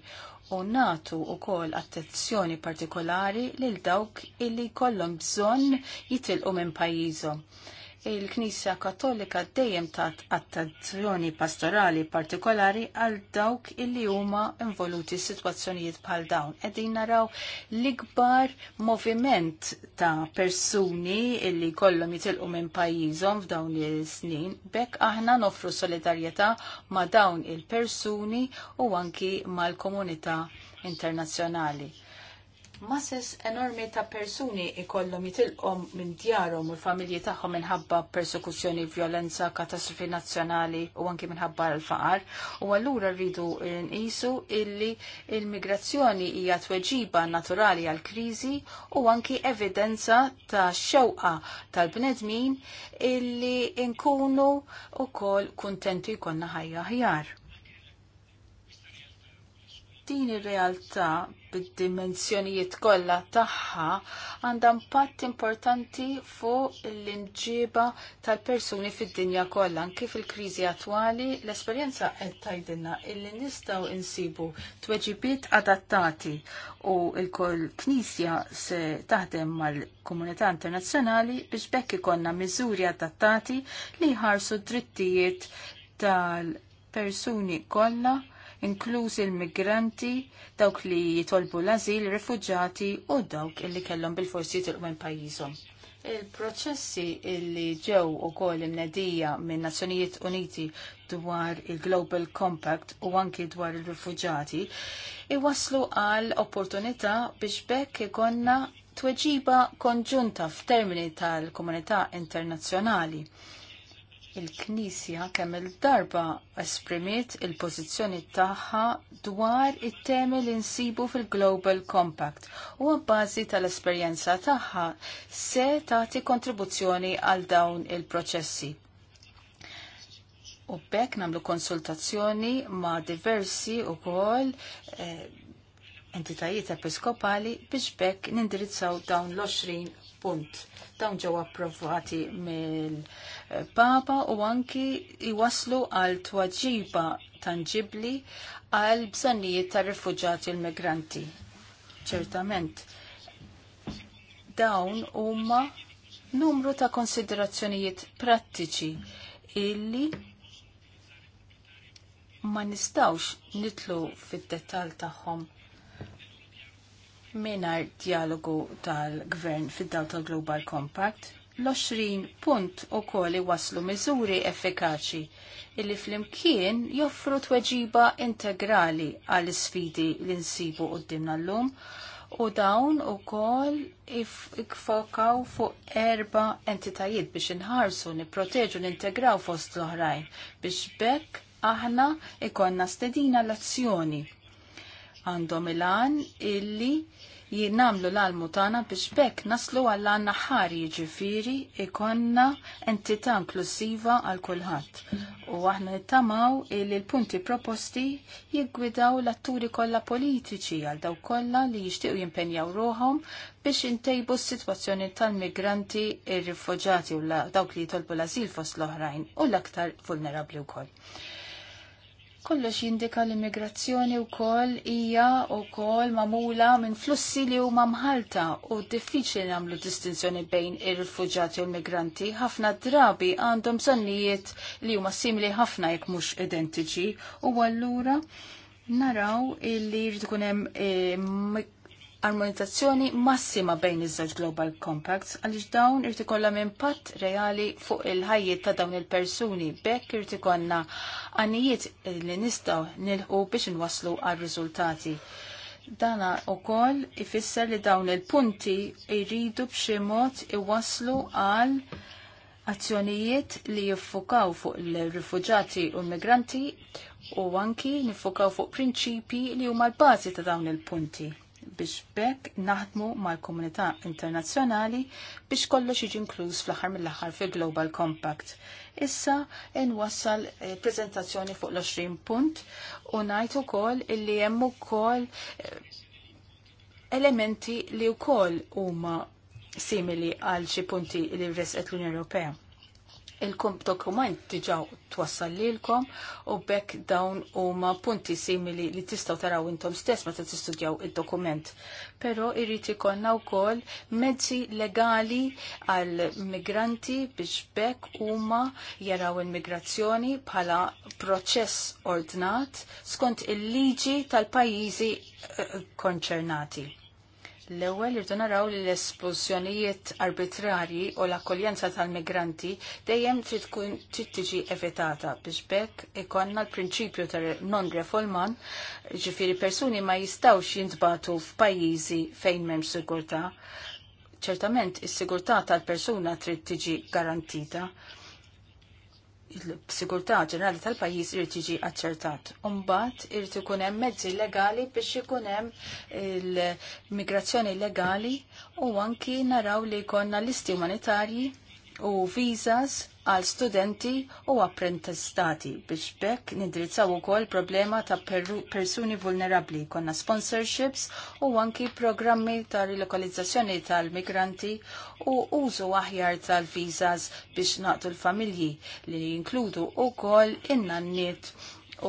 u natu u kol attenzjoni partikolari lil dawk illi kollhom bżonn jitilqu minn pajjiżhom il-Knisja Kattolika dejjem tat attenzjoni pastorali partikolari għal dawk illi huma involuti situazzjonijiet bħal dawn. Qegħdin naraw l-ikbar moviment ta' persuni illi kollhom jitilqu minn pajjiżhom f'dawn is-snin, bekk aħna nofru solidarjetà ma' dawn il-persuni u anki mal-komunità internazzjonali masses enormi ta' persuni ikollhom jitilqom minn djarhom u l-familji tagħhom minħabba persekuzzjoni, violenza, katastrofi nazzjonali u anki minħabba l-faqar. U allura rridu nqisu illi l-migrazzjoni hija tweġiba naturali għal kriżi u anki evidenza ta' xewqa tal-bnedmin illi nkunu ukoll kuntenti jkollna ħajja ħjar din ir-realtà bid-dimensjonijiet kollha tagħha għandha impatt importanti fuq l-inġiba tal-persuni fid-dinja kollha. Kif il-kriżi attwali l-esperjenza qed tgħidilna illi nistgħu insibu tweġibiet adattati u l koll knisja se taħdem mal-komunità internazzjonali biex bekk ikonna miżuri adattati li jħarsu drittijiet tal-persuni kollha inkluż il-migranti, dawk li jitolbu l-azil, rifugġati u dawk illi kellhom bil-forsi jitilqu pajjiżhom. Il-proċessi li ġew ukoll imnedija minn Nazzjonijiet Uniti dwar il-Global Compact u anki dwar il-rifuġati iwaslu għal opportunità biex bekk ikonna tweġiba konġunta f'termini tal-komunità internazzjonali il-Knisja kemm il-darba esprimiet il-pożizzjoni tagħha dwar it-temi li nsibu fil-Global Compact u għabbażi tal-esperjenza tagħha se tagħti kontribuzzjoni għal dawn il-proċessi. U bekk nagħmlu konsultazzjoni ma' diversi ukoll eh, entitajiet episkopali biex bekk nindirizzaw dawn l-20 punt. Dawn ġew approvati mill-Papa u anki iwaslu għal twaġiba tangibli għal bżonnijiet tar rifuġati l migranti Ċertament, dawn huma numru ta' konsiderazzjonijiet prattiċi illi ma nistawx nitlu fid-detal tagħhom minar dialogu tal-gvern fid-daw tal-Global Compact, l-20 punt u koli waslu miżuri effikaċi illi fl-imkien joffru tweġiba integrali għall sfidi li nsibu d-dimna l-lum u dawn u kol ikfokaw fuq erba entitajiet biex inħarsu, niproteġu, nintegraw fost l-oħrajn biex bekk aħna ikonna stedina l-azzjoni għandhom il-għan illi jinnamlu l-almu tana biex bekk naslu għall għanna ħari ġifiri ikonna entità inklusiva għal kulħadd. U aħna nittamaw il l-punti proposti jiggwidaw l-atturi kollha politiċi għal daw kollha li jixtiequ jimpenjaw ruħhom biex intejbu s-sitwazzjoni tal-migranti ir-rifuġati u dawk li jitolbu l-azil fost l-oħrajn u l-aktar vulnerabli wkoll. Kollox jindika l-immigrazzjoni u kol ija u kol mamula minn flussi li huma mħalta u diffiċli namlu distinzjoni bejn ir-rifuġati u l-migranti. Ħafna drabi għandhom sonnijiet li huma simili ħafna jekk mhux identiċi u allura naraw li jrid ikun hemm eh, armonizzazzjoni massima bejn iż-żewġ Global Compacts għaliex dawn irid ikollhom impatt reali fuq il-ħajjiet ta' dawn il-persuni bekk irid ikollna għanijiet li nistgħu nilħu biex inwasslu għar-riżultati. Dana ukoll ifisser li dawn il-punti jridu b'xi mod iwasslu għal azzjonijiet li jiffukaw fuq il-rifuġati u l-migranti u anki nifukaw fuq prinċipi li huma l-bażi ta' dawn il-punti biex bekk naħdmu mal-komunità internazzjonali biex kollox jiġi inkluż fl-aħħar mill-aħħar fil-Global Compact. Issa inwassal eh, prezentazzjoni fuq l-20 punt u ngħid ukoll illi hemm ukoll eh, elementi li wkoll huma simili għal xi punti li resqet l-Unjoni Ewropea il-dokument diġa twassal lilkom u bekk dawn huma punti simili li tistgħu taraw intom stess meta tistudjaw id-dokument. Però irrid ikollna wkoll mezzi legali għal migranti biex bekk huma jaraw il-migrazzjoni bħala proċess ordnat skont il-liġi tal-pajjiżi eh, konċernati L-ewwel irdu naraw li l-espulsjonijiet arbitrarji u l-akkoljenza tal-migranti dejjem trid tkun trid tiġi evitata biex bekk ikonna l-prinċipju ta' non reforman ġifieri persuni ma jistgħux jintbatu f'pajjiżi fejn m'hemm sigurtà. Ċertament is-sigurtà tal-persuna trid tiġi garantita il-sigurtà ġenerali tal-pajjiż irid jiġi aċċertat. mbagħad irid ikun hemm mezzi legali biex ikun hemm il-migrazzjoni legali u anki naraw li jkollna listi umanitarji u visas għal studenti u apprentistati biex bekk nidrizzaw ukoll problema ta' persuni vulnerabli konna sponsorships u anki programmi ta' rilokalizzazzjoni tal-migranti u użu aħjar tal-vizas biex naqtu l-familji li jinkludu ukoll innanniet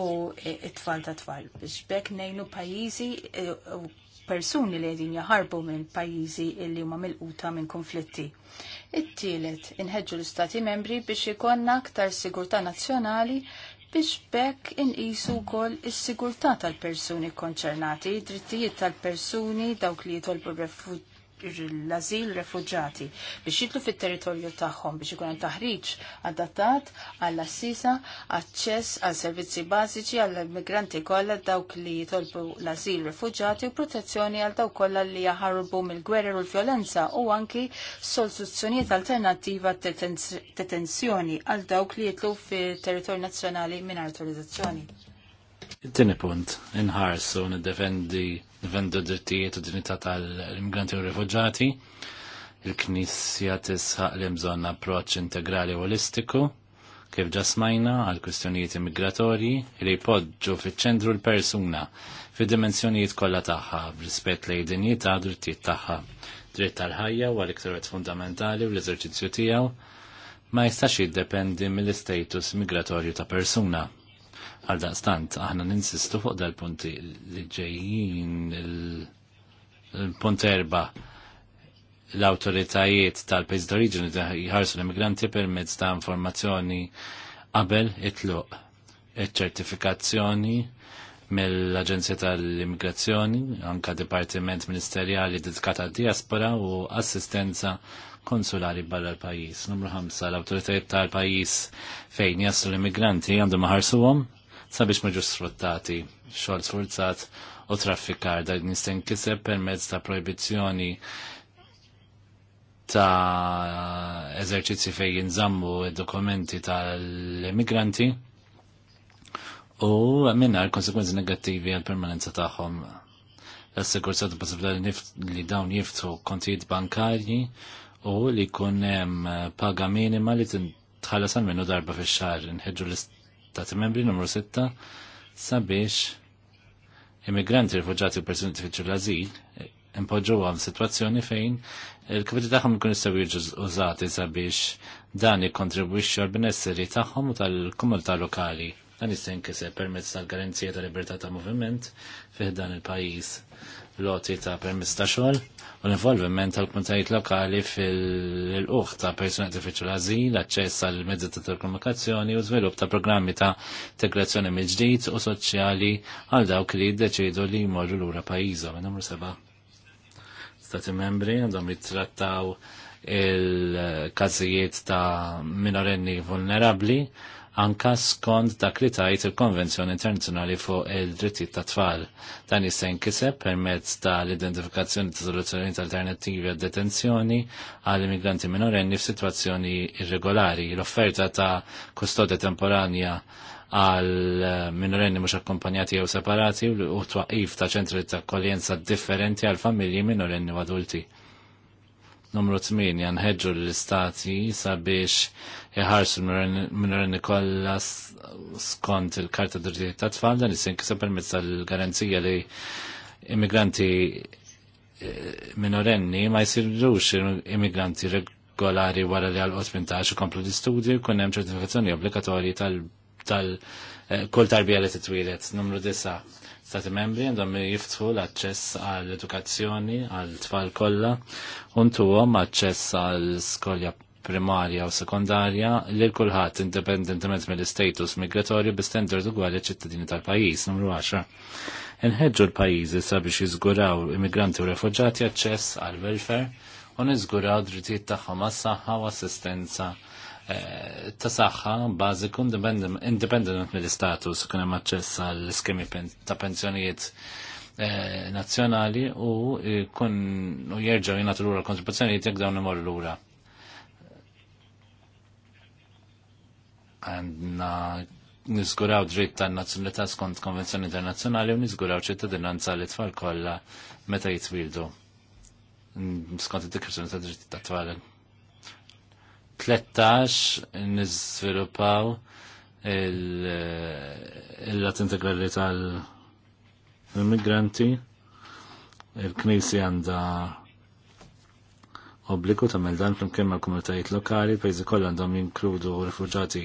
u it-tfal ta' tfal biex bekk nejnu pajjiżi eh, u persuni li jedin jaħarbu minn pajjiżi li huma milquta minn konflitti It-tielet, inħeġġu l-Istati membri biex ikonna aktar sigurtà nazzjonali biex bekk inqisu wkoll is-sigurtà tal-persuni konċernati, drittijiet tal-persuni dawk li jitolbu l-azil refugġati biex jitlu fit-territorju tagħhom biex ikun taħriġ adattat għall assisa aċċess għal servizzi bażiċi għall immigranti kollha dawk li jitolbu l-azil refugġati u protezzjoni għal dawk kollha li jaħarbu mill-gwerer u l-vjolenza u anki soluzzjonijiet alternattiva detenzjoni għal dawk li jitlu fit-territorju nazzjonali minn autorizzazzjoni. Tini punt, inħarsu, nid-defendi nivendu drittijiet u dinità tal-immigranti u rifugġati. Il-Knisja tisħaq li mżon approċċ integrali holistiku kif ġasmajna għal kwistjonijiet immigratorji li jpoġġu fiċ-ċentru l-persuna fi dimensjonijiet kollha tagħha b'rispett lejn dinjità drittijiet tagħha. Dritt tal-ħajja u għal iktar fundamentali u l-eżerċizzju tiegħu ma jistax jiddependi mill-istatus migratorju ta' persuna Għal daqstant, aħna ninsistu fuq dal-punti li ġejjin il-punt erba l-autoritajiet tal d d'oriġini jħarsu l-immigranti permezz ta' informazzjoni qabel itluq iċ-ċertifikazzjoni mill-Aġenzja tal-Immigrazzjoni, anka Dipartiment Ministerjali għad diaspora u assistenza konsulari barra l-pajis. Numru 5, l-autoritajiet tal-pajis fejn jaslu l-immigranti għandhom maħarsuhom sabiex maġu sfruttati, xogħol sfurzat u traffikar dak nista' per permezz ta' proibizzjoni ta' eżerċizzi fejn jinżammu id-dokumenti tal-immigranti u minna l-konsekwenzi negattivi għal-permanenza tagħhom. L-assekurzat possibilità li dawn jiftu kontijiet bankarji u li kunem hemm paga minima li tintħallas għal minnu darba fix-xahar. nħedġu l-ist stati membri numru 6 sabiex immigranti rifugġati u persuni tfittxu l-azil eh, impoġu għam situazzjoni fejn il-kviti tagħhom kun jistgħu jiġu użati sabiex dan jikkontribwixxu għal benesseri tagħhom u tal-komunità lokali. Dan jista' jinkiseb permezz tal-garanzija tal libertà ta' moviment fih dan il-pajjiż loti ta' permess ta' xogħol u l-involviment tal kuntajt lokali fil-uħ ta' persuni diffiċu l-azil, aċċess għal mezzi ta' telekomunikazzjoni u żvilupp ta' programmi ta' integrazzjoni mill-ġdid u soċjali għal dawk li jiddeċidu li jmorru lura pajjiżhom. Numru seba' stati membri għandhom jittrattaw il-każijiet ta' minorenni vulnerabli anka skont dak li tajt il-Konvenzjoni Internazzjonali fuq il-drittijiet ta' tfal. Dan jista' jinkiseb permezz tal identifikazzjoni ta' soluzzjonijiet alternattivi għad detenzjoni għal immigranti minorenni f'sitwazzjoni irregolari. L-offerta ta' kustodja temporanja għal minorenni mhux akkompanjati jew separati u twaqif ta' ċentri ta' kolienza differenti għal familji minorenni u adulti. Numru 8 janħeġġu l-istati sabiex iħarsu l-minorenni kollha skont il-Karta Drittijiet ta' Tfal dan is kisa permezz tal-garanzija li immigranti eh, minorenni ma jsirux immigranti regolari wara li għal 18 komplu di studi kun hemm ċertifikazzjoni obbligatorji tal- eh, kull tarbija li titwilet, numru disa stati membri għandhom jiftħu l aċċess għall-edukazzjoni għal tfal kollha untuhom aċċess għal skolja primarja u sekondarja li kulħadd independentement mill-istatus migratorju bi standard ugwali ċittadini tal-pajjiż numru 10. Inħeġġu l-pajjiżi sabiex jiżguraw immigranti u refugġati aċċess għal welfare u niżguraw drittijiet tagħhom għas-saħħa u assistenza eh, ta' saħħa bażiku independent mill-istatus kien hemm aċċess għall iskemi ta' pensjonijiet eh, nazzjonali u kun u jerġgħu jingħatu lura kontribuzzjonijiet jekk dawn imorru lura għandna nizguraw dritt tan nazzjonalità skont konvenzjoni internazzjonali u nizguraw ċittadinanza li tfal kollha meta jitwildu. Mm, skont id-dikrazzjoni ta' dritt ta' tfal. 13 niżviluppaw il-lat integrali tal-immigranti. Il-Knisi għanda obbligu tagħmel dan flimkien mal komunitajiet lokali, pajjiżi kollha għandhom jinkludu rifuġati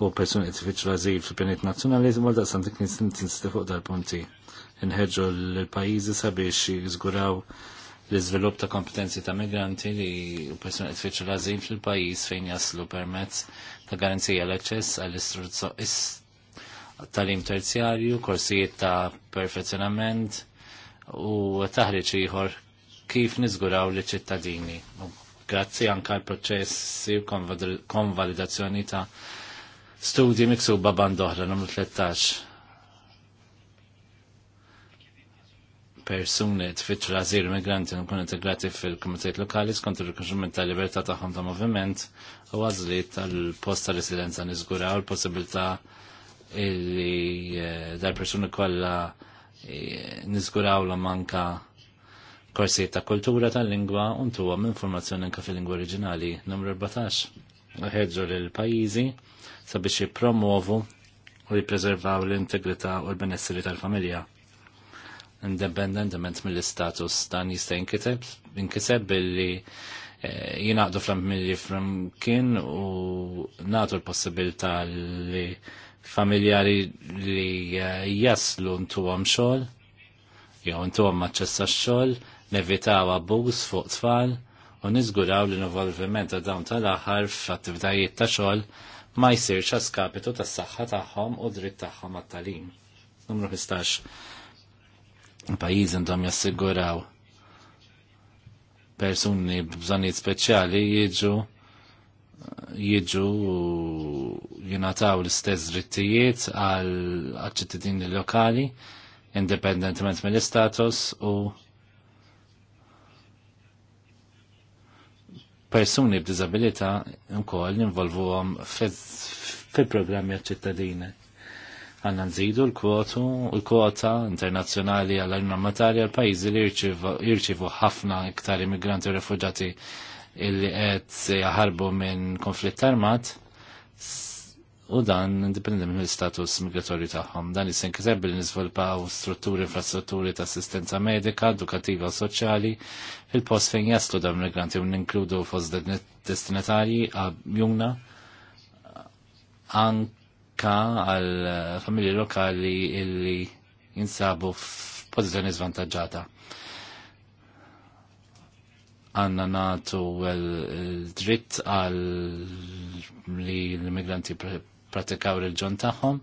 u persuni qed ifittxu l fil-pjaniet nazzjonali imma daqsan dik ninsisti fuq dal-punti. Inħeġġu l-pajjiżi sabiex jiżguraw l-iżvilupp ta' kompetenzi ta' migranti li persuni qed tfittxu l fil-pajjiż fejn jaslu permezz ta' garanzija l-aċċess għall tal-im terzjarju, korsijiet ta' perfezzjonament u taħriġ ieħor kif niżguraw li ċittadini. Grazzi anka l-proċessi u konvalidazzjoni ta' studji miksuba bandoħra oħra numru 13. persuni tfittra żir migranti nkun integrati fil komitet Lokali skont ir-rikonoxximent tal-libertà tagħhom ta' moviment u għażliet tal-post ta' residenza niżguraw l-possibilità li eh, dal-persuni kollha eh, niżguraw l manka korsijiet ta' kultura tal-lingwa untuwa informazzjoni nka fil-lingwa oriġinali. Numru 14. Ħeġġu l-pajizi sabiex jipromovu u jipreservaw l-integrità u l-benessiri tal-familja. Independentement mill-istatus dan jista' jinkiseb billi eh, jinaqdu fl-familji flimkien u natu l-possibilità li familjari li eh, jaslu ntuwam xol, jew ntuwam maċċessa xol, nevitaw abbuż fuq tfal u niżguraw l-involviment ta' dawn tal-aħħar f'attivitajiet ta' xogħol ma jsirx għaskapitu tas saħħa tagħhom u dritt tagħhom għat-talim. Numru 15. Pajjiż indhom jassiguraw persuni b'bżonijiet speċjali jiġu jiġu jinataw l-istess drittijiet għal ċittadini lokali, indipendentement mill-istatus u persuni b'dizabilità wkoll involvuhom fil-programmi għaċ-ċittadini. Għanna nżidu l-kwotu u l-kwota internazzjonali għall-arma matarja l-pajjiżi li jirċivu ħafna iktar immigranti u refuġati illi qed jaħarbu minn konflitt armat u dan indipendi minn l status migratorju tagħhom. Dan jissinkiseb li niżvilpaw strutturi infrastrutturi ta' assistenza medika, edukativa u soċjali fil-post fejn jaslu dawn migranti u ninkludu fost destinatarji jungna anka għal familji lokali illi jinsabu f'pożizzjoni zvantaġġata għanna natu dritt għal li l-immigranti pratikaw il-ġun tagħhom,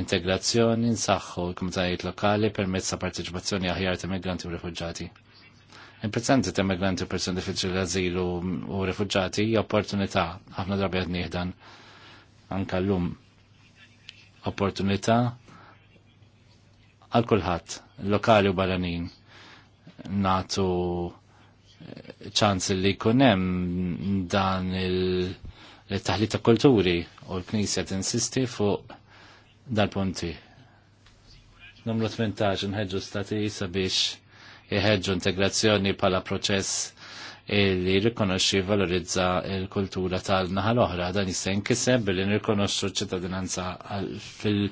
integrazzjoni, nsaħħu l-komunitajiet lokali permezz ta' parteċipazzjoni aħjar ta' migranti u rifuġġati. Il-prezenza ta' migranti u persuni diffiċli l-azilu u rifuġġati hija opportunità ħafna drabi qed nieħdan anke llum opportunità għal kulħadd, lokali u barranin, natu eh, ċans li jkun hemm dan il- l taħli ta' kulturi u l-Knisja tinsisti fuq dal-punti. Numru 18 nħedġu stati sabiex jħedġu integrazzjoni pala proċess li rikonoxxi valorizza il-kultura tal-naħa l-oħra. Dan jistajn jinkiseb li nirkonoxxu ċittadinanza fil-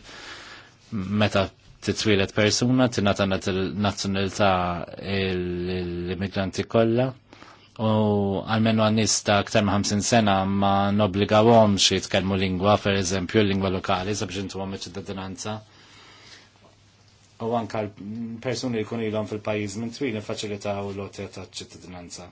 meta titwilet persuna il nazzjonalità l-immigranti kollha u għalmenu għannista ta' ma' 50 sena ma' għom xie jitkellmu lingwa, per eżempju, lingwa lokali, sabiex intu għom ċittadinanza. U għanka l-persuni li kun ilhom fil-pajjiż minn twil faċilitaw l-għotja ta' ċittadinanza.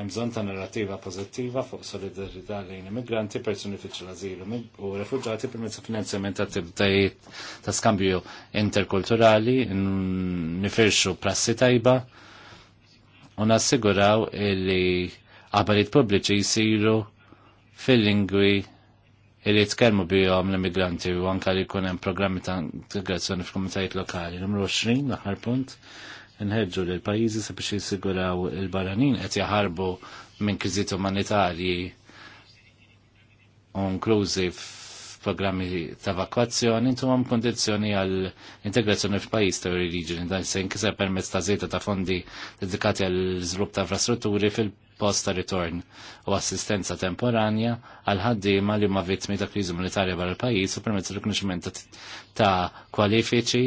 Hemm bżonn ta' narrativa pożittiva fuq solidarità lejn immigranti, persuni fiċ l-azilu u refuġati permezz finanzjament ta' tibdajiet ta' skambju interkulturali, nifirxu prassi tajba, u nassiguraw illi qabalit pubbliċi jisiru fil-lingwi illi jitkellmu bijom l-immigranti u anka li jkun hemm programmi ta' integrazzjoni f'komunitajiet lokali. Numru 20, l-aħħar punt, nħeġġu lil pajjiżi sabiex jissiguraw il-barranin qed jaħarbu minn kriżiet umanitarji u inklużi programmi ta' evakuazzjoni intu għam kondizjoni għal integrazzjoni f'pajis ta' origini dan se jinkiseb permezz ta' zeta ta' fondi dedikati għal żvilupp ta' infrastrutturi fil-post ta' ritorn u assistenza temporanja għal ħaddiema li huma vittmi ta' kriżi militarja barra l-pajis u permezz rikonoxximent ta' kwalifiċi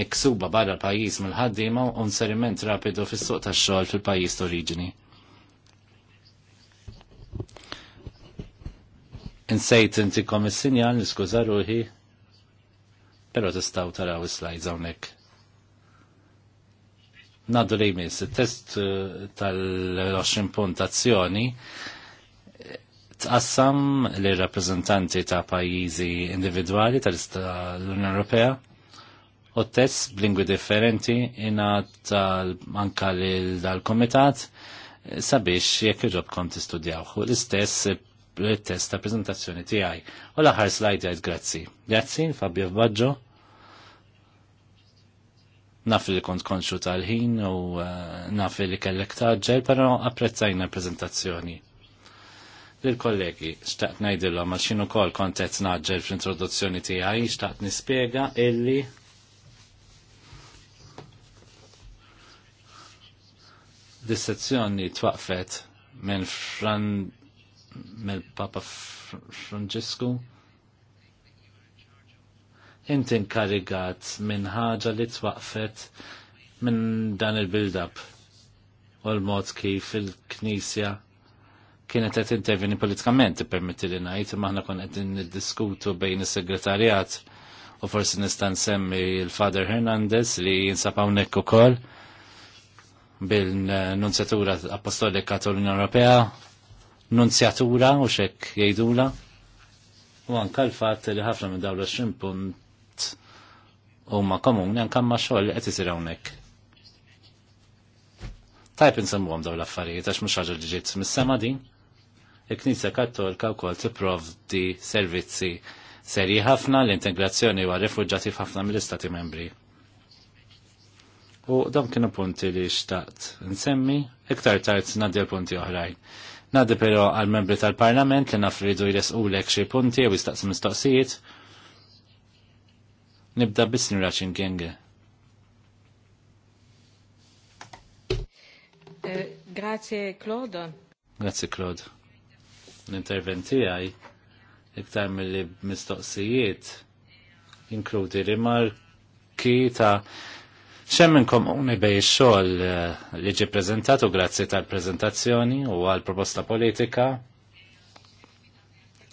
miksuba barra l-pajis mill-ħaddiema u nseriment rapidu fis-suq tax-xogħol fil-pajis ta' oriġini Insejt inti kom il-sinjal, niskuza ruħi, pero tistaw taraw il-slajd zawnek. Naddu li jmiss, il-test eh, tal-20 puntazzjoni tqassam li rappresentanti ta' pajjiżi individwali tal-Unjoni Ewropea u test b'lingwi differenti inna tal-anka dal-komitat eh, sabiex jekk iġobkom tistudjaw. L-istess il-test ta' prezentazzjoni tiegħi. U l-aħħar slide jgħid grazzi. Grazzi, Fabio Baggio. Naf li kont konxu tal-ħin u eh, naf li kellek taġġel, però apprezzajna l-prezentazzjoni. l kollegi xtaqt ngħidilhom għal xinu kol kontet naġġel fl-introduzzjoni tiegħi, xtaqt nispjega illi dissezzjoni twaqfet minn Fran mill-Papa Franġisku. Inti nkarigat minn ħaġa li twaqfet minn dan il-build-up u l-mod kif il-Knisja kienet qed interveni politikament ippermetti li ngħid imma aħna kon qed niddiskutu bejn is-segretarjat u forsi nista' nsemmi l fader Hernandez li jinsab hawnhekk ukoll bil-Nunzjatura Apostolika tal-Unjoni Ewropea nunzjatura u xek jgħidula. U anka l-fat li ħafna minn dawla punt u ma komuni anka ma xoll għet għetis hawnhekk. Tajp insemmu għom dawla affarijiet għax mux ħagġa li ġiet mis-sema din. Il-Knisja Kattolika wkoll tipprovdi servizzi serji ħafna l-integrazzjoni u għal-refugġati f'ħafna mill-istati membri. U dom kienu punti li xtaqt nsemmi, iktar tard nadja punti oħrajn. Nadi pero għal-membri tal-Parlament li nafridu jresqulek xie punti u jistaqsi mistoqsijiet. Nibda bisni raċin kienge. Eh, grazie Claude. Grazie Claude. L-interventi għaj iktar mill-mistoqsijiet inkludi rimarki ta' Xemmin komuni bej xol eh, li ġi prezentatu grazzi tal-prezentazzjoni u għal-proposta politika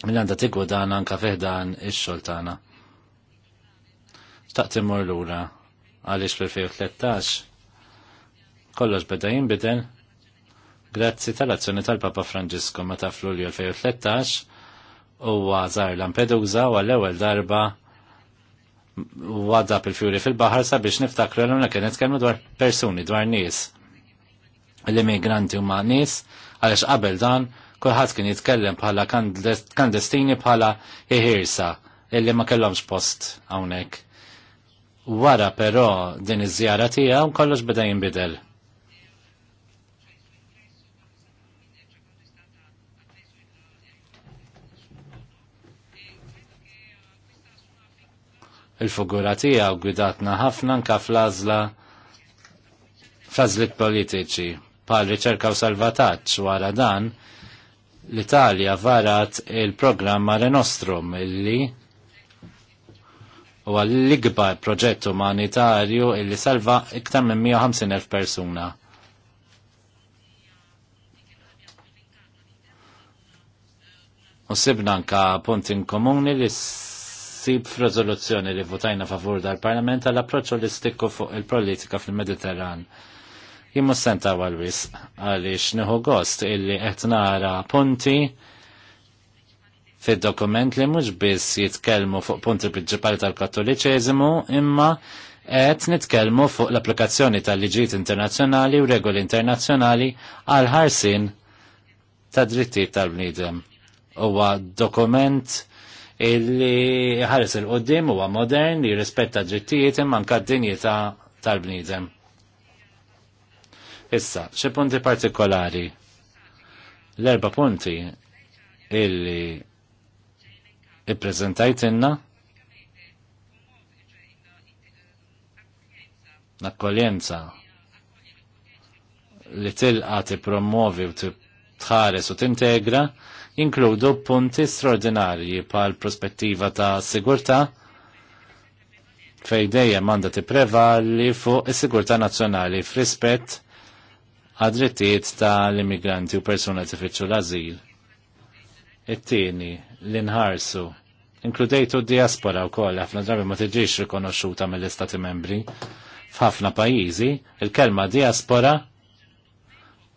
mill-għanda tigwu dan anka feħdan ix-xol tagħna. Xtaqt imur lura għaliex fil-2013 kollox beda jinbidel grazzi tal-azzjoni tal-Papa Franġisku meta l 2013 u żar Lampedusa u għall-ewwel darba wadab il-fjuri fil-bahar sabiex niftakru l-għuna kienet kemmu dwar persuni, dwar nis. L-immigranti huma nis, għalix qabel dan, kullħat kien jitkellem bħala kandestini bħala iħirsa, illi ma kellomx post hawnhekk. Wara però din iż-żjara tiegħu kollox beda jinbidel. il-fugura tiegħu gwidatna ħafna nka fl-għażla fl politiċi bħal riċerka u salvataġġ wara dan l-Italja varat il-programma Renostrum illi u għall-ikbar proġett umanitarju illi salva iktar minn 150.000 persuna. U sibna anka punti komuni li ħsieb f'riżoluzzjoni li votajna favur dal-Parlament għal approċċ stikku fuq il-politika fil-Mediterran. Jimmu senta għal-wis għaliex nieħu gost illi qed nara punti fid-dokument li mhux biss jitkellmu fuq punti prinċipali tal-Kattoliċeżimu imma qed nitkellmu fuq l-applikazzjoni tal-liġijiet internazzjonali u regoli internazzjonali għal ħarsin ta' drittijiet tal-bniedem. Huwa dokument illi ħares il-qoddim huwa modern li rispetta drittijiet imma anka d tal-bniedem. Issa, xi punti partikolari? L-erba' punti illi ippreżentajtinna l-akkoljenza li tilqa' tippromovi u tħares u tintegra jinkludu punti straordinarji pal prospettiva ta' sigurta fej dejjem għandha tipprevali fuq is-sigurtà nazzjonali f'rispett għad-drittijiet tal-immigranti u persuna tifittxu l-azil. It-tieni l-inħarsu inkludejtu d-diaspora u koll ħafna drabi ma tiġix rikonoxxuta mill-Istati membri. F'ħafna pajjiżi il-kelma diaspora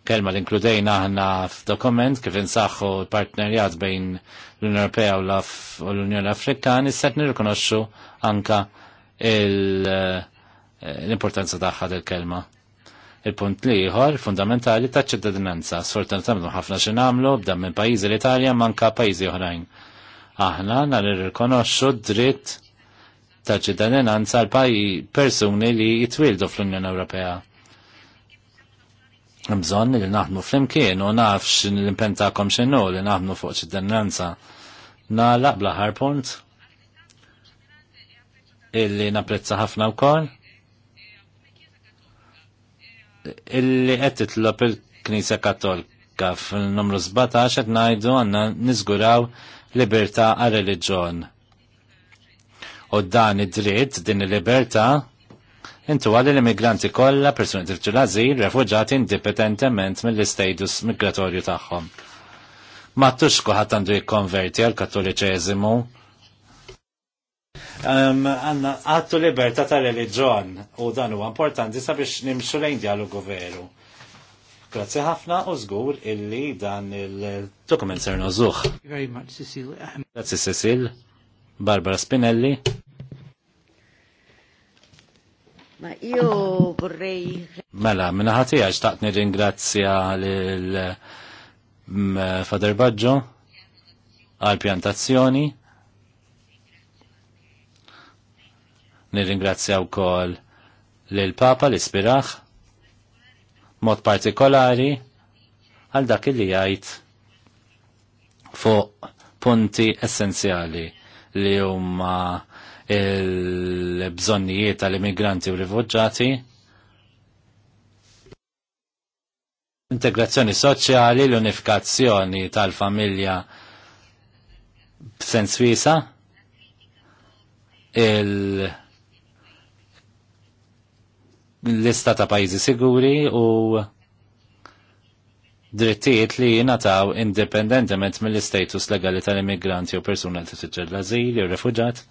kelma li inkludejna aħna f'dokument kif insaħħu l-partnerjat bejn l-Unjoni Ewropea u l-Unjoni Afrikana issa nirrikonoxxu anka l-importanza tagħha del kelma. Il-punt li ieħor fundamentali ta' ċittadinanza. Sfortunatament ħafna xi nagħmlu b'dan minn pajjiżi l-Italja manka pajjiżi oħrajn. Aħna nirrikonoxxu dritt ta' ċittadinanza għal persuni li jitwildu fl-Unjoni Ewropea Mżon li naħdmu flimkien u nafx l-impentakom xinu li naħdmu fuq ċittadinanza. Nala blaħar punt illi napprezza ħafna wkoll illi qed titlob il-Knisja Katolika fil-numru 17 qed ngħidu għandna niżguraw libertà għal reliġjon. U dan id-dritt din il-libertà Intu għalli l-immigranti kollha persuni tirċu l-azil, refugġati indipendentement mill-istatus migratorju tagħhom. Mattux kuħat għandu jikkonverti għal kattoliċeżimu. Għanna għattu libertà tal reliġjon u dan huwa importanti sabiex nimxu lejn dialogu veru. Grazzi ħafna u żgur illi dan il-dokument ser nożuħ. Grazzi Cecil. Barbara Spinelli. Ma io vorrei... Mela, minna ħatija xtaqt nir-ingrazzja l-Fader mm, Baggio għal-pjantazzjoni. Nir-ingrazzja u kol l-Papa l-Ispiraħ, mod partikolari għal dak li jgħid fuq punti essenzjali li huma il-bżonnijiet tal-immigranti u rifugġati. Integrazzjoni soċjali, l-unifikazzjoni tal-familja b'sens wiesa, l lista ta' pajjiżi siguri u drittijiet li jinataw indipendentement mill-istatus legali tal-immigranti u persuna li tiġġel l-azil, u refuġat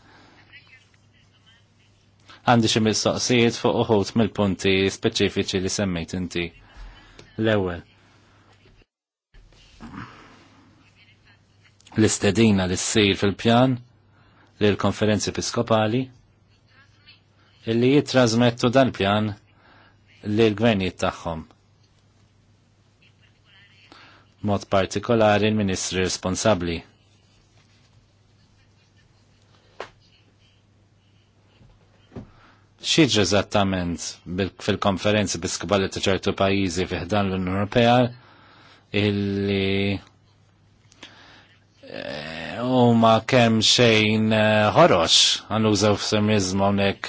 għandi xi mistoqsijiet fuq uħut mill-punti speċifiċi li semmejt inti. L-ewwel. L-istedina li ssir fil-pjan l konferenzi episkopali illi jitrażmettu dal-pjan l gvernijiet tagħhom mod partikolari l-ministri responsabli. xieġ eżattament fil-konferenzi biskubali ta' ċertu pajizi fiħdan l-Unjoni Ewropea illi eh, huma kemm xejn eh, ħorox f-semizmu hawnhekk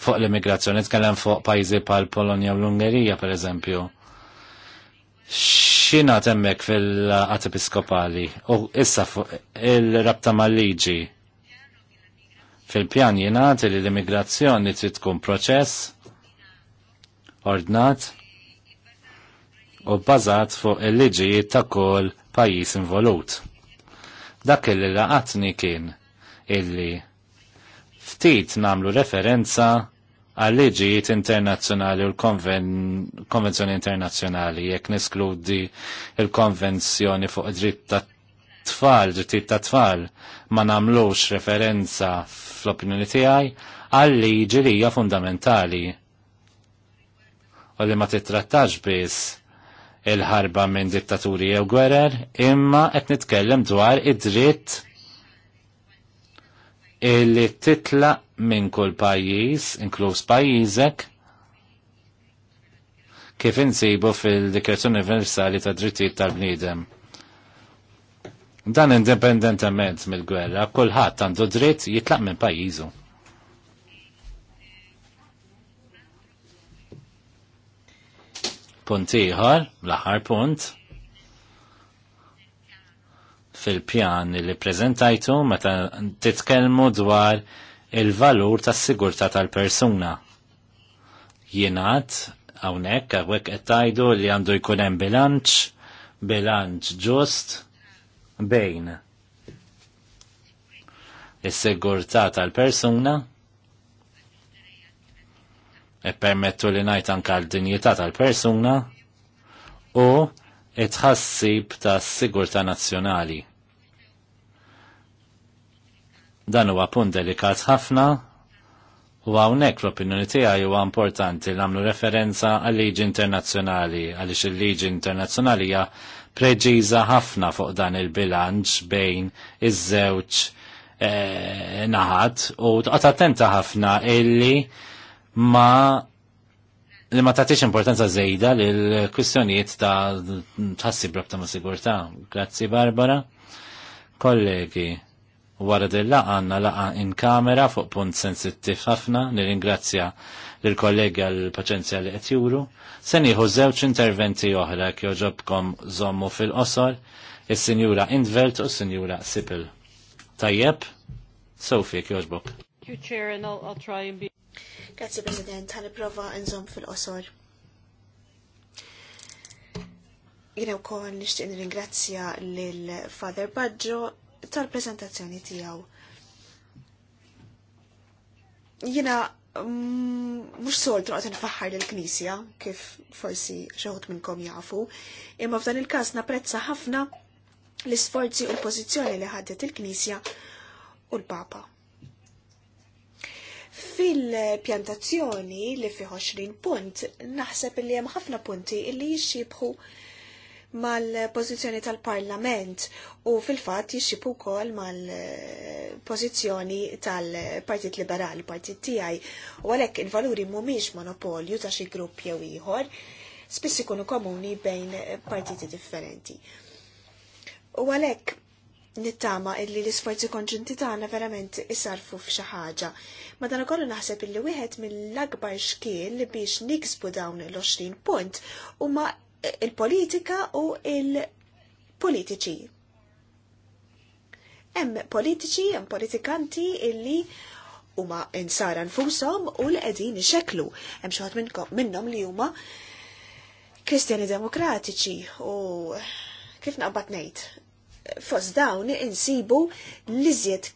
fuq l-immigrazzjoni, tkellem fuq pajjiżi bħal Polonja u l-Ungerija pereżempju. Xina hemmhekk fil-qatt episkopali u issa fuq il-rabta mal-liġi Fil-pjan jingħad li l-immigrazzjoni trid tkun proċess ordnat u bbażat fuq il-liġijiet ta' kull pajjiż involut. Dak li laqatni kien illi ftit namlu referenza għal liġijiet internazzjonali u l-konvenzjoni internazzjonali jekk niskludi l-konvenzjoni fuq id dritt tfal, drittijiet ta' tfal, ma namlux referenza fl-opinjoni tiegħi għal liġi li hija fundamentali u li ma titrattax biss il-ħarba minn dittaturi jew gwerer, imma qed nitkellem dwar id-dritt illi titla minn kull pajjiż, inkluż pajjiżek, kif insibu fil-Dikrezzjoni Universali ta' Drittijiet tal-Bniedem. Dan indipendentement mill-gwerra, kulħadd għandu dritt jitlaq minn pajjiżu. Punt ieħor, l-aħħar punt, fil-pjan li prezentajtu meta titkellmu dwar il-valur tas-sigurtà tal-persuna. Jingħad hawnhekk hawnhekk qed li għandu jkun hemm bilanċ, bilanċ ġust, bejn is-sigurtà tal-persuna e permettu li ngħid anke l-dinjità tal-persuna u it-ħassib tas-sigurtà nazzjonali. Dan huwa punt delikat ħafna u hawnhekk l-opinjoni tiegħi huwa importanti li nagħmlu referenza għal liġi internazzjonali għaliex il-liġi internazzjonali hija preċiża ħafna fuq dan il-bilanċ bejn iż-żewġ e, naħat u tqgħod attenta ħafna illi ma li ma tagħtix importanza żejda lil kwistjonijiet ta' tħassib rabta ma' sigurtà. Grazzi Barbara. Kollegi, wara din laqa għanna laqa in kamera fuq punt sensittiv ħafna li ringrazzja l-kollega l-paċenzja li qed juru. Se nieħu żewġ interventi oħra jogħġobkom żommu fil-qosor is-Sinjura Invelt u s-Sinjura Sipil. Tajjeb, Sofi jogħġbok. Grazie President, tal prova nżomm fil-qosor. Jina u kol nishtiq nir-ingrazzja l-Father Baggio tal-prezentazzjoni tiegħu. Jiena mm, mhux sol qed nfaħħar lill-Knisja kif forsi xeħut minnkom jafu, imma f'dan il-każ napprezza ħafna l-isforzi u l-pożizzjoni li ħaddet il-Knisja u l-Papa. Fil-pjantazzjoni li fi 20 punt, naħseb li hemm ħafna punti li jixxibħu mal-pozizjoni tal-Parlament u fil-fatt jixipu kol mal-pozizjoni tal-Partit Liberali, partit tiegħi. U għalhekk il-valuri mhumiex monopolju ta' xi grupp jew ieħor, spiss ikunu komuni bejn partiti differenti. U għalhekk nittama illi l-isforzi konġunti tagħna verament isarfu f'xi ħaġa. Madankollu naħseb illi wieħed mill-akbar xkiel biex niksbu dawn l-20 punt huma il-politika u il-politiċi. Hemm politiċi, hemm politikanti illi huma insara nfushom u l qegħdin ixeklu. Hemm xi ħadd minnhom li huma Kristjani Demokratiċi u kif naqbad ngħid. Fost dawn insibu l-iżjed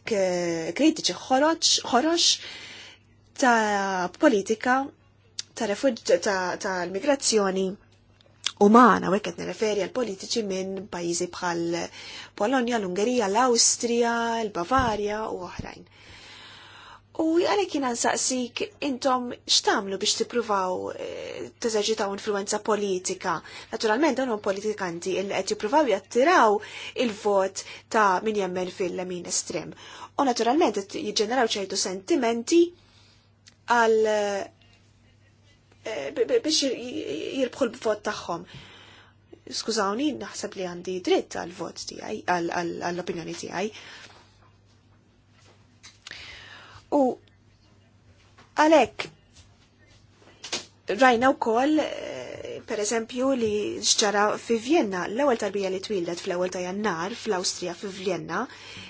kritiċi ħoroġ ta' politika ta' ta' l-migrazzjoni umana, u qed nirreferi għal politiċi minn pajjiżi bħal Polonja, l-Ungerija, l-Awstrija, l-Bavarja u oħrajn. U għalek jina nsaqsik intom xtamlu biex tippruvaw eh, teżerġitaw influenza politika. Naturalment dawn politikanti il qed jippruvaw jattiraw il-vot ta' min jemmen fil-lemin estrem. U naturalment jiġġeneraw ċertu sentimenti għal Eh, biex jirbħu l-vot tagħhom. Skużawni, naħseb li għandi dritt għal-vot tiegħi, għall-opinjoni tiegħi. U għalhekk rajna wkoll eh, per eżempju li xġara fi Vienna, l-ewwel tarbija li twillet fl-ewwel ta' Jannar fl-Awstrija fi Vienna,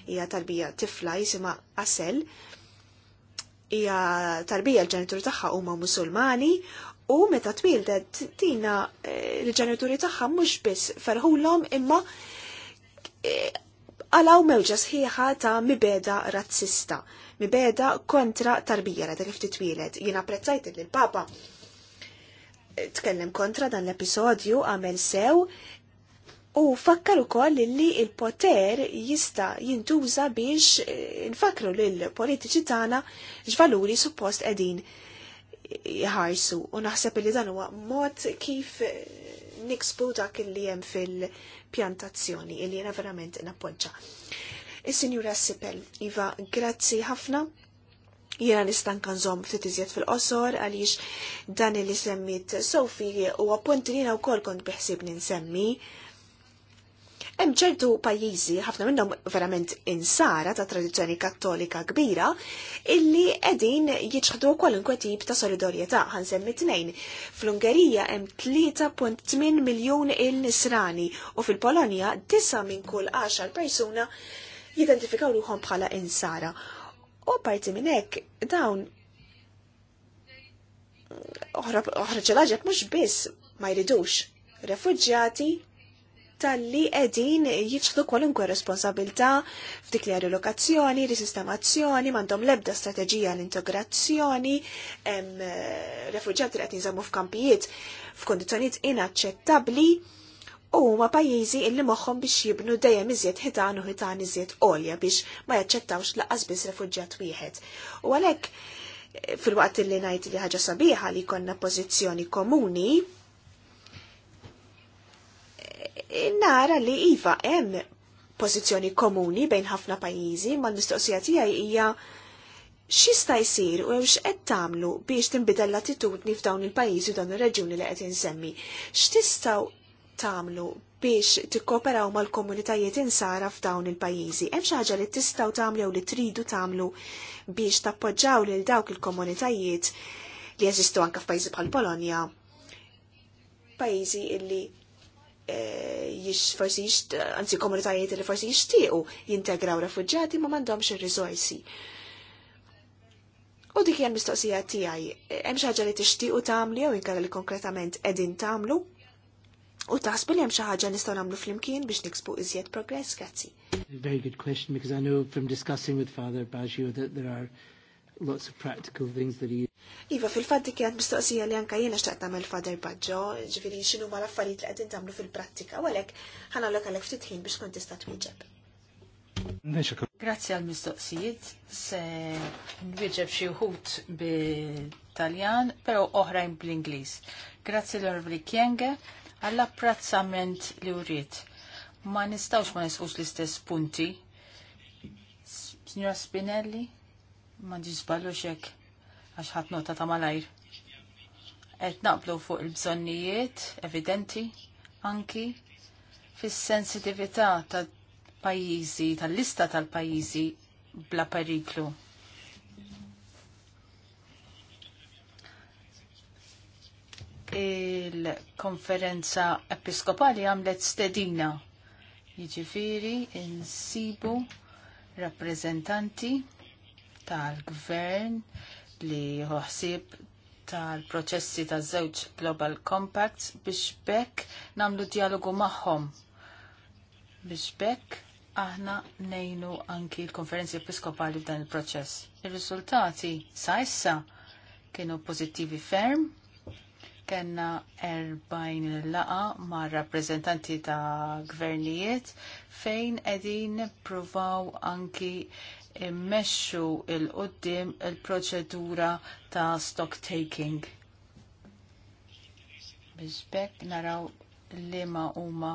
hija tarbija tifla jisimha Asel, hija tarbija l-ġenitur tagħha huma Musulmani u meta twildet tina eh, l ġenituri tagħha mhux biss ferħulhom imma għalaw eh, mewġa sħiħa ta' mibeda razzista, mibeda kontra tarbija ta' kif titwilet. Jien apprezzajt li l-papa tkellem kontra dan l-episodju għamel sew U fakkar ukoll li il-poter jista' jintuża biex eh, nfakru lill politiċi tagħna x'valuri suppost qegħdin jħarsu. U naħseb li dan huwa mod kif niksbu dak li hemm fil-pjantazzjoni li jiena verament nappoġġa. Is-Sinjura Sipel, Iva, grazzi ħafna jena nistan kanżom ftit iżjed fil-qosor għaliex dan li semmit Sofi u appunti li u kol kont biħsib ninsemmi. semmi Hemm ċertu pajjiżi, ħafna minnhom verament insara ta' tradizzjoni kattolika kbira, illi qegħdin jiġħdu kwalunkwe tip ta' solidarjetà ħansemmi tnejn. Fl-Ungerija hemm 3.8 miljun il-nisrani u fil-Polonja disa' minn kull 10 persuna jidentifikaw ruħom bħala insara. U parti minn hekk dawn oħra ċelaġet mhux biss ma jridux refuġġjati tal-li edin jiċħdu kwalunkwe responsabilta f'dik li rilokazzjoni, risistemazzjoni, mandom lebda strategija l-integrazzjoni, refugġati li għetni f'kampijiet f'kondizjoniet inaċċettabli u ma pajizi illi moħħom biex jibnu dejjem iżjed ħitan u ħitan iżjed olja biex ma jaċċettawx laqqas biss refugġat wieħed. U għalhekk fil-waqt li ngħid li ħaġa sabiħa li konna pożizzjoni komuni nara li iva hemm pożizzjoni komuni bejn ħafna pajjiżi ma l-mistoqsija tiegħi hija x'ista' jsir u hemmx qed tagħmlu biex tinbidel l-attitudni f'dawn il-pajjiżi u dan ir-reġjuni li qed insemmi. X'tistgħu tagħmlu biex tikkooperaw mal-komunitajiet insara f'dawn il-pajjiżi. Hemm xi ħaġa li tistgħu tagħmlu li tridu tagħmlu biex tappoġġaw lil dawk il-komunitajiet li jeżistu anke f'pajjiżi bħal Polonja. Pajjiżi illi Eh, jiex forsi jix, anzi komunitajiet li forsi jixtiequ jintegraw refugġati ma mandomx ir-risorsi. U dik hija mistoqsija tiegħi. Eh, hemm xi ħaġa li tixtiequ tagħmlu u inkella li konkretament qegħdin tagħmlu? U taħsbu li hemm xi ħaġa nistgħu nagħmlu flimkien biex niksbu iżjed progress, grazzi. Very good question because I know from discussing with Father Baggio that there are lots of practical things that he... Iva, fil-fatti kien mistoqsija li anka jiena xtaqt tagħmel fader badġo, ġifieri x'inhu ma l-affarijiet li qegħdin tagħmlu fil-prattika, u għalhekk ħanalok għalhekk ftit ħin biex kont tista' twieġeb. Grazzi għal mistoqsijiet se nwieġeb xi wħud bil-Taljan, però oħrajn bl-Ingliż. Grazzi l-Orvli Kienge għall apprazzament li uriet. Ma nistawx ma nisqux l-istess punti. Signora Spinelli? Ma ġizballu xek, għax ħat nota ta' malajr. Et naqblu fuq il-bżonnijiet, evidenti, anki fis-sensitività ta' pajizi, tal-lista tal-pajizi bla periklu. il-konferenza episkopali għamlet stedina. Jiġifieri insibu rappresentanti tal-gvern li ħsieb tal-proċessi tal żewġ Global Compacts biex bekk namlu dialogu magħhom. Biex bekk aħna nejnu anki l-konferenzi episkopali f'dan il-proċess. Ir-riżultati sa issa kienu pożittivi ferm, kena 40 laqa ma' rappresentanti ta' gvernijiet fejn edin provaw anki immexxu il-qoddim il-proċedura ta' stock taking. Bizbek naraw li ma huma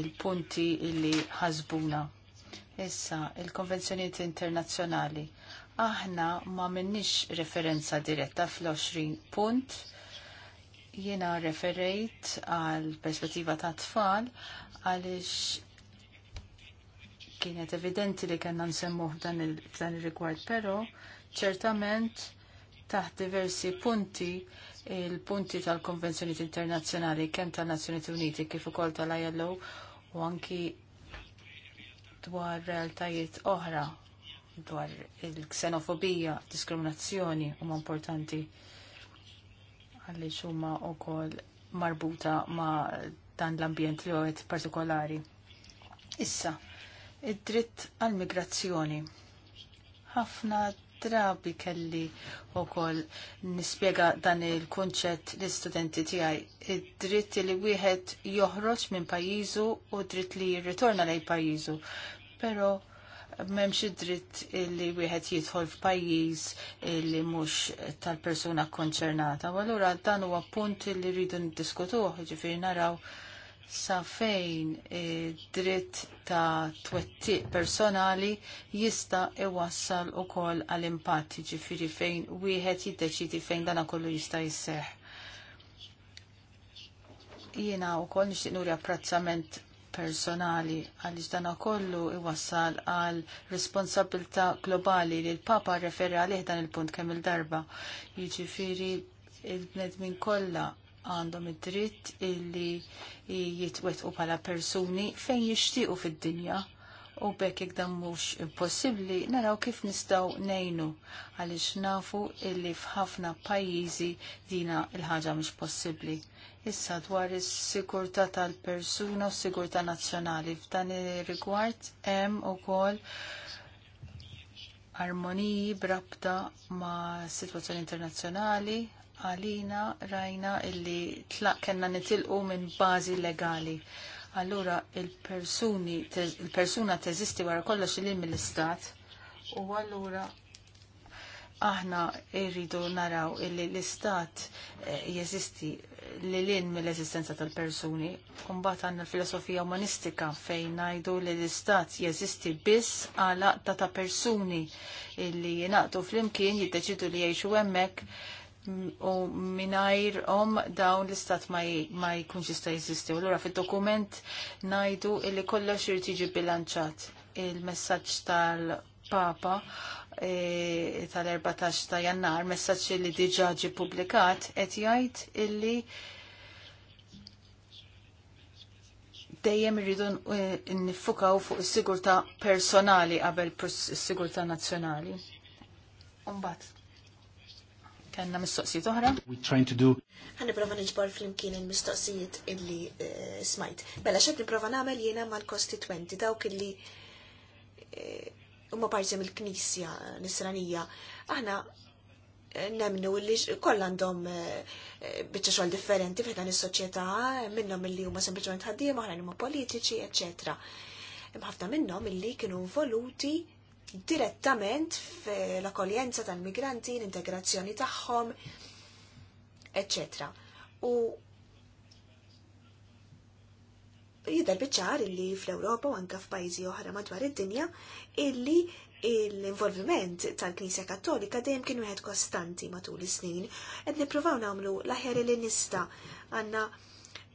il-punti li ħasbuna. Issa, il-konvenzjoniet internazzjonali. Aħna ma minnix referenza diretta fl-20 punt jiena referejt għal perspettiva ta' tfal għalix kienet evidenti li kena nsemmuh dan il-rigward, pero ċertament taħt diversi punti il-punti tal-konvenzjoni internazzjonali kemm tal-Nazzjoni Uniti kif ukoll tal-ILO u anki dwar realtajiet oħra dwar il-ksenofobija, diskriminazzjoni huma importanti għalli huma wkoll marbuta ma dan l-ambjent li għed partikolari. Issa, id-dritt għal-migrazzjoni. Ħafna drabi kelli u koll nispiega dan il-konċett l istudenti tijaj. Id-dritt li wieħed joħroġ minn pajizu u dritt li jirritorna lej pajizu. Pero memx id-dritt li wieħed jidħol f'pajjiż li mhux tal-persuna konċernata. U allura dan huwa punt li rridu niddiskutuh, ġifieri naraw sa fejn dritt ta' twettiq personali jista iwassal u għall għal-impatti ġifiri fejn wieħed jiddeċidi fejn dana kollu jista jisseħ. Jiena u nixtieq nuri apprezzament personali għaliex dana kollu iwassal għal responsabilta globali li l-Papa referi għalih dan il-punt kemm il-darba. Jiġifieri il-bnedmin kollha għandhom id-dritt illi jitwetqu bħala persuni fejn jixtiequ fid-dinja u bekk jekk dan mhux impossibbli naraw kif nistgħu nejnu għaliex nafu illi f'ħafna pajjiżi dina il-ħaġa mhux possibbli. Issa dwar is-sigurtà tal-persuna u s-sigurtà nazzjonali f'dan ir-rigward hemm ukoll armoniji brabta ma' situazzjoni internazzjonali għalina rajna illi tlaq kena nitilqu minn bazi legali. Allura il-persuna il teżisti wara kollox il mill-istat u allura aħna irridu naraw illi l-istat eh, jeżisti li in mill-eżistenza tal-persuni, kumbat għanna filosofija umanistika fejn najdu li l-istat jeżisti biss għala ta' ta' persuni illi jenaqtu fl-imkien jiddeċidu li jiexu emmek u minajr om dawn l-istat ma jkunx jista' jeżisti. Allura fid-dokument ngħidu li kollox irid jiġi bilanċat il-messaġġ tal-Papa e, tal-14 ta' jannar, messaġġ li diġà ġi publikat, qed jgħid illi dejjem irridu e, nifukaw fuq is-sigurtà personali qabel is-sigurtà nazzjonali. Umbat, Kanna mistoqsijiet oħra? We trying to do. Għanna prova nġbor flimkien il-mistoqsijiet illi eh, smajt. Bella xed niprofa namel jena mal-kostituenti dawk illi eh, umma parti mill-knisja nisranija. Aħna eh, nemnu li koll għandhom bieċa xogħol differenti f'dan is-soċjetà, minnhom illi huma sempliċement ħaddiema, oħrajn huma politiċi, eccetera. Imħafna minnhom illi kienu voluti direttament fl akoljenza tal-migranti, l-integrazzjoni tagħhom, etc. U jidher biċar illi fl-Ewropa u anke f'pajjiżi oħra madwar id-dinja illi l-involviment tal-Knisja Kattolika dejjem kien wieħed kostanti matul is-snin qed nippruvaw nagħmlu l-aħjar li nista għandna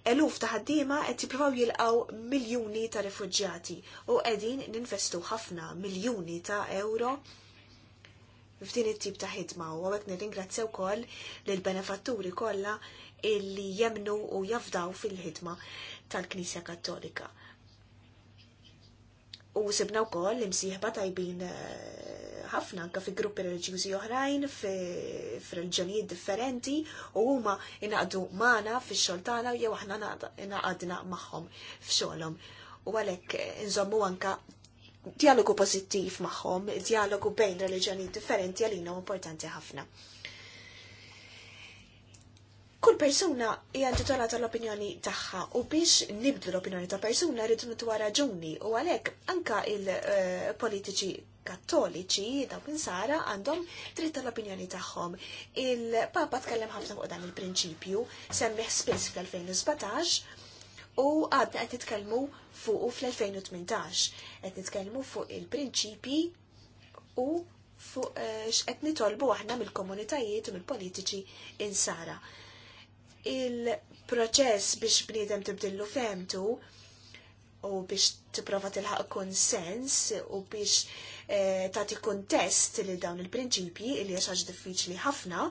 eluf ta' ħaddiema qed jippruvaw jilqgħu miljuni ta' rifuġġjati u qegħdin ninvestu ħafna miljuni ta' euro f'din it-tip ta' ħidma u għawek nirringrazzja wkoll lil benefatturi kollha illi jemnu u jafdaw fil-ħidma tal-Knisja Kattolika. U sibna u koll imsiħba tajbin eh, ħafna anka fi gruppi religjużi oħrajn, f'reliġjonijiet differenti, u huma inaqdu magħna fix-xogħol tagħna jew aħna inaqadna magħhom f'xogħolhom. U għalhekk eh, inżommu anka dialogu pożittiv magħhom, dialogu bejn reliġjonijiet differenti għalina importanti ħafna kull persuna hija intitolata l-opinjoni tagħha u biex nibdu l-opinjoni ta' persuna rridu nitwa raġuni u għalhekk anka il-politiċi eh, kattoliċi dawk insara għandhom dritt tal-opinjoni tagħhom. Il-Papa tkellem ħafna fuq dan il-prinċipju, semmiħ spiss fl-2017 u għadna qed nitkellmu fuq fl-2018. qed nitkellmu fuq il prinċipji u fuq eh, x'qed nitolbu aħna mill-komunitajiet u mill-politiċi insara il-proċess biex bniedem tibdillu femtu u biex tipprova tilħaq konsens u biex eh, tagħti kuntest li dawn il-prinċipji li hija diffiċli ħafna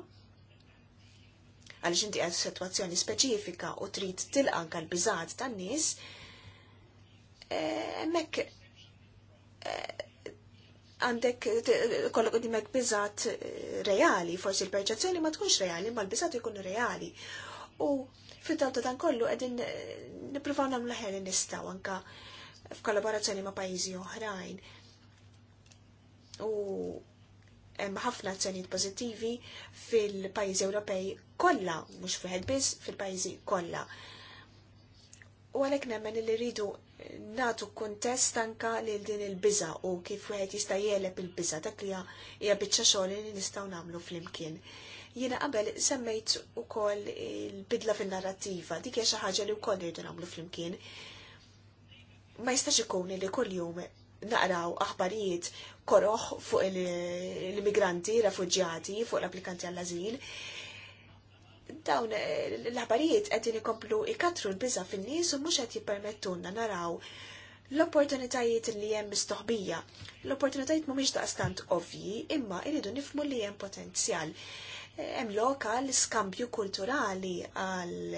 għaliex inti qed situazzjoni speċifika u trid tilqa' għall-biżgħat tan-nies, eh, hemmhekk eh, għandek kollok għodimek bizat eh, reali, forsi l-perċazzjoni ma tkunx reali, ma l-bizat ikun reali u fit tanto dan kollu qegħdin eh, nippruvaw nagħmlu ħer nistgħu anka f'kollaborazzjoni ma' pajjiżi oħrajn. U hemm ħafna azzjonijiet pożittivi fil-pajjiżi Ewropej kollha, mhux wieħed biss fil-pajjiżi kollha. U għalhekk nemmen li rridu nagħtu kuntest anka lil din il-biża u kif wieħed jista' jeleb il-biża dak li hija biċċa xogħol li nistgħu nagħmlu flimkien. Jiena qabel semmejt ukoll il-bidla fin-narrattiva, dik hija xi ħaġa li wkoll irdu nagħmlu flimkien. Ma jistax ikun li kuljum naqraw aħbarijiet koroħ fuq l-immigranti, refugjati, fuq l-applikanti għall-azil. Dawn eh, l-aħbarijiet qed ikomplu ikatru l biza fin-nies u mhux qed jippermettunna naraw l-opportunitajiet li hemm mistoħbija. L-opportunitajiet mhumiex daqstant ovvji, imma irridu nifmu li hemm potenzjal hemm lok għal skambju kulturali għal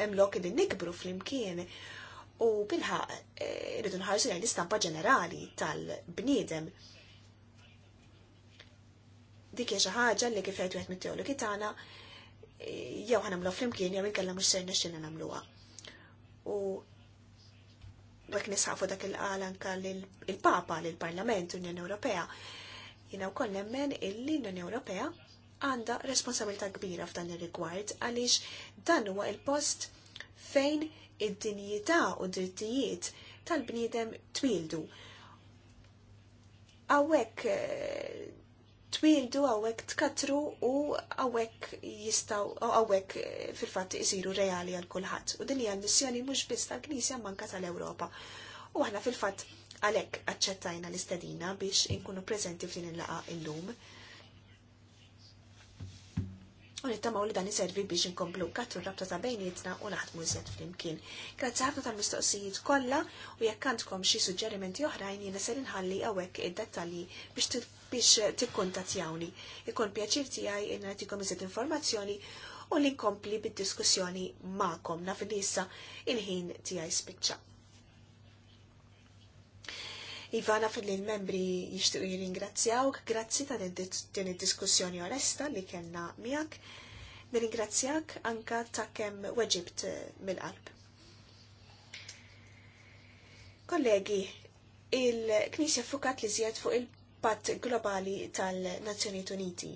hemm lok li nikbru flimkien u bilħaq irridu eh, nħarsu lejn l-istampa ġenerali tal-bniedem. Dik hija xi ħaġa li kif qed wieħed mit-teologi tagħna eh, jew ħanamlu flimkien jew inkella mhux ser x'inha nagħmluha. U dak nisħafu dak il-qal anke il-Papa lill parlament Unjoni Ewropea. Jiena wkoll nemmen il l-Unjoni Ewropea għandha responsabilità kbira f'dan ir-rigward għaliex dan huwa il-post fejn id-dinjità u d-drittijiet tal-bniedem twildu. Għawek eh, twildu, għawek tkatru u għawek jistaw, għawek eh, fil-fat isiru reali għal kulħadd. U din hija missjoni mhux biss tal-Knisja manka tal-Ewropa. U aħna fil-fatt għalhekk aċċettajna l-istedina biex inkunu preżenti f'din il-laqa il-lum u li dan iservi biex inkomplu kattu rabta ta' bejnietna u naħdmu iżjed flimkien. Grazzi ħafna tal-mistoqsijiet kollha u jekk għandkom xi suġġerimenti oħrajn jiena ser inħalli hawnhekk id-dettalji biex biex tikkuntattjawni. Ikun pjaċir tiegħi in nagħtikom iżjed informazzjoni u li nkompli bid-diskussjoni magħkom naf issa il-ħin tiegħi spiċċa. Ivana fil-li l-membri jishtiqu jiringrazzjaw. grazzi ta' din id-diskussjoni oresta li kellna miegħek. Nirringrazzjak anka ta' kemm weġibt eh, mill-qalb. Kollegi, il-Knisja fukat li zjed fuq il-Patt Globali tal-Nazzjonijiet Uniti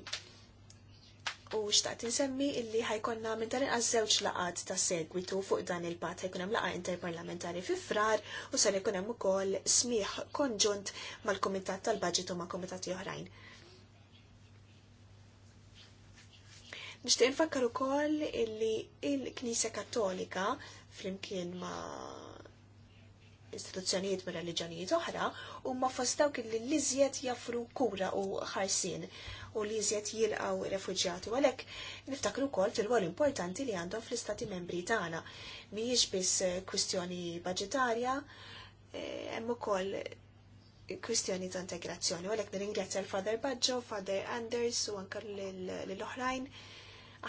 U xtaqt insemmi illi ħajkonna minn tal inqas żewġ laqat ta' segwitu fuq dan il-pat ħajkunem hemm laqa interparlamentari fi frar u sar ikun hemm ukoll smiħ konġunt mal-Kumitat tal-Baġit u komitat joħrajn. oħrajn. Nixtieq infakkar ukoll illi il-Knisja Kattolika flimkien ma' istituzzjonijiet ma' reliġjonijiet oħra huma ma' dawk li l-iżjed jaffru kura u ħarsin u li jizjet jilqaw refugġati. Għalek, niftakru kol fil-għol importanti li għandhom fl-istati membri tagħna. Mhijiex biss eh, kwistjoni budgetarja, eh, hemm ukoll kwistjoni ta' integrazzjoni. Għalek nirringrazzja l-Father Baggio, Father Anders u anke l-oħrajn.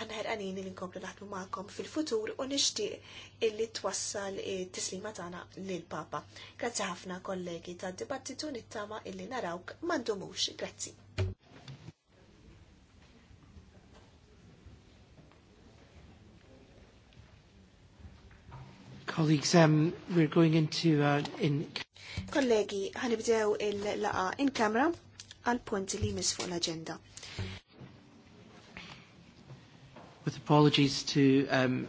Aħna ħerqanin li nkomplu naħdmu magħkom fil-futur u nixtieq illi twassal it-tislima tagħna lill-Papa. Grazzi ħafna kollegi tad-dibattitu nittama illi narawk m'għandhomux. Grazzi. Colleagues, um, we're going into uh, in... Kollegi, ħanibdew il-laqa in kamra għal punt li mis fuq l-agenda. With apologies to um,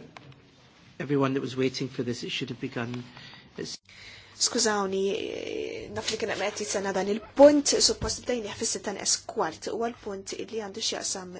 everyone that was waiting for this, it should have begun. Skużawni, eh, naf li kena għameti sena dan il-punt, suppost bdejni ħfissi tan eskwart, u għal-punt li għandu xieqsam